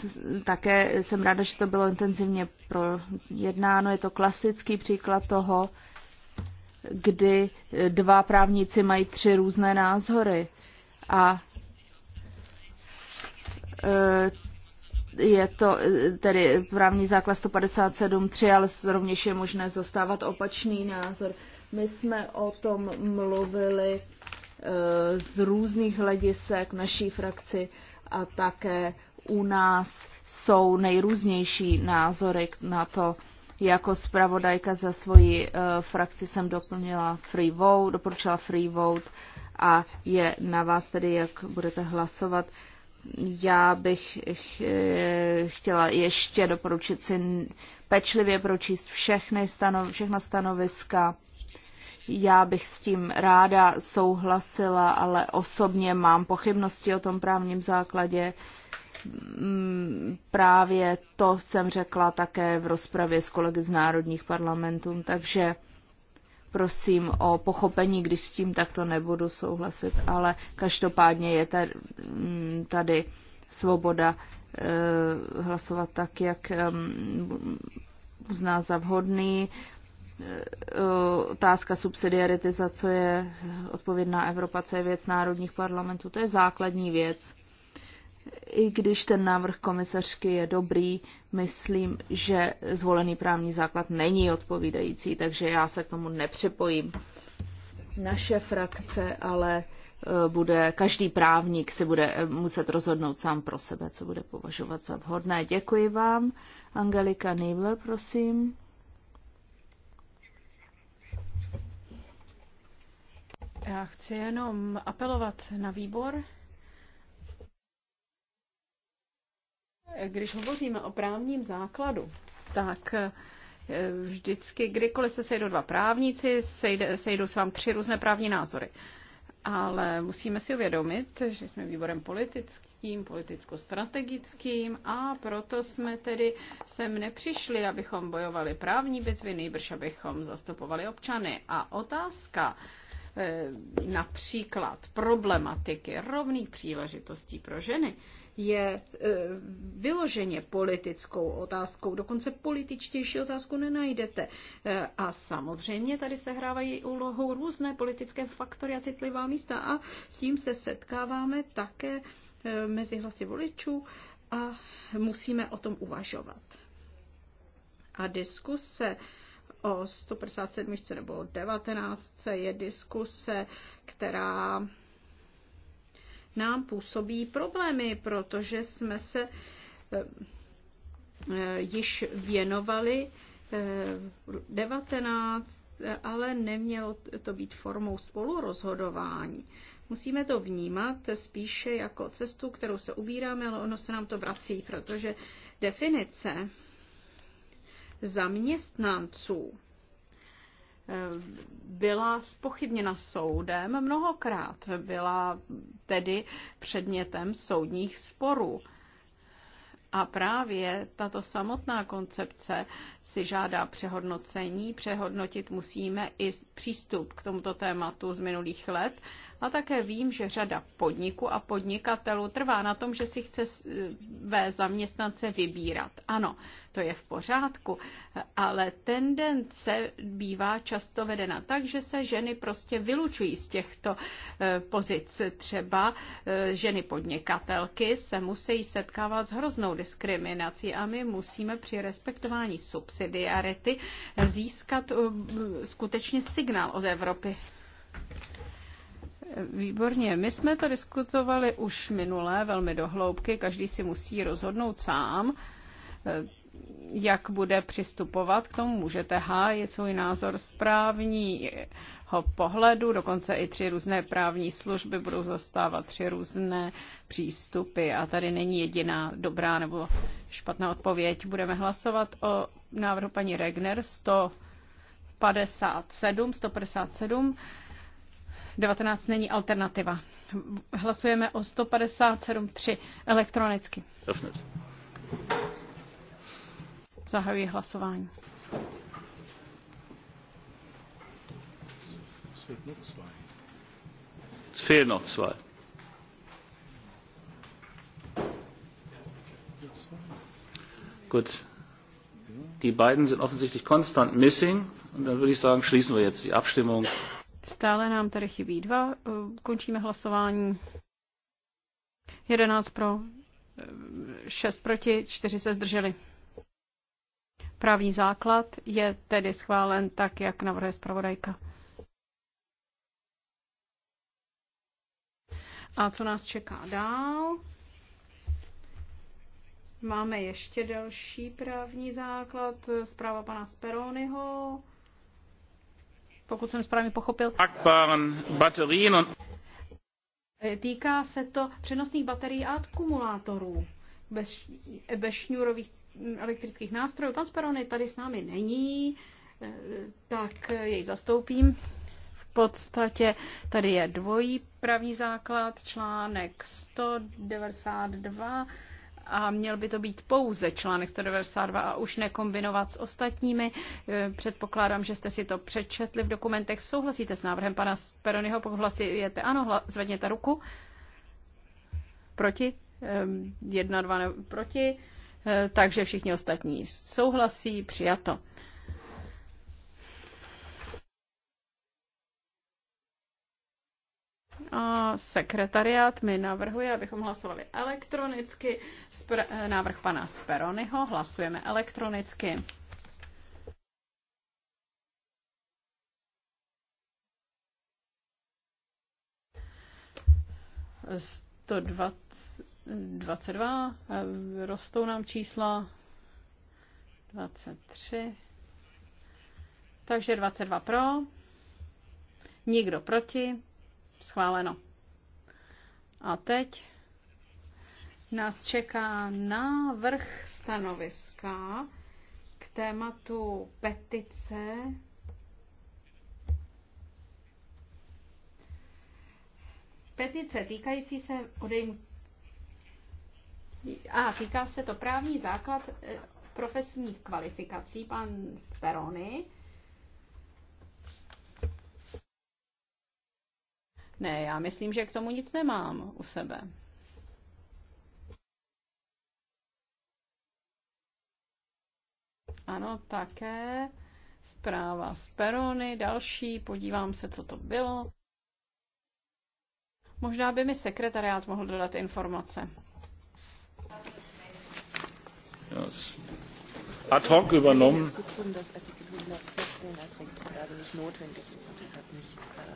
také jsem ráda, že to bylo intenzivně projednáno. Je to klasický příklad toho, kdy dva právníci mají tři různé názory. A eh, je to eh, tedy právní základ 157.3, ale rovněž je možné zastávat opačný názor. My jsme o tom mluvili z různých hledisek naší frakci a také u nás jsou nejrůznější názory na to. Jako zpravodajka za svoji uh, frakci jsem doplnila free vote, doporučila free vote a je na vás tedy, jak budete hlasovat. Já bych eh, chtěla ještě doporučit si pečlivě pročíst všechny stanov, všechna stanoviska. Já bych s tím ráda souhlasila, ale osobně mám pochybnosti o tom právním základě. Mm, právě to jsem řekla také v rozpravě s kolegy z národních parlamentů, takže prosím o pochopení, když s tím takto nebudu souhlasit, ale každopádně je mm, tady svoboda eh, hlasovat tak, jak uzná za vhodný. Eh, otázka subsidiarity, za co je odpovědná Evropa, co je věc národních parlamentů, to je základní věc i když ten návrh komisařky je dobrý, myslím, že zvolený právní základ není odpovídající, takže já se k tomu nepřipojím. Naše frakce ale e, bude, každý právník si bude e, muset rozhodnout sám pro sebe, co bude považovat za vhodné. Děkuji vám. Angelika Niebler, prosím. Já chci jenom apelovat na výbor, Když hovoříme o právním základu, tak eh, vždycky, kdykoliv se sejdou dva právníci, sejde, sejdou se vám tři různé právní názory. Ale musíme si uvědomit, že jsme výborem politickým, politicko-strategickým a proto jsme tedy sem nepřišli, abychom bojovali právní bitvy, nejbrž abychom zastupovali občany. A otázka eh, například problematiky rovných příležitostí pro ženy, je e, vyloženě politickou otázkou, dokonce političtější otázku nenajdete. E, a samozřejmě tady se hrávají úlohou různé politické faktory a citlivá místa a s tím se setkáváme také e, mezi hlasy voličů a musíme o tom uvažovat. A diskuse o 157 nebo 19 je diskuse, která nám působí problémy, protože jsme se eh, eh, již věnovali 19, eh, ale nemělo to být formou spolurozhodování. Musíme to vnímat spíše jako cestu, kterou se ubíráme, ale ono se nám to vrací, protože definice zaměstnanců byla spochybněna soudem mnohokrát, byla tedy předmětem soudních sporů. A právě tato samotná koncepce si žádá přehodnocení. Přehodnotit musíme i přístup k tomuto tématu z minulých let a také vím, že řada podniků a podnikatelů trvá na tom, že si chce své eh, zaměstnance vybírat. Ano, to je v pořádku, ale tendence bývá často vedena tak, že se ženy prostě vylučují z těchto eh, pozic. Třeba eh, ženy podnikatelky se musí setkávat s hroznou diskriminací a my musíme při respektování subsidiarity získat skutečně signál od Evropy. Výborně. My jsme to diskutovali už minule velmi dohloubky. Každý si musí rozhodnout sám, eh, jak bude přistupovat k tomu. Můžete hájit svůj názor správního pohledu, dokonce i tři různé právní služby budou zastávat tři různé přístupy a tady není jediná dobrá nebo špatná odpověď. Budeme hlasovat o návrhu paní Regner 157, 157 19 není alternativa. Hlasujeme o 157.3 elektronicky. Zahajuji hlasování. Gut. Die beiden sind offensichtlich konstant missing. Und dann würde ich sagen, schließen wir jetzt die Abstimmung. Stále nám tady chybí dva. Končíme hlasování. 11 pro, 6 proti, 4 se zdrželi. Právní základ je tedy schválen tak, jak navrhuje zpravodajka. A co nás čeká dál? Máme ještě další právní základ, zpráva pana Speronyho pokud jsem správně pochopil. E, týká se to přenosných baterií a akumulátorů bez, bez šňůrových mm, elektrických nástrojů. Pan Sperony tady s námi není, e, tak jej zastoupím. V podstatě tady je dvojí pravý základ, článek 192 a měl by to být pouze článek 192 a už nekombinovat s ostatními. E, předpokládám, že jste si to přečetli v dokumentech. Souhlasíte s návrhem pana Peronyho? Pokud hlasujete ano, zvedněte ruku. Proti? E, jedna, dva ne, proti. E, takže všichni ostatní souhlasí, přijato. A sekretariát mi navrhuje, abychom hlasovali elektronicky. Spr- eh, návrh pana Speronyho hlasujeme elektronicky. Sto 22, eh, rostou nám čísla 23, takže 22 pro, nikdo proti. Schváleno. A teď nás čeká návrh stanoviska k tématu petice petice týkající se odejm... A týká se to právní základ eh, profesních kvalifikací, pan Sperony. Ne, já myslím, že k tomu nic nemám u sebe. Ano, také. Zpráva z Perony, další, podívám se, co to bylo. Možná by mi sekretariát mohl dodat informace. Yes. Ad hoc übernommen. Äh,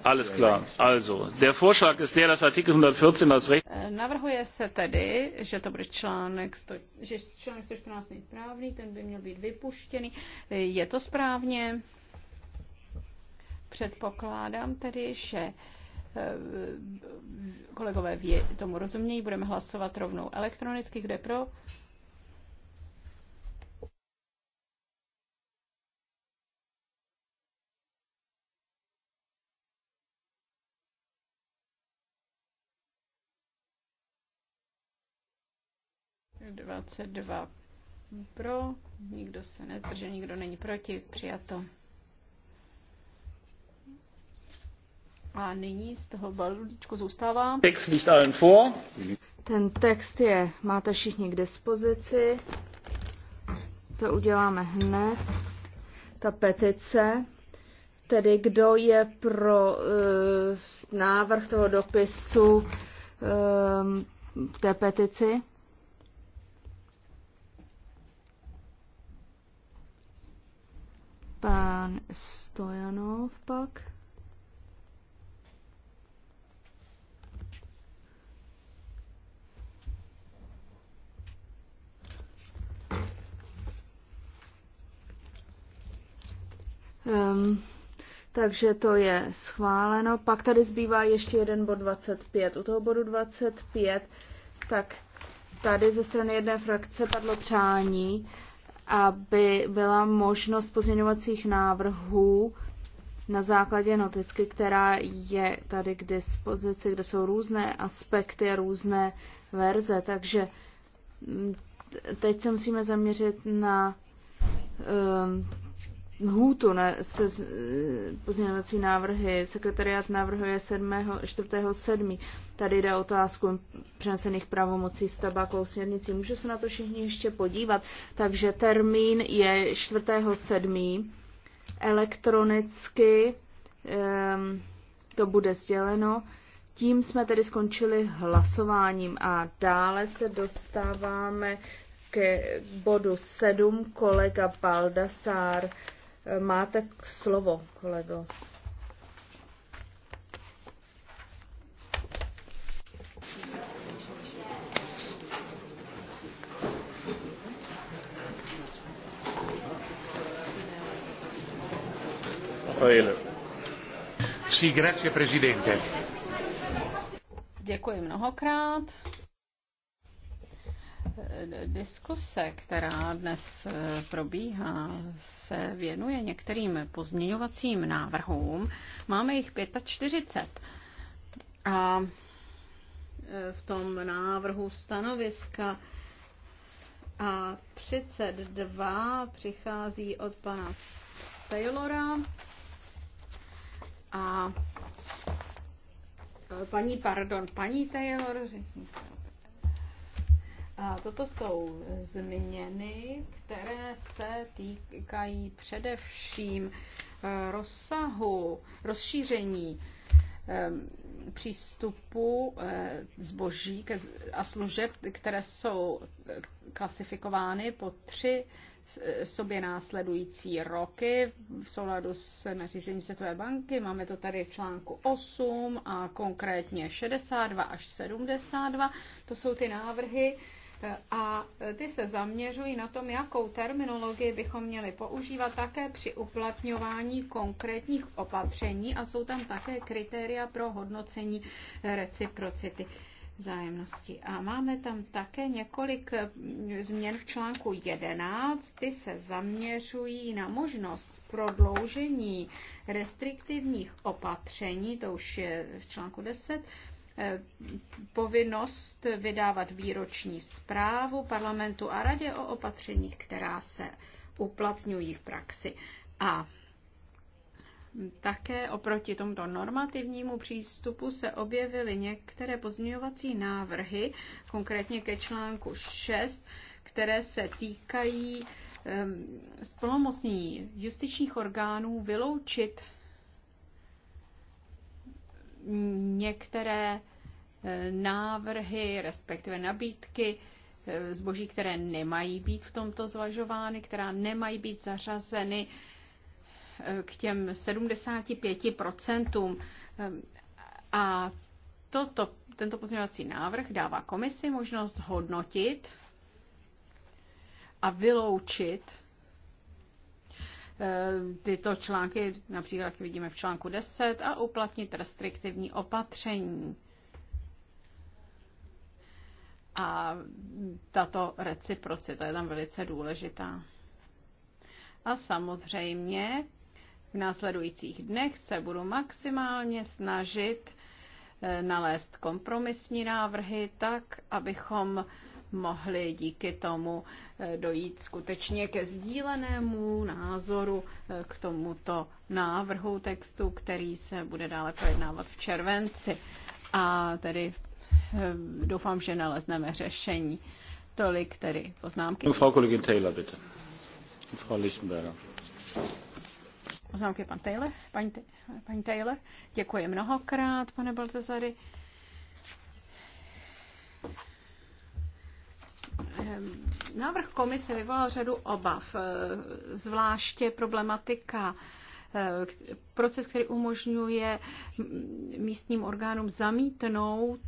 Alles klar. Also, der Vorschlag ist der, dass Artikel 114 als Recht... Äh, navrhuje se tedy, že to bude článek, sto, že článek 114 není správný, ten by měl být vypuštěný. Je to správně? Předpokládám tedy, že eh, kolegové tomu rozumějí, budeme hlasovat rovnou elektronicky. Kde pro? 22 pro, nikdo se nezdržel, nikdo není proti, přijato. A nyní z toho balíčku zůstává. Text Ten text je, máte všichni k dispozici. To uděláme hned. Ta petice, tedy kdo je pro uh, návrh toho dopisu uh, té petici? Pan Stojanov pak. Um, takže to je schváleno. Pak tady zbývá ještě jeden bod 25. U toho bodu 25, tak tady ze strany jedné frakce padlo přání, aby byla možnost pozměňovacích návrhů na základě noticky, která je tady k dispozici, kde jsou různé aspekty a různé verze. Takže mm, teď se musíme zaměřit na um, lhůtu na se, eh, pozměňovací návrhy. Sekretariat navrhuje 7. 4. 7. Tady jde o otázku přenesených pravomocí s tabakou směrnicí. Můžu se na to všichni ještě podívat. Takže termín je 4. 7. Elektronicky um, to bude sděleno. Tím jsme tedy skončili hlasováním a dále se dostáváme k bodu 7 kolega Baldasár Máte slovo, kolego. Sì, grazie Presidente. Děkuji mnohokrát. Diskuse, která dnes eh, probíhá, se věnuje některým pozměňovacím návrhům. Máme jich 45. A eh, v tom návrhu stanoviska a 32 přichází od pana Taylora a eh, paní, pardon, paní Taylor, řekni se a toto jsou změny, které se týkají především eh, rozsahu, rozšíření eh, přístupu eh, zboží a služeb, které jsou klasifikovány po tři sobě následující roky v souladu s nařízením Světové banky. Máme to tady v článku 8 a konkrétně 62 až 72. To jsou ty návrhy, a ty se zaměřují na tom, jakou terminologii bychom měli používat také při uplatňování konkrétních opatření a jsou tam také kritéria pro hodnocení reciprocity zájemnosti. A máme tam také několik změn v článku 11. Ty se zaměřují na možnost prodloužení restriktivních opatření, to už je v článku 10, povinnost vydávat výroční zprávu parlamentu a radě o opatřeních, která se uplatňují v praxi. A také oproti tomuto normativnímu přístupu se objevily některé pozměňovací návrhy, konkrétně ke článku 6, které se týkají splnomocnění ehm, justičních orgánů vyloučit některé eh, návrhy, respektive nabídky eh, zboží, které nemají být v tomto zvažovány, která nemají být zařazeny eh, k těm 75%. A toto, tento pozměňovací návrh dává komisi možnost hodnotit a vyloučit Eh, tyto články, například jak vidíme v článku 10, a uplatnit restriktivní opatření. A tato reciprocita je tam velice důležitá. A samozřejmě v následujících dnech se budu maximálně snažit eh, nalézt kompromisní návrhy tak, abychom mohli díky tomu eh, dojít skutečně ke sdílenému názoru eh, k tomuto návrhu textu, který se bude dále projednávat v červenci. A tedy eh, doufám, že nalezneme řešení. Tolik tedy poznámky. Frau Kollegin Taylor, bitte. Frau Lichtenberger. Poznámky pan Taylor, paní, paní Taylor. Děkuji mnohokrát, pane Baltazary. Ehm, návrh komise vyvolal řadu obav, eh, zvláště problematika eh, proces, který umožňuje místním orgánům zamítnout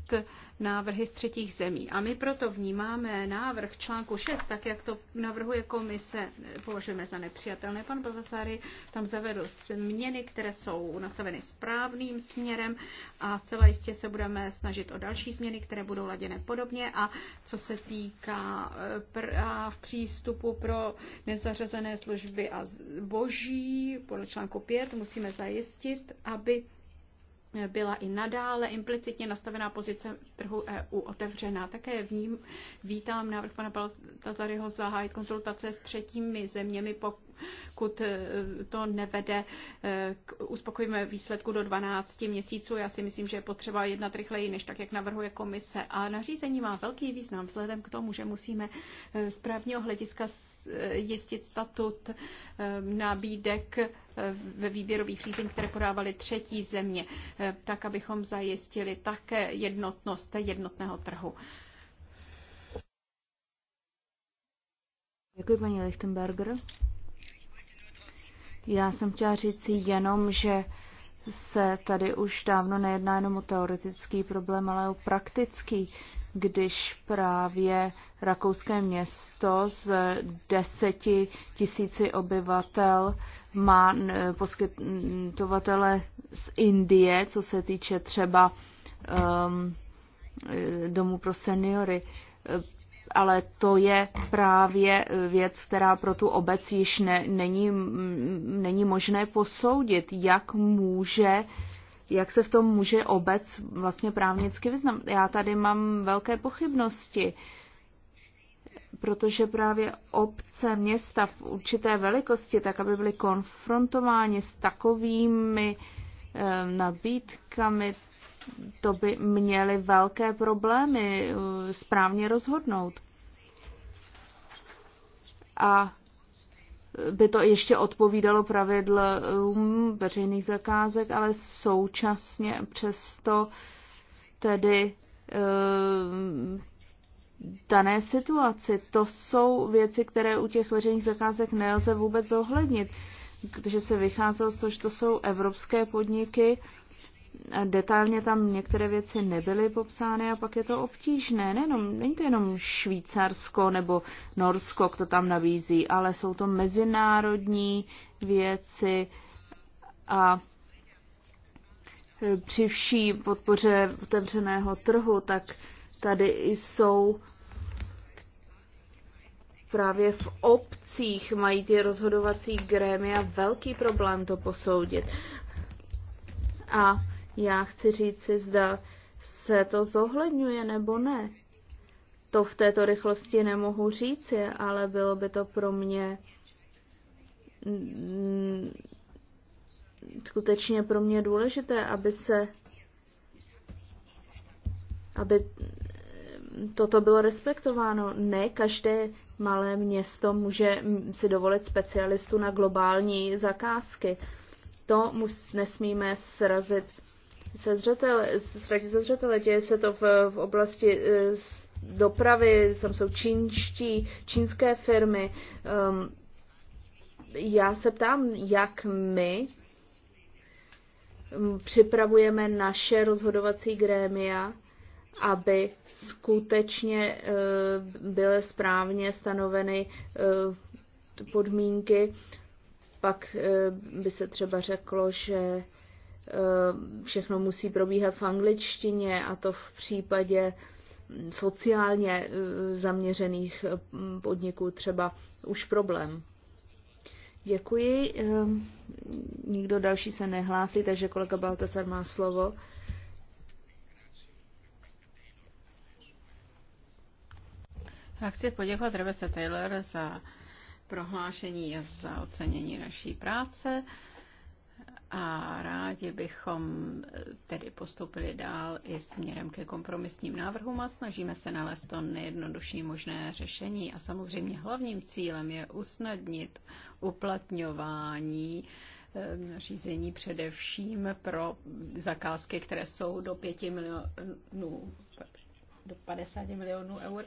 návrhy z třetích zemí. A my proto vnímáme návrh článku 6, tak jak to navrhuje komise, považujeme za nepřijatelné. Pan Bazasary tam zavedl změny, které jsou nastaveny správným směrem a zcela jistě se budeme snažit o další změny, které budou laděné podobně. A co se týká eh, práv přístupu pro nezařazené služby a boží, podle článku 5 musíme zajistit, aby byla i nadále implicitně nastavená pozice trhu EU otevřená. Také v ním vítám návrh pana Tazaryho zahájit konzultace s třetími zeměmi, pokud eh, to nevede eh, k uspokojivému výsledku do 12 měsíců. Já si myslím, že je potřeba jednat rychleji, než tak, jak navrhuje komise. A nařízení má velký význam vzhledem k tomu, že musíme eh, z právního hlediska zjistit statut eh, nabídek eh, ve výběrových řízení, které podávaly třetí země, eh, tak abychom zajistili také jednotnost jednotného trhu. Děkuji, paní Lichtenberger. Já jsem chtěla říct jenom, že se tady už dávno nejedná jenom o teoretický problém, ale o praktický když právě rakouské město z deseti tisíci obyvatel má poskytovatele z Indie, co se týče třeba um, domů pro seniory. Ale to je právě věc, která pro tu obec již ne, není, není možné posoudit, jak může uh, jak se v tom může obec vlastně právnicky vyznam. Já tady mám velké pochybnosti, protože právě obce, města v určité velikosti, tak aby byly konfrontováni s takovými e, nabídkami, to by měly velké problémy eh, správně rozhodnout. A by to ještě odpovídalo pravidlům veřejných zakázek, ale současně přesto tedy eh, dané situaci. To jsou věci, které u těch veřejných zakázek nelze vůbec zohlednit, protože se vycházelo z toho, že to jsou evropské podniky detailně tam některé věci nebyly popsány a pak je to obtížné. Nejenom, není to jenom Švýcarsko nebo Norsko, kdo tam nabízí, ale jsou to mezinárodní věci a e, při vší podpoře otevřeného trhu, tak tady jsou právě v obcích mají ty rozhodovací grémia velký problém to posoudit. A já chci říct si, zda se to zohledňuje nebo ne. To v této rychlosti nemohu říci, ale bylo by to pro mě mm, skutečně pro mě důležité, aby se aby toto bylo respektováno. Ne každé malé město může mm, si dovolit specialistu na globální zakázky. To mus, nesmíme srazit se zřetele, ztratí se zřetele. Děje se to v, v oblasti e, dopravy, tam jsou čínští, čínské firmy. Um, já se ptám, jak my připravujeme naše rozhodovací grémia, aby skutečně e, byly správně stanoveny e, podmínky. Pak by se třeba řeklo, že Eh, všechno musí probíhat v angličtině a to v případě mm, sociálně eh, zaměřených eh, mm, podniků třeba už problém. Děkuji. Nikdo další se nehlásí, takže kolega Baltasar má slovo. Já chci poděkovat Rebece Taylor za prohlášení a za ocenění naší práce a rádi bychom eh, tedy postoupili dál i směrem ke kompromisním návrhům a snažíme se nalézt to nejjednodušší možné řešení. A samozřejmě hlavním cílem je usnadnit uplatňování eh, řízení především pro zakázky, které jsou do 5 milionů, do 50 milionů eur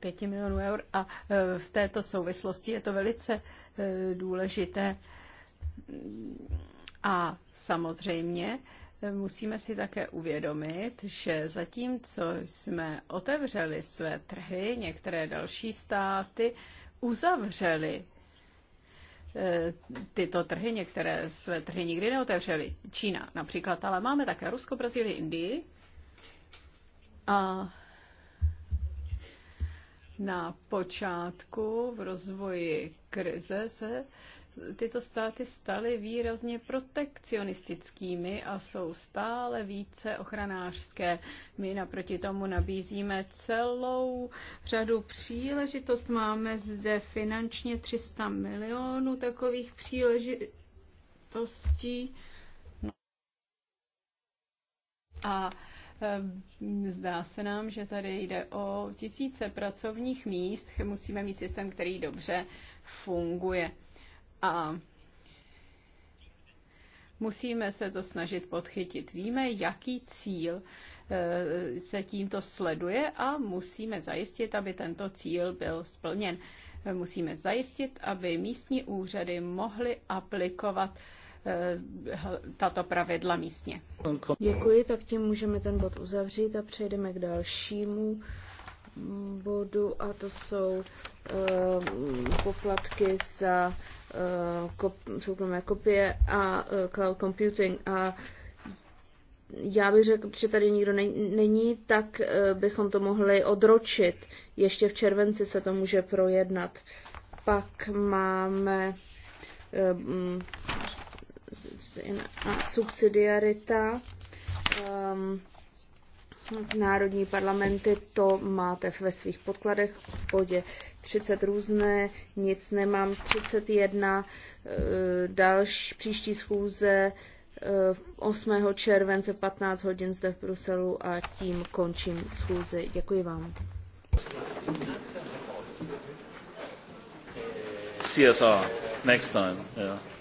5 milionů eur a e, v této souvislosti je to velice e, důležité. A samozřejmě e, musíme si také uvědomit, že zatímco jsme otevřeli své trhy, některé další státy uzavřeli tyto trhy, některé své trhy nikdy neotevřeli. Čína například, ale máme také Rusko, Brazílii, Indii. A na počátku v rozvoji krize se tyto státy staly výrazně protekcionistickými a jsou stále více ochranářské. My naproti tomu nabízíme celou řadu příležitost. Máme zde finančně 300 milionů takových příležitostí. A Ehm, zdá se nám, že tady jde o tisíce pracovních míst. Musíme mít systém, který dobře funguje. A musíme se to snažit podchytit. Víme, jaký cíl eh, se tímto sleduje a musíme zajistit, aby tento cíl byl splněn. Musíme zajistit, aby místní úřady mohly aplikovat Eh, tato pravidla místně. Děkuji, tak tím můžeme ten bod uzavřít a přejdeme k dalšímu bodu a to jsou uh, poplatky za uh, kop, soukromé kopie a uh, cloud computing a já bych řekl, že tady nikdo není, tak bychom to mohli odročit. Ještě v červenci se to může projednat. Pak máme a subsidiarita. Um, národní parlamenty, to máte ve svých podkladech v bodě 30 různé, nic nemám, 31 eh, další příští schůze 8. Eh, července 15 hodin zde v Bruselu a tím končím schůzi. Děkuji vám. CSR, next time, yeah.